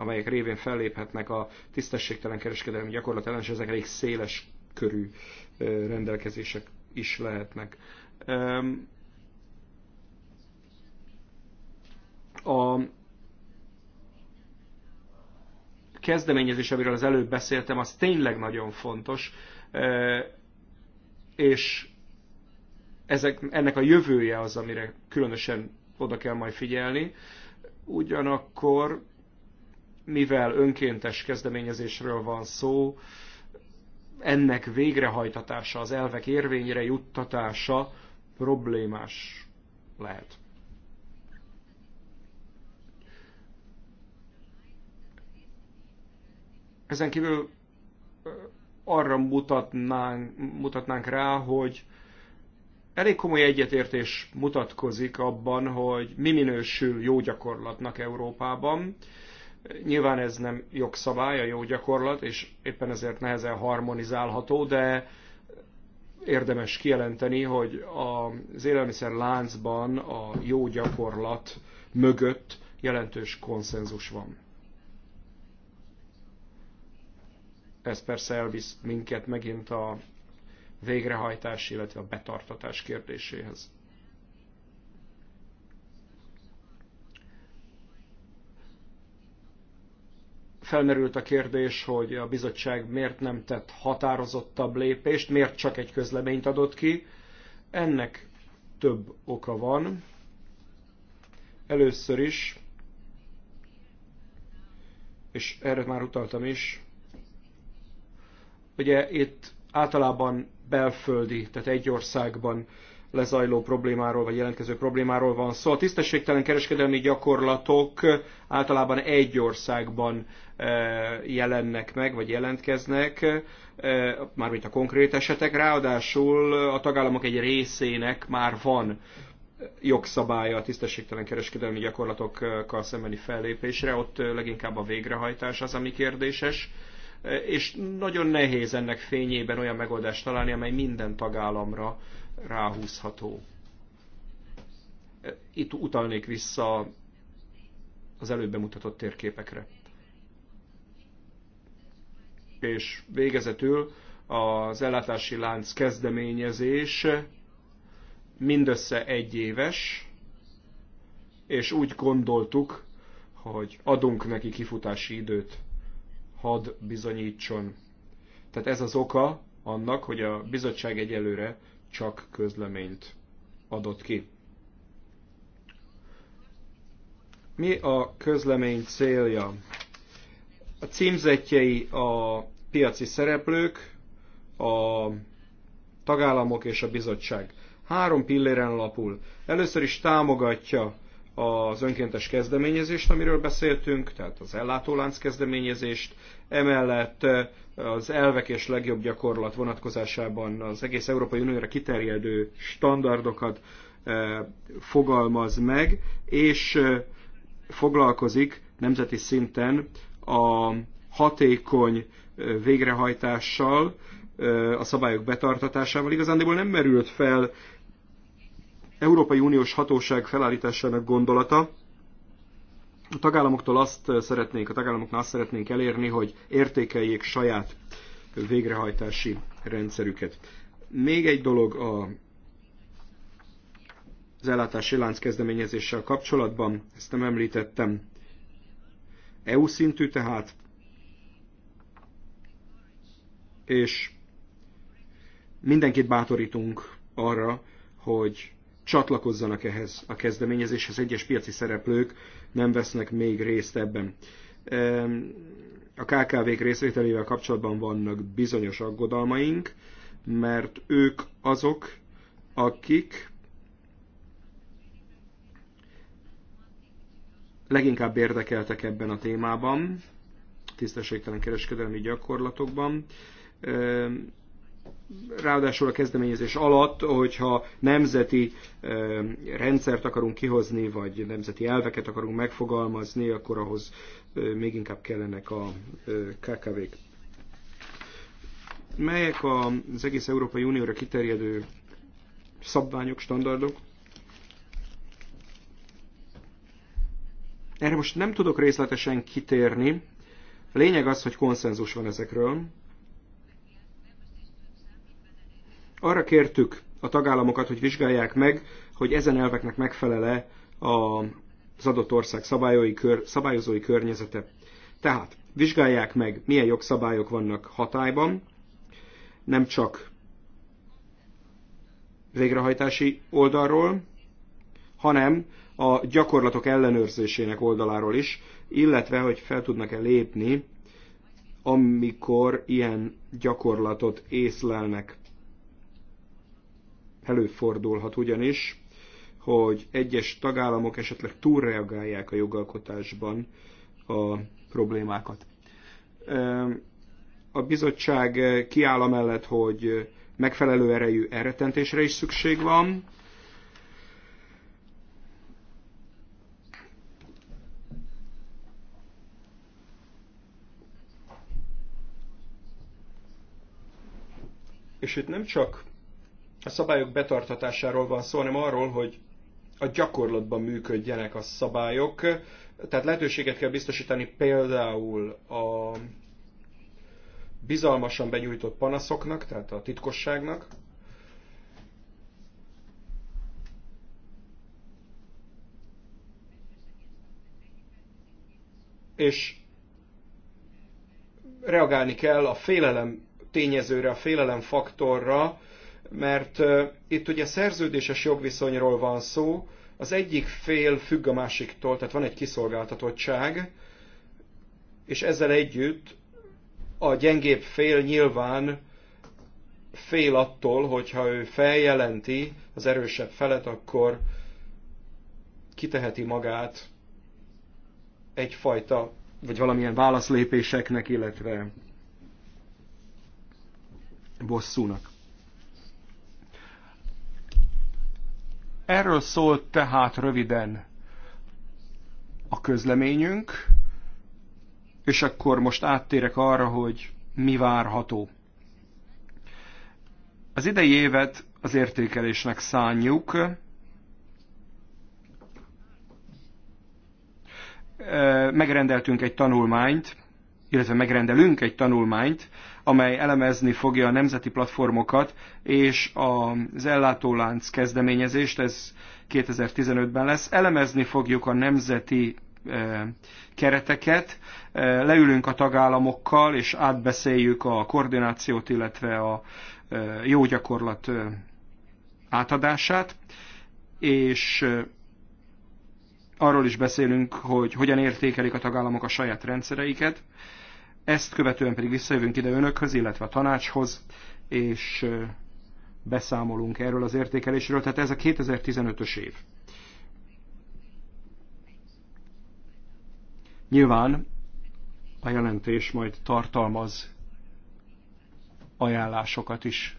amelyek révén felléphetnek a tisztességtelen kereskedelmi gyakorlat ellen, és ezek elég széles körű rendelkezések is lehetnek. A kezdeményezés, amiről az előbb beszéltem, az tényleg nagyon fontos, és ezek, ennek a jövője az, amire különösen oda kell majd figyelni. Ugyanakkor mivel önkéntes kezdeményezésről van szó, ennek végrehajtatása, az elvek érvényre juttatása problémás lehet. Ezen kívül arra mutatnánk, mutatnánk rá, hogy elég komoly egyetértés mutatkozik abban, hogy mi minősül jó gyakorlatnak Európában, Nyilván ez nem jogszabály, a jó gyakorlat, és éppen ezért nehezen harmonizálható, de érdemes kijelenteni, hogy az élelmiszer láncban a jó gyakorlat mögött jelentős konszenzus van. Ez persze elvisz minket megint a végrehajtás, illetve a betartatás kérdéséhez. Felmerült a kérdés, hogy a bizottság miért nem tett határozottabb lépést, miért csak egy közleményt adott ki. Ennek több oka van. Először is, és erre már utaltam is, ugye itt általában belföldi, tehát egy országban lezajló problémáról, vagy jelentkező problémáról van szó. A tisztességtelen kereskedelmi gyakorlatok általában egy országban e, jelennek meg, vagy jelentkeznek, e, mármint a konkrét esetek, ráadásul a tagállamok egy részének már van jogszabálya a tisztességtelen kereskedelmi gyakorlatokkal szembeni fellépésre, ott e, leginkább a végrehajtás az, ami kérdéses, és nagyon nehéz ennek fényében olyan megoldást találni, amely minden tagállamra ráhúzható. Itt utalnék vissza az előbb bemutatott térképekre. És végezetül az ellátási lánc kezdeményezés mindössze egy éves, és úgy gondoltuk, hogy adunk neki kifutási időt, had bizonyítson. Tehát ez az oka annak, hogy a bizottság egyelőre csak közleményt adott ki. Mi a közlemény célja? A címzetjei a piaci szereplők, a tagállamok és a bizottság. Három pilléren alapul. Először is támogatja az önkéntes kezdeményezést, amiről beszéltünk, tehát az ellátólánc kezdeményezést, emellett eh, az elvek és legjobb gyakorlat vonatkozásában az egész Európai Unióra kiterjedő standardokat eh, fogalmaz meg, és eh, foglalkozik nemzeti szinten a hatékony végrehajtással, a szabályok betartatásával. Igazándiból nem merült fel Európai Uniós hatóság felállításának gondolata. A tagállamoktól azt szeretnénk, a tagállamoknál azt szeretnénk elérni, hogy értékeljék saját végrehajtási rendszerüket. Még egy dolog a, az ellátási lánc kezdeményezéssel kapcsolatban, ezt nem említettem, EU szintű tehát, és mindenkit bátorítunk arra, hogy csatlakozzanak ehhez a kezdeményezéshez, egyes piaci szereplők nem vesznek még részt ebben. A KKV-k részvételével kapcsolatban vannak bizonyos aggodalmaink, mert ők azok, akik leginkább érdekeltek ebben a témában, tisztességtelen kereskedelmi gyakorlatokban ráadásul a kezdeményezés alatt, hogyha nemzeti rendszert akarunk kihozni, vagy nemzeti elveket akarunk megfogalmazni, akkor ahhoz még inkább kellenek a KKV-k. Melyek az egész Európai Unióra kiterjedő szabványok, standardok? Erre most nem tudok részletesen kitérni. A lényeg az, hogy konszenzus van ezekről, Arra kértük a tagállamokat, hogy vizsgálják meg, hogy ezen elveknek megfelele az adott ország szabályozói, kör, szabályozói környezete. Tehát vizsgálják meg, milyen jogszabályok vannak hatályban, nem csak végrehajtási oldalról, hanem a gyakorlatok ellenőrzésének oldaláról is, illetve hogy fel tudnak-e lépni, amikor ilyen gyakorlatot észlelnek. Előfordulhat ugyanis, hogy egyes tagállamok esetleg túlreagálják a jogalkotásban a problémákat. A bizottság kiáll amellett, hogy megfelelő erejű elretentésre is szükség van, És itt nem csak a szabályok betartatásáról van szó, hanem arról, hogy a gyakorlatban működjenek a szabályok. Tehát lehetőséget kell biztosítani például a bizalmasan benyújtott panaszoknak, tehát a titkosságnak, és reagálni kell a félelem tényezőre, a félelem faktorra, mert itt ugye szerződéses jogviszonyról van szó, az egyik fél függ a másiktól, tehát van egy kiszolgáltatottság, és ezzel együtt a gyengébb fél nyilván fél attól, hogyha ő feljelenti az erősebb felet, akkor kiteheti magát egyfajta, vagy valamilyen válaszlépéseknek, illetve bosszúnak. Erről szólt tehát röviden a közleményünk, és akkor most áttérek arra, hogy mi várható. Az idei évet az értékelésnek szánjuk. Megrendeltünk egy tanulmányt, illetve megrendelünk egy tanulmányt amely elemezni fogja a nemzeti platformokat és az ellátólánc kezdeményezést, ez 2015-ben lesz. Elemezni fogjuk a nemzeti eh, kereteket, eh, leülünk a tagállamokkal, és átbeszéljük a koordinációt, illetve a eh, jó gyakorlat átadását, és arról is beszélünk, hogy hogyan értékelik a tagállamok a saját rendszereiket, ezt követően pedig visszajövünk ide önökhöz, illetve a tanácshoz, és beszámolunk erről az értékelésről. Tehát ez a 2015-ös év. Nyilván a jelentés majd tartalmaz ajánlásokat is,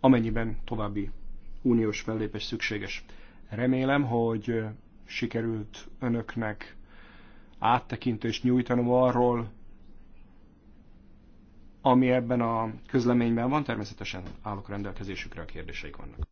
amennyiben további uniós fellépés szükséges. Remélem, hogy sikerült önöknek áttekintést nyújtanom arról, ami ebben a közleményben van, természetesen állok rendelkezésükre, a kérdéseik vannak.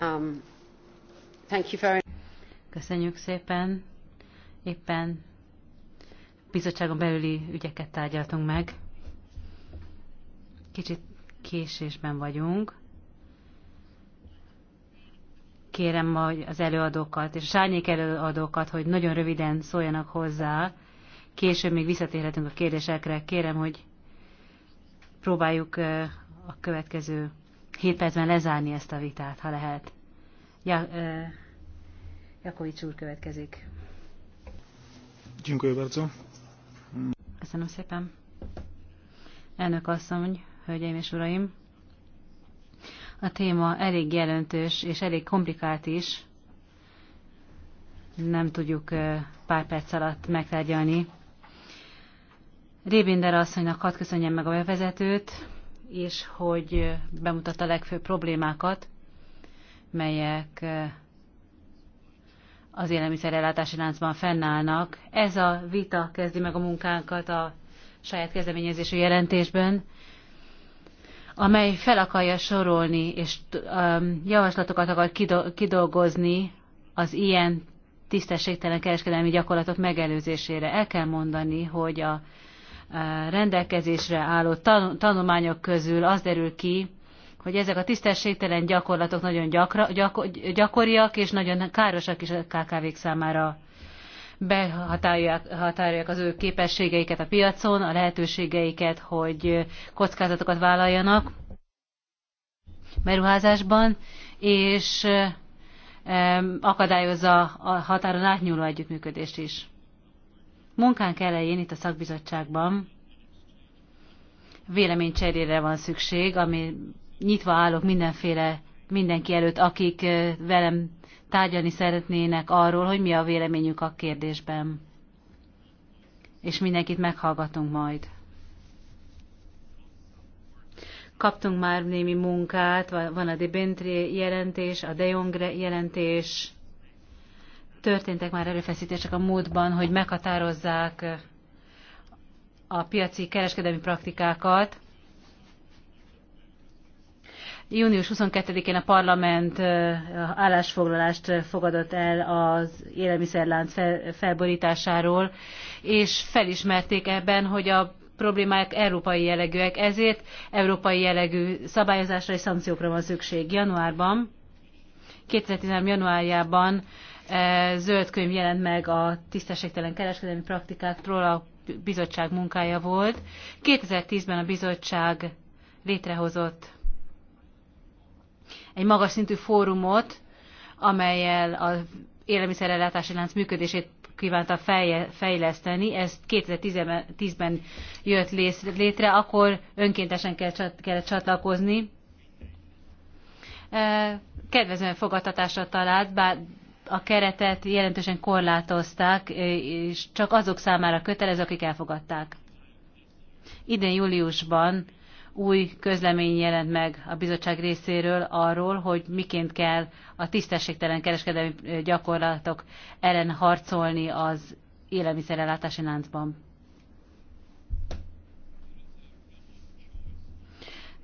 Um, Thank you very Köszönjük szépen. Éppen bizottságon belüli ügyeket tárgyaltunk meg. Kicsit késésben vagyunk. Kérem majd az előadókat és a sárnyék előadókat, hogy nagyon röviden szóljanak hozzá. Később még visszatérhetünk a kérdésekre. Kérem, hogy próbáljuk a következő hét percben lezárni ezt a vitát, ha lehet. Ja, Jakovics úr következik. Dziękuję bardzo. Köszönöm szépen. Elnök asszony, hölgyeim és uraim! A téma elég jelentős és elég komplikált is. Nem tudjuk pár perc alatt megtárgyalni. Rébinder asszonynak hadd köszönjem meg a bevezetőt, és hogy bemutatta a legfőbb problémákat, melyek az élelmiszerellátási láncban fennállnak. Ez a vita kezdi meg a munkánkat a saját kezdeményezésű jelentésben, amely fel akarja sorolni és um, javaslatokat akar kidolgozni az ilyen tisztességtelen kereskedelmi gyakorlatok megelőzésére. El kell mondani, hogy a uh, rendelkezésre álló tanulmányok közül az derül ki, hogy ezek a tisztességtelen gyakorlatok nagyon gyakra, gyakor, gyakoriak és nagyon károsak is a KKV-k számára. Behatárolják az ő képességeiket a piacon, a lehetőségeiket, hogy kockázatokat vállaljanak beruházásban, és akadályozza a határon átnyúló együttműködést is. Munkánk elején itt a szakbizottságban véleménycserére van szükség, ami nyitva állok mindenféle mindenki előtt, akik velem tárgyalni szeretnének arról, hogy mi a véleményük a kérdésben. És mindenkit meghallgatunk majd. Kaptunk már némi munkát, van a Debentré jelentés, a De Jongre jelentés. Történtek már előfeszítések a múltban, hogy meghatározzák a piaci kereskedelmi praktikákat, június 22-én a parlament állásfoglalást fogadott el az élelmiszerlánc felborításáról, és felismerték ebben, hogy a problémák európai jellegűek, ezért európai jellegű szabályozásra és szankciókra van szükség. Januárban, 2013. januárjában zöld könyv jelent meg a tisztességtelen kereskedelmi praktikákról, a bizottság munkája volt. 2010-ben a bizottság létrehozott egy magas szintű fórumot, amelyel az élelmiszerellátási lánc működését kívánta fejleszteni. Ez 2010-ben jött létre, akkor önkéntesen kellett csatlakozni. E, kedvezően fogadtatásra talált, bár a keretet jelentősen korlátozták, e, és csak azok számára kötelez, akik elfogadták. Idén júliusban új közlemény jelent meg a bizottság részéről arról, hogy miként kell a tisztességtelen kereskedelmi gyakorlatok ellen harcolni az élelmiszerellátási láncban.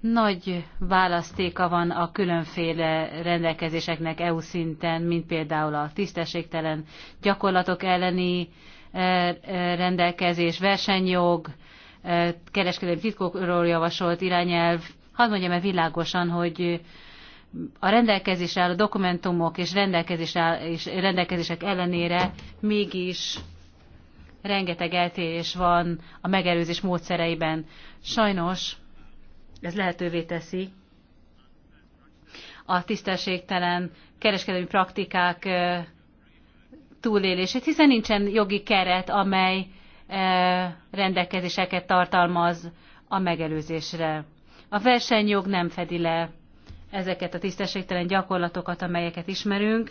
Nagy választéka van a különféle rendelkezéseknek EU szinten, mint például a tisztességtelen gyakorlatok elleni rendelkezés, versenyjog, E, kereskedelmi titkokról javasolt irányelv, hadd mondjam el világosan, hogy a rendelkezésre álló dokumentumok és, rendelkezés áll, és rendelkezések ellenére mégis rengeteg eltérés van a megelőzés módszereiben. Sajnos ez lehetővé teszi a tisztességtelen kereskedelmi praktikák e, túlélését, hiszen nincsen jogi keret, amely E, rendelkezéseket tartalmaz a megelőzésre. A versenyjog nem fedi le ezeket a tisztességtelen gyakorlatokat, amelyeket ismerünk.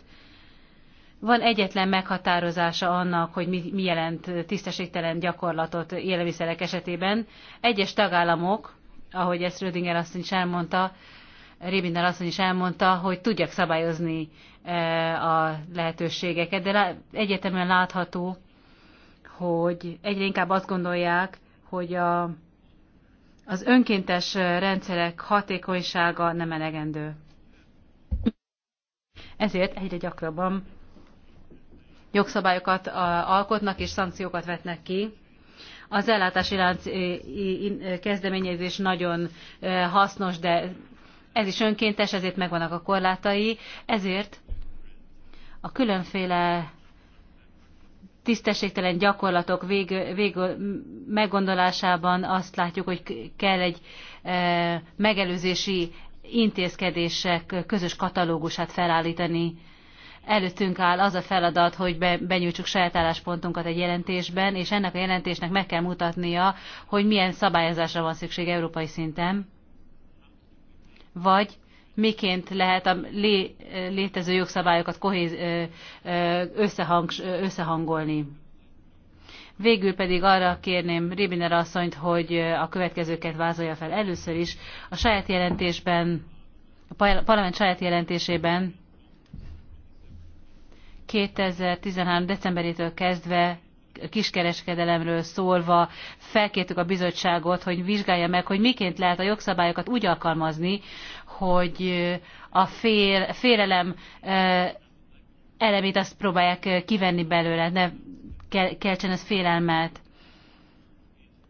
Van egyetlen meghatározása annak, hogy mi, mi jelent tisztességtelen gyakorlatot élelmiszerek esetében. Egyes tagállamok, ahogy ezt Rödinger asszony is elmondta, Rébinder asszony is elmondta, hogy tudják szabályozni e, a lehetőségeket, de egyetemen látható, hogy egyre inkább azt gondolják, hogy a, az önkéntes rendszerek hatékonysága nem elegendő. Ezért egyre gyakrabban jogszabályokat alkotnak és szankciókat vetnek ki. Az ellátási lánc kezdeményezés nagyon hasznos, de ez is önkéntes, ezért megvannak a korlátai, ezért a különféle tisztességtelen gyakorlatok vég, végül meggondolásában azt látjuk, hogy kell egy e, megelőzési intézkedések közös katalógusát felállítani. Előttünk áll az a feladat, hogy be, benyújtsuk saját álláspontunkat egy jelentésben, és ennek a jelentésnek meg kell mutatnia, hogy milyen szabályozásra van szükség európai szinten, vagy miként lehet a lé, létező jogszabályokat kohéz, összehang, összehangolni. Végül pedig arra kérném Ribiner asszonyt, hogy a következőket vázolja fel először is. A saját jelentésben, a parlament saját jelentésében 2013. decemberétől kezdve kiskereskedelemről szólva felkértük a bizottságot, hogy vizsgálja meg, hogy miként lehet a jogszabályokat úgy alkalmazni, hogy a fél, félelem elemét azt próbálják kivenni belőle, ne keltsen ez félelmet.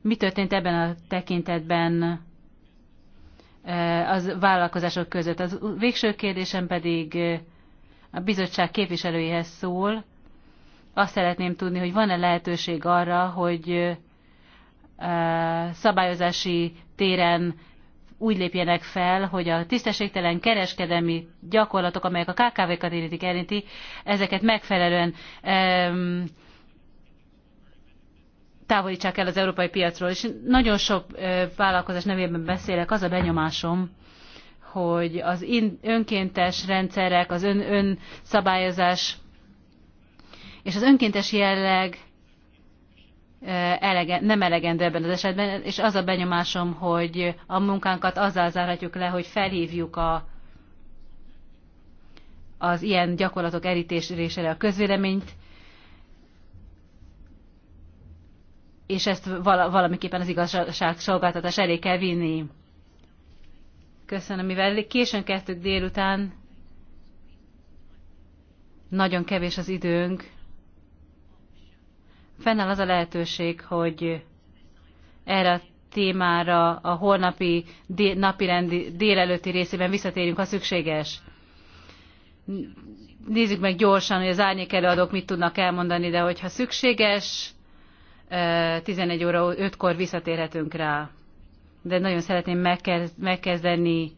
Mi történt ebben a tekintetben az vállalkozások között? Az végső kérdésem pedig a bizottság képviselőihez szól. Azt szeretném tudni, hogy van-e lehetőség arra, hogy szabályozási téren úgy lépjenek fel, hogy a tisztességtelen kereskedelmi gyakorlatok, amelyek a KKV-kat érintik, érinti, ezeket megfelelően um, távolítsák el az európai piacról. És nagyon sok uh, vállalkozás nevében beszélek, az a benyomásom, hogy az in, önkéntes rendszerek, az ön, önszabályozás és az önkéntes jelleg elege, nem elegendő ebben az esetben, és az a benyomásom, hogy a munkánkat azzal zárhatjuk le, hogy felhívjuk a, az ilyen gyakorlatok elítésére a közvéleményt, és ezt vala, valamiképpen az igazságszolgáltatás elé kell vinni. Köszönöm, mivel későn kezdtük délután, nagyon kevés az időnk, fennáll az a lehetőség, hogy erre a témára a holnapi dél, napirendi délelőtti részében visszatérjünk, ha szükséges. Nézzük meg gyorsan, hogy az árnyék előadók mit tudnak elmondani, de hogyha szükséges, 11 óra 5-kor visszatérhetünk rá. De nagyon szeretném megkezdeni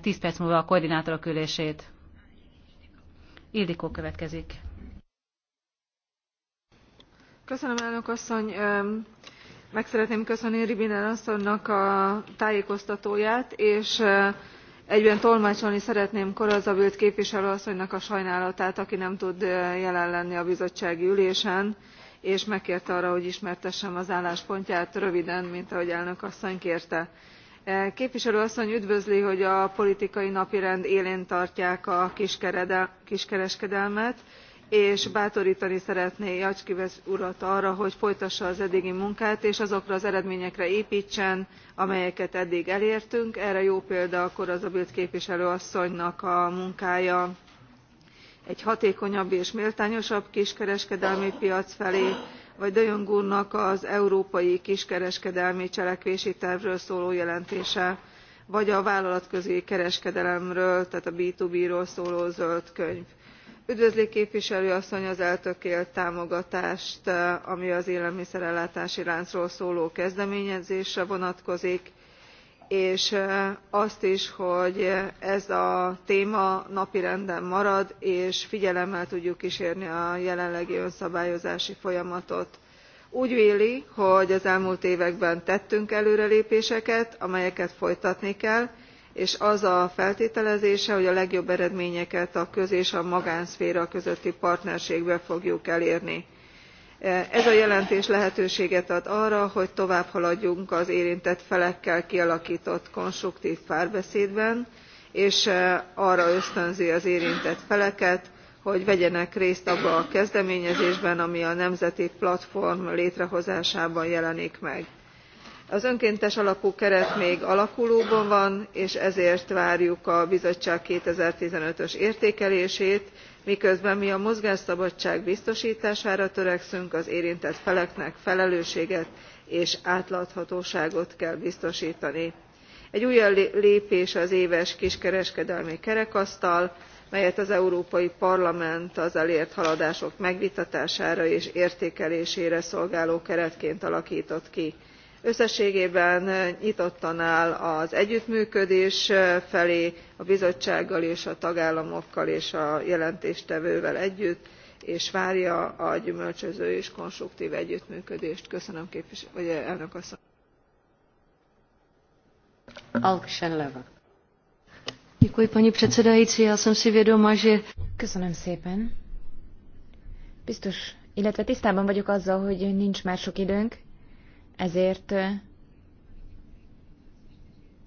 10 perc múlva a koordinátorok ülését. Ildikó következik. Köszönöm, meg szeretném köszönni rivlin asszonynak a tájékoztatóját és egyben tolmácsolni szeretném corazza bildt képviselő asszonynak a sajnálatát aki nem tud jelen lenni a bizottsági ülésen és megkérte arra hogy ismertessem az álláspontját röviden mint ahogy elnök asszony kérte. képviselő asszony üdvözli hogy a politikai napirend élén tartják a kiskereskedelmet és bátortani szeretné jacques urat arra hogy folytassa az eddigi munkát és azokra az eredményekre éptsen amelyeket eddig elértünk erre jó példa a corazza bildt képviselő asszonynak a munkája egy hatékonyabb és méltányosabb kiskereskedelmi piac felé vagy de jong úrnak az európai kiskereskedelmi cselekvési tervről szóló jelentése vagy a vállalatközi kereskedelemről tehát a b two b ról szóló zöld könyv üdvözli képviselő asszony az eltökélt támogatást eh, ami az élelmiszerellátási láncról szóló kezdeményezésre vonatkozik és eh, azt is hogy ez a téma napirenden marad és figyelemmel tudjuk ksérni a jelenlegi önszabályozási folyamatot. úgy véli hogy az elmúlt években tettünk előrelépéseket amelyeket folytatni kell és az a feltételezése hogy a legjobb eredményeket a köz és a magánszféra közötti partnerségben fogjuk elérni. E, ez a jelentés lehetőséget ad arra hogy továbbhaladjunk az érintett felekkel kialaktott konstruktv párbeszédben és e, arra ösztönzi az érintett feleket hogy vegyenek részt abban a kezdeményezésben ami a nemzeti platform létrehozásában jelenik meg az önkéntes alapú keret még alakulóban van és ezért várjuk a bizottság two thousand and fifteen ös értékelését miközben mi a mozgásszabadság biztostására törekszünk az érintett feleknek felelősséget és átláthatóságot kell biztostani. egy újabb lépés az éves kiskereskedelmi kerekasztal melyet az európai parlament az elért haladások megvitatására és értékelésére szolgáló keretként alaktott ki összességében nyitottan áll az együttműködés felé a bizottsággal és a tagállamokkal és a jelentéstevővel együtt és várja a gyümölcsöző és konstruktv együttműködést. köszönöm eh, elnök asszony! köszönöm szépen. biztos illetve tisztában vagyok azzal hogy nincs már sok időnk ezért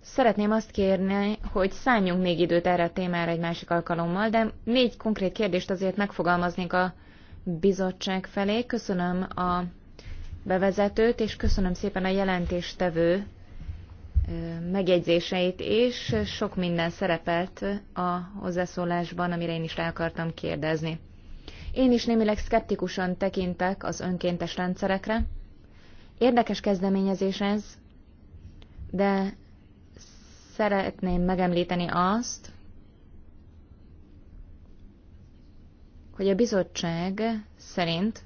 szeretném azt kérni, hogy szálljunk még időt erre a témára egy másik alkalommal, de négy konkrét kérdést azért megfogalmaznék a bizottság felé. Köszönöm a bevezetőt, és köszönöm szépen a jelentéstevő megjegyzéseit, és sok minden szerepelt a hozzászólásban, amire én is rá akartam kérdezni. Én is némileg szkeptikusan tekintek az önkéntes rendszerekre, Érdekes kezdeményezés ez, de szeretném megemlíteni azt, hogy a bizottság szerint,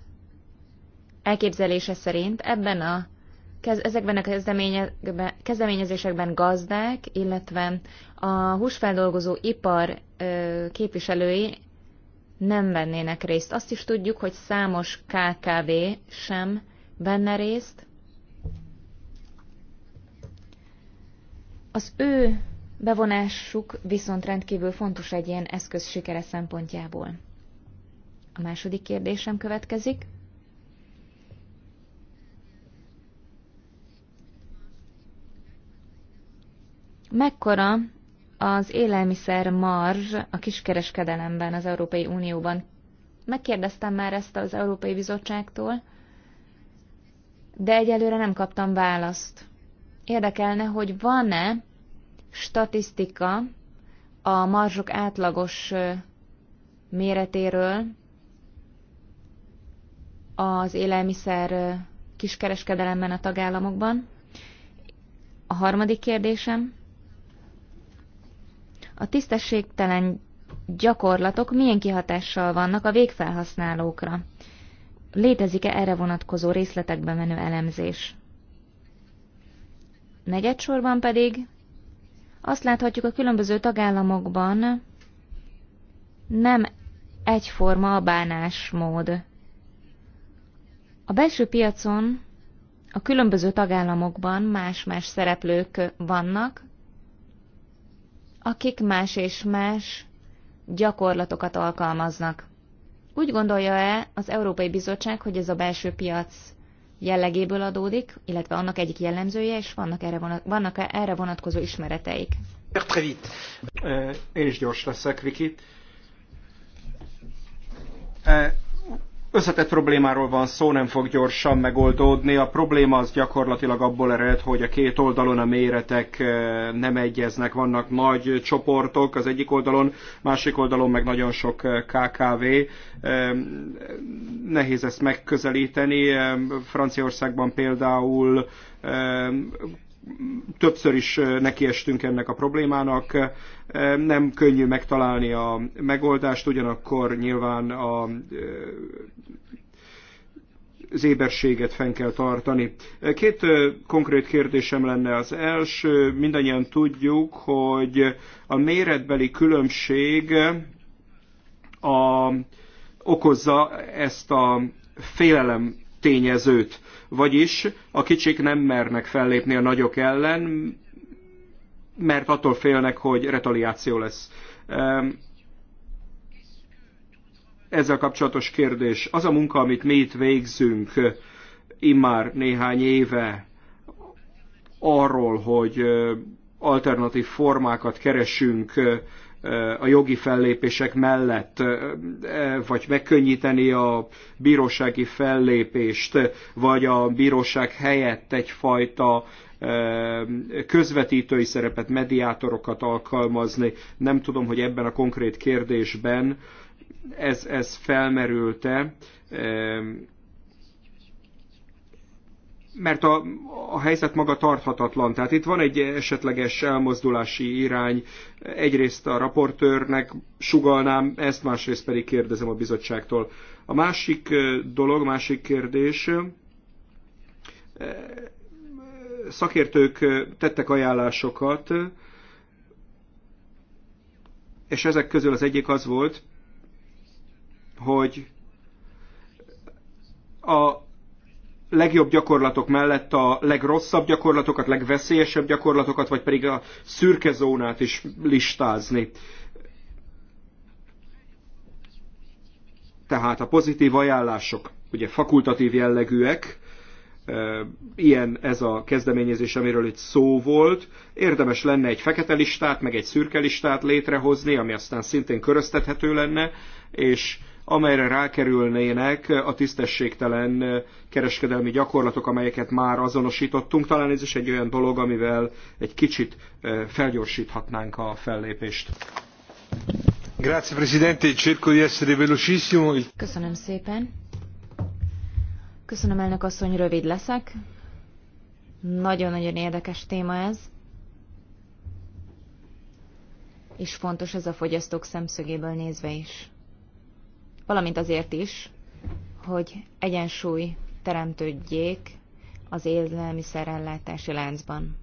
elképzelése szerint ebben a ezekben a kezdeményezésekben gazdák, illetve a húsfeldolgozó ipar képviselői nem vennének részt. Azt is tudjuk, hogy számos KKV sem benne részt. Az ő bevonásuk viszont rendkívül fontos egy ilyen eszköz sikere szempontjából. A második kérdésem következik. Mekkora az élelmiszer marzs a kiskereskedelemben az Európai Unióban? Megkérdeztem már ezt az Európai Bizottságtól, de egyelőre nem kaptam választ. Érdekelne, hogy van-e statisztika a marzsok átlagos méretéről az élelmiszer kiskereskedelemben a tagállamokban. A harmadik kérdésem. A tisztességtelen gyakorlatok milyen kihatással vannak a végfelhasználókra? létezik-e erre vonatkozó részletekbe menő elemzés. Negyedsorban pedig azt láthatjuk a különböző tagállamokban nem egyforma a bánásmód. A belső piacon a különböző tagállamokban más-más szereplők vannak, akik más és más gyakorlatokat alkalmaznak. Úgy gondolja-e az Európai Bizottság, hogy ez a belső piac jellegéből adódik, illetve annak egyik jellemzője, és vannak erre, vonat, vannak erre vonatkozó ismereteik? Eh, én is gyors leszek, Viki. Eh, Összetett problémáról van szó, nem fog gyorsan megoldódni. A probléma az gyakorlatilag abból ered, hogy a két oldalon a méretek eh, nem egyeznek, vannak nagy csoportok az egyik oldalon, másik oldalon meg nagyon sok eh, KKV. Eh, nehéz ezt megközelíteni. Franciaországban például többször is nekiestünk ennek a problémának. Nem könnyű megtalálni a megoldást, ugyanakkor nyilván a az éberséget fenn kell tartani. Két konkrét kérdésem lenne az első. Mindannyian tudjuk, hogy a méretbeli különbség a, okozza ezt a félelem tényezőt. Vagyis a kicsik nem mernek fellépni a nagyok ellen, mert attól félnek, hogy retaliáció lesz. Ehm, ezzel kapcsolatos kérdés. Az a munka, amit mi itt végzünk eh, immár néhány éve arról, hogy eh, alternatív formákat keresünk eh, a jogi fellépések mellett, vagy megkönnyíteni a bírósági fellépést, vagy a bíróság helyett egyfajta közvetítői szerepet, mediátorokat alkalmazni. Nem tudom, hogy ebben a konkrét kérdésben ez, ez felmerült-e mert a, a helyzet maga tarthatatlan. Tehát itt van egy esetleges elmozdulási irány. Egyrészt a raportőrnek sugalnám ezt, másrészt pedig kérdezem a bizottságtól. A másik dolog, másik kérdés, szakértők tettek ajánlásokat, és ezek közül az egyik az volt, hogy a legjobb gyakorlatok mellett a legrosszabb gyakorlatokat, legveszélyesebb gyakorlatokat, vagy pedig a szürke zónát is listázni. Tehát a pozitív ajánlások, ugye fakultatív jellegűek, ilyen ez a kezdeményezés, amiről itt szó volt. Érdemes lenne egy fekete listát, meg egy szürke listát létrehozni, ami aztán szintén köröztethető lenne, és amelyre rákerülnének a tisztességtelen kereskedelmi gyakorlatok, amelyeket már azonosítottunk. Talán ez is egy olyan dolog, amivel egy kicsit felgyorsíthatnánk a fellépést. Grazie Presidente, cerco di essere velocissimo. Köszönöm szépen. Köszönöm elnök asszony, rövid leszek. Nagyon-nagyon érdekes téma ez. És fontos ez a fogyasztók szemszögéből nézve is valamint azért is, hogy egyensúly teremtődjék az élelmiszerellátási láncban.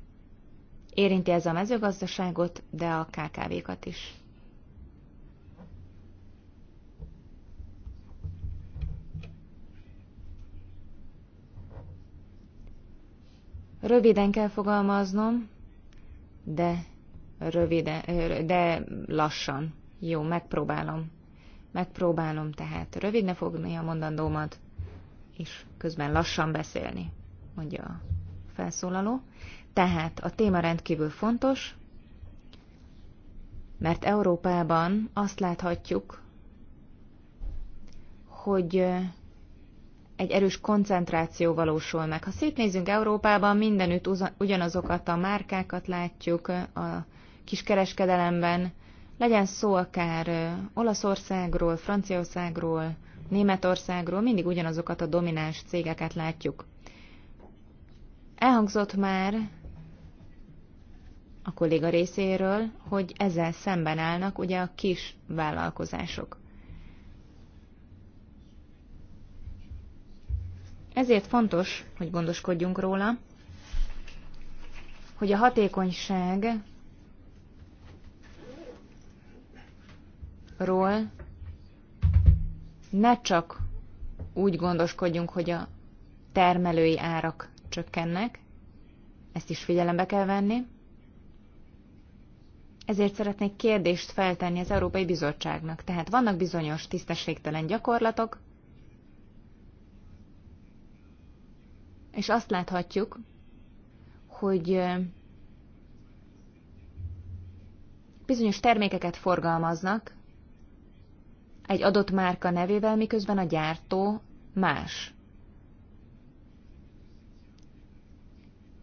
Érinti ez a mezőgazdaságot, de a KKV-kat is. Röviden kell fogalmaznom, de röviden, de lassan. Jó, megpróbálom. Megpróbálom tehát rövidne fogni a mondandómat, és közben lassan beszélni, mondja a felszólaló. Tehát a téma rendkívül fontos, mert Európában azt láthatjuk, hogy egy erős koncentráció valósul meg. Ha szétnézünk Európában, mindenütt ugyanazokat a márkákat látjuk a kiskereskedelemben, legyen szó akár Olaszországról, Franciaországról, Németországról, mindig ugyanazokat a domináns cégeket látjuk. Elhangzott már a kolléga részéről, hogy ezzel szemben állnak ugye a kis vállalkozások. Ezért fontos, hogy gondoskodjunk róla, hogy a hatékonyság ról ne csak úgy gondoskodjunk, hogy a termelői árak csökkennek, ezt is figyelembe kell venni. Ezért szeretnék kérdést feltenni az Európai Bizottságnak. Tehát vannak bizonyos tisztességtelen gyakorlatok, és azt láthatjuk, hogy bizonyos termékeket forgalmaznak, egy adott márka nevével, miközben a gyártó más.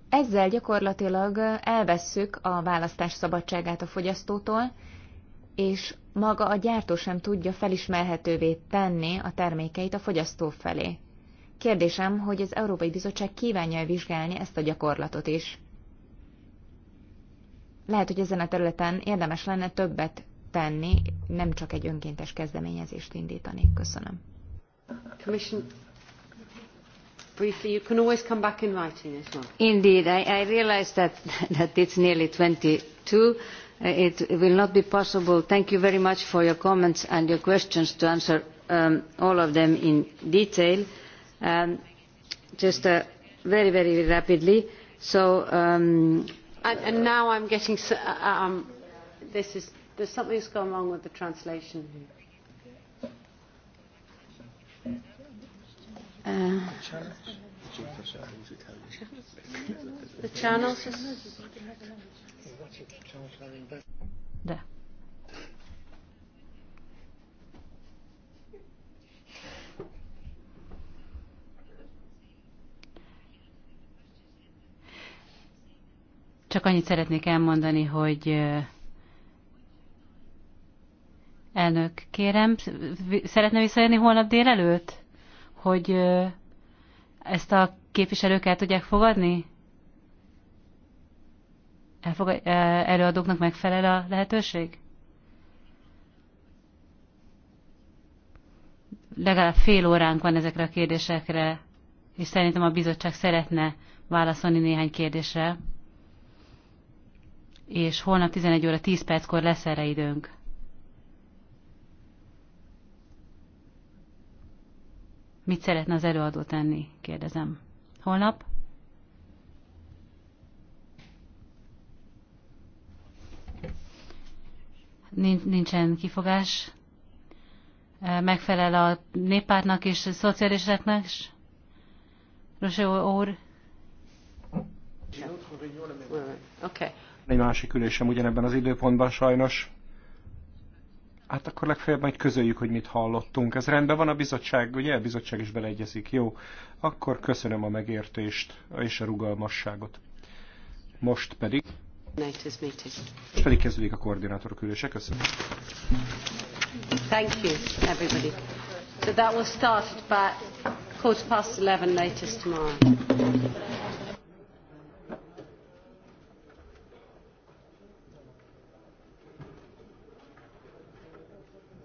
Ezzel gyakorlatilag elvesszük a választás szabadságát a fogyasztótól, és maga a gyártó sem tudja felismerhetővé tenni a termékeit a fogyasztó felé. Kérdésem, hogy az Európai Bizottság kívánja vizsgálni ezt a gyakorlatot is. Lehet, hogy ezen a területen érdemes lenne többet tenni, nem csak egy önkéntes kezdeményezést indítani. Köszönöm. Commission. Briefly, you can always come back in writing as well. Indeed, I, I realize that, that it's nearly 22. Uh, it will not be possible. Thank you very much for your comments and your questions to answer um, all of them in detail. Um, just uh, very, very rapidly. So, um, and, and now I'm getting. Uh, um, this is There's something that's gone wrong with the translation here. Uh, the channels is... Csak annyit szeretnék elmondani, hogy Elnök, kérem, szeretne visszajönni holnap délelőtt, hogy ezt a képviselők el tudják fogadni? Elfogad, e, előadóknak megfelel a lehetőség? Legalább fél óránk van ezekre a kérdésekre, és szerintem a bizottság szeretne válaszolni néhány kérdésre. És holnap 11 óra 10 perckor lesz erre időnk. Mit szeretne az előadó tenni? Kérdezem. Holnap? Nincsen kifogás. Megfelel a néppártnak és a szocialistáknak is. Rosó úr. Egy másik ülésem ugyanebben az időpontban sajnos. Hát akkor legfeljebb majd közöljük, hogy mit hallottunk. Ez rendben van a bizottság, ugye? A bizottság is beleegyezik. Jó, akkor köszönöm a megértést és a rugalmasságot. Most pedig... Most pedig kezdődik a koordinátorok ülése. Köszönöm. Thank you, everybody. So that will start at quarter past 11 latest tomorrow.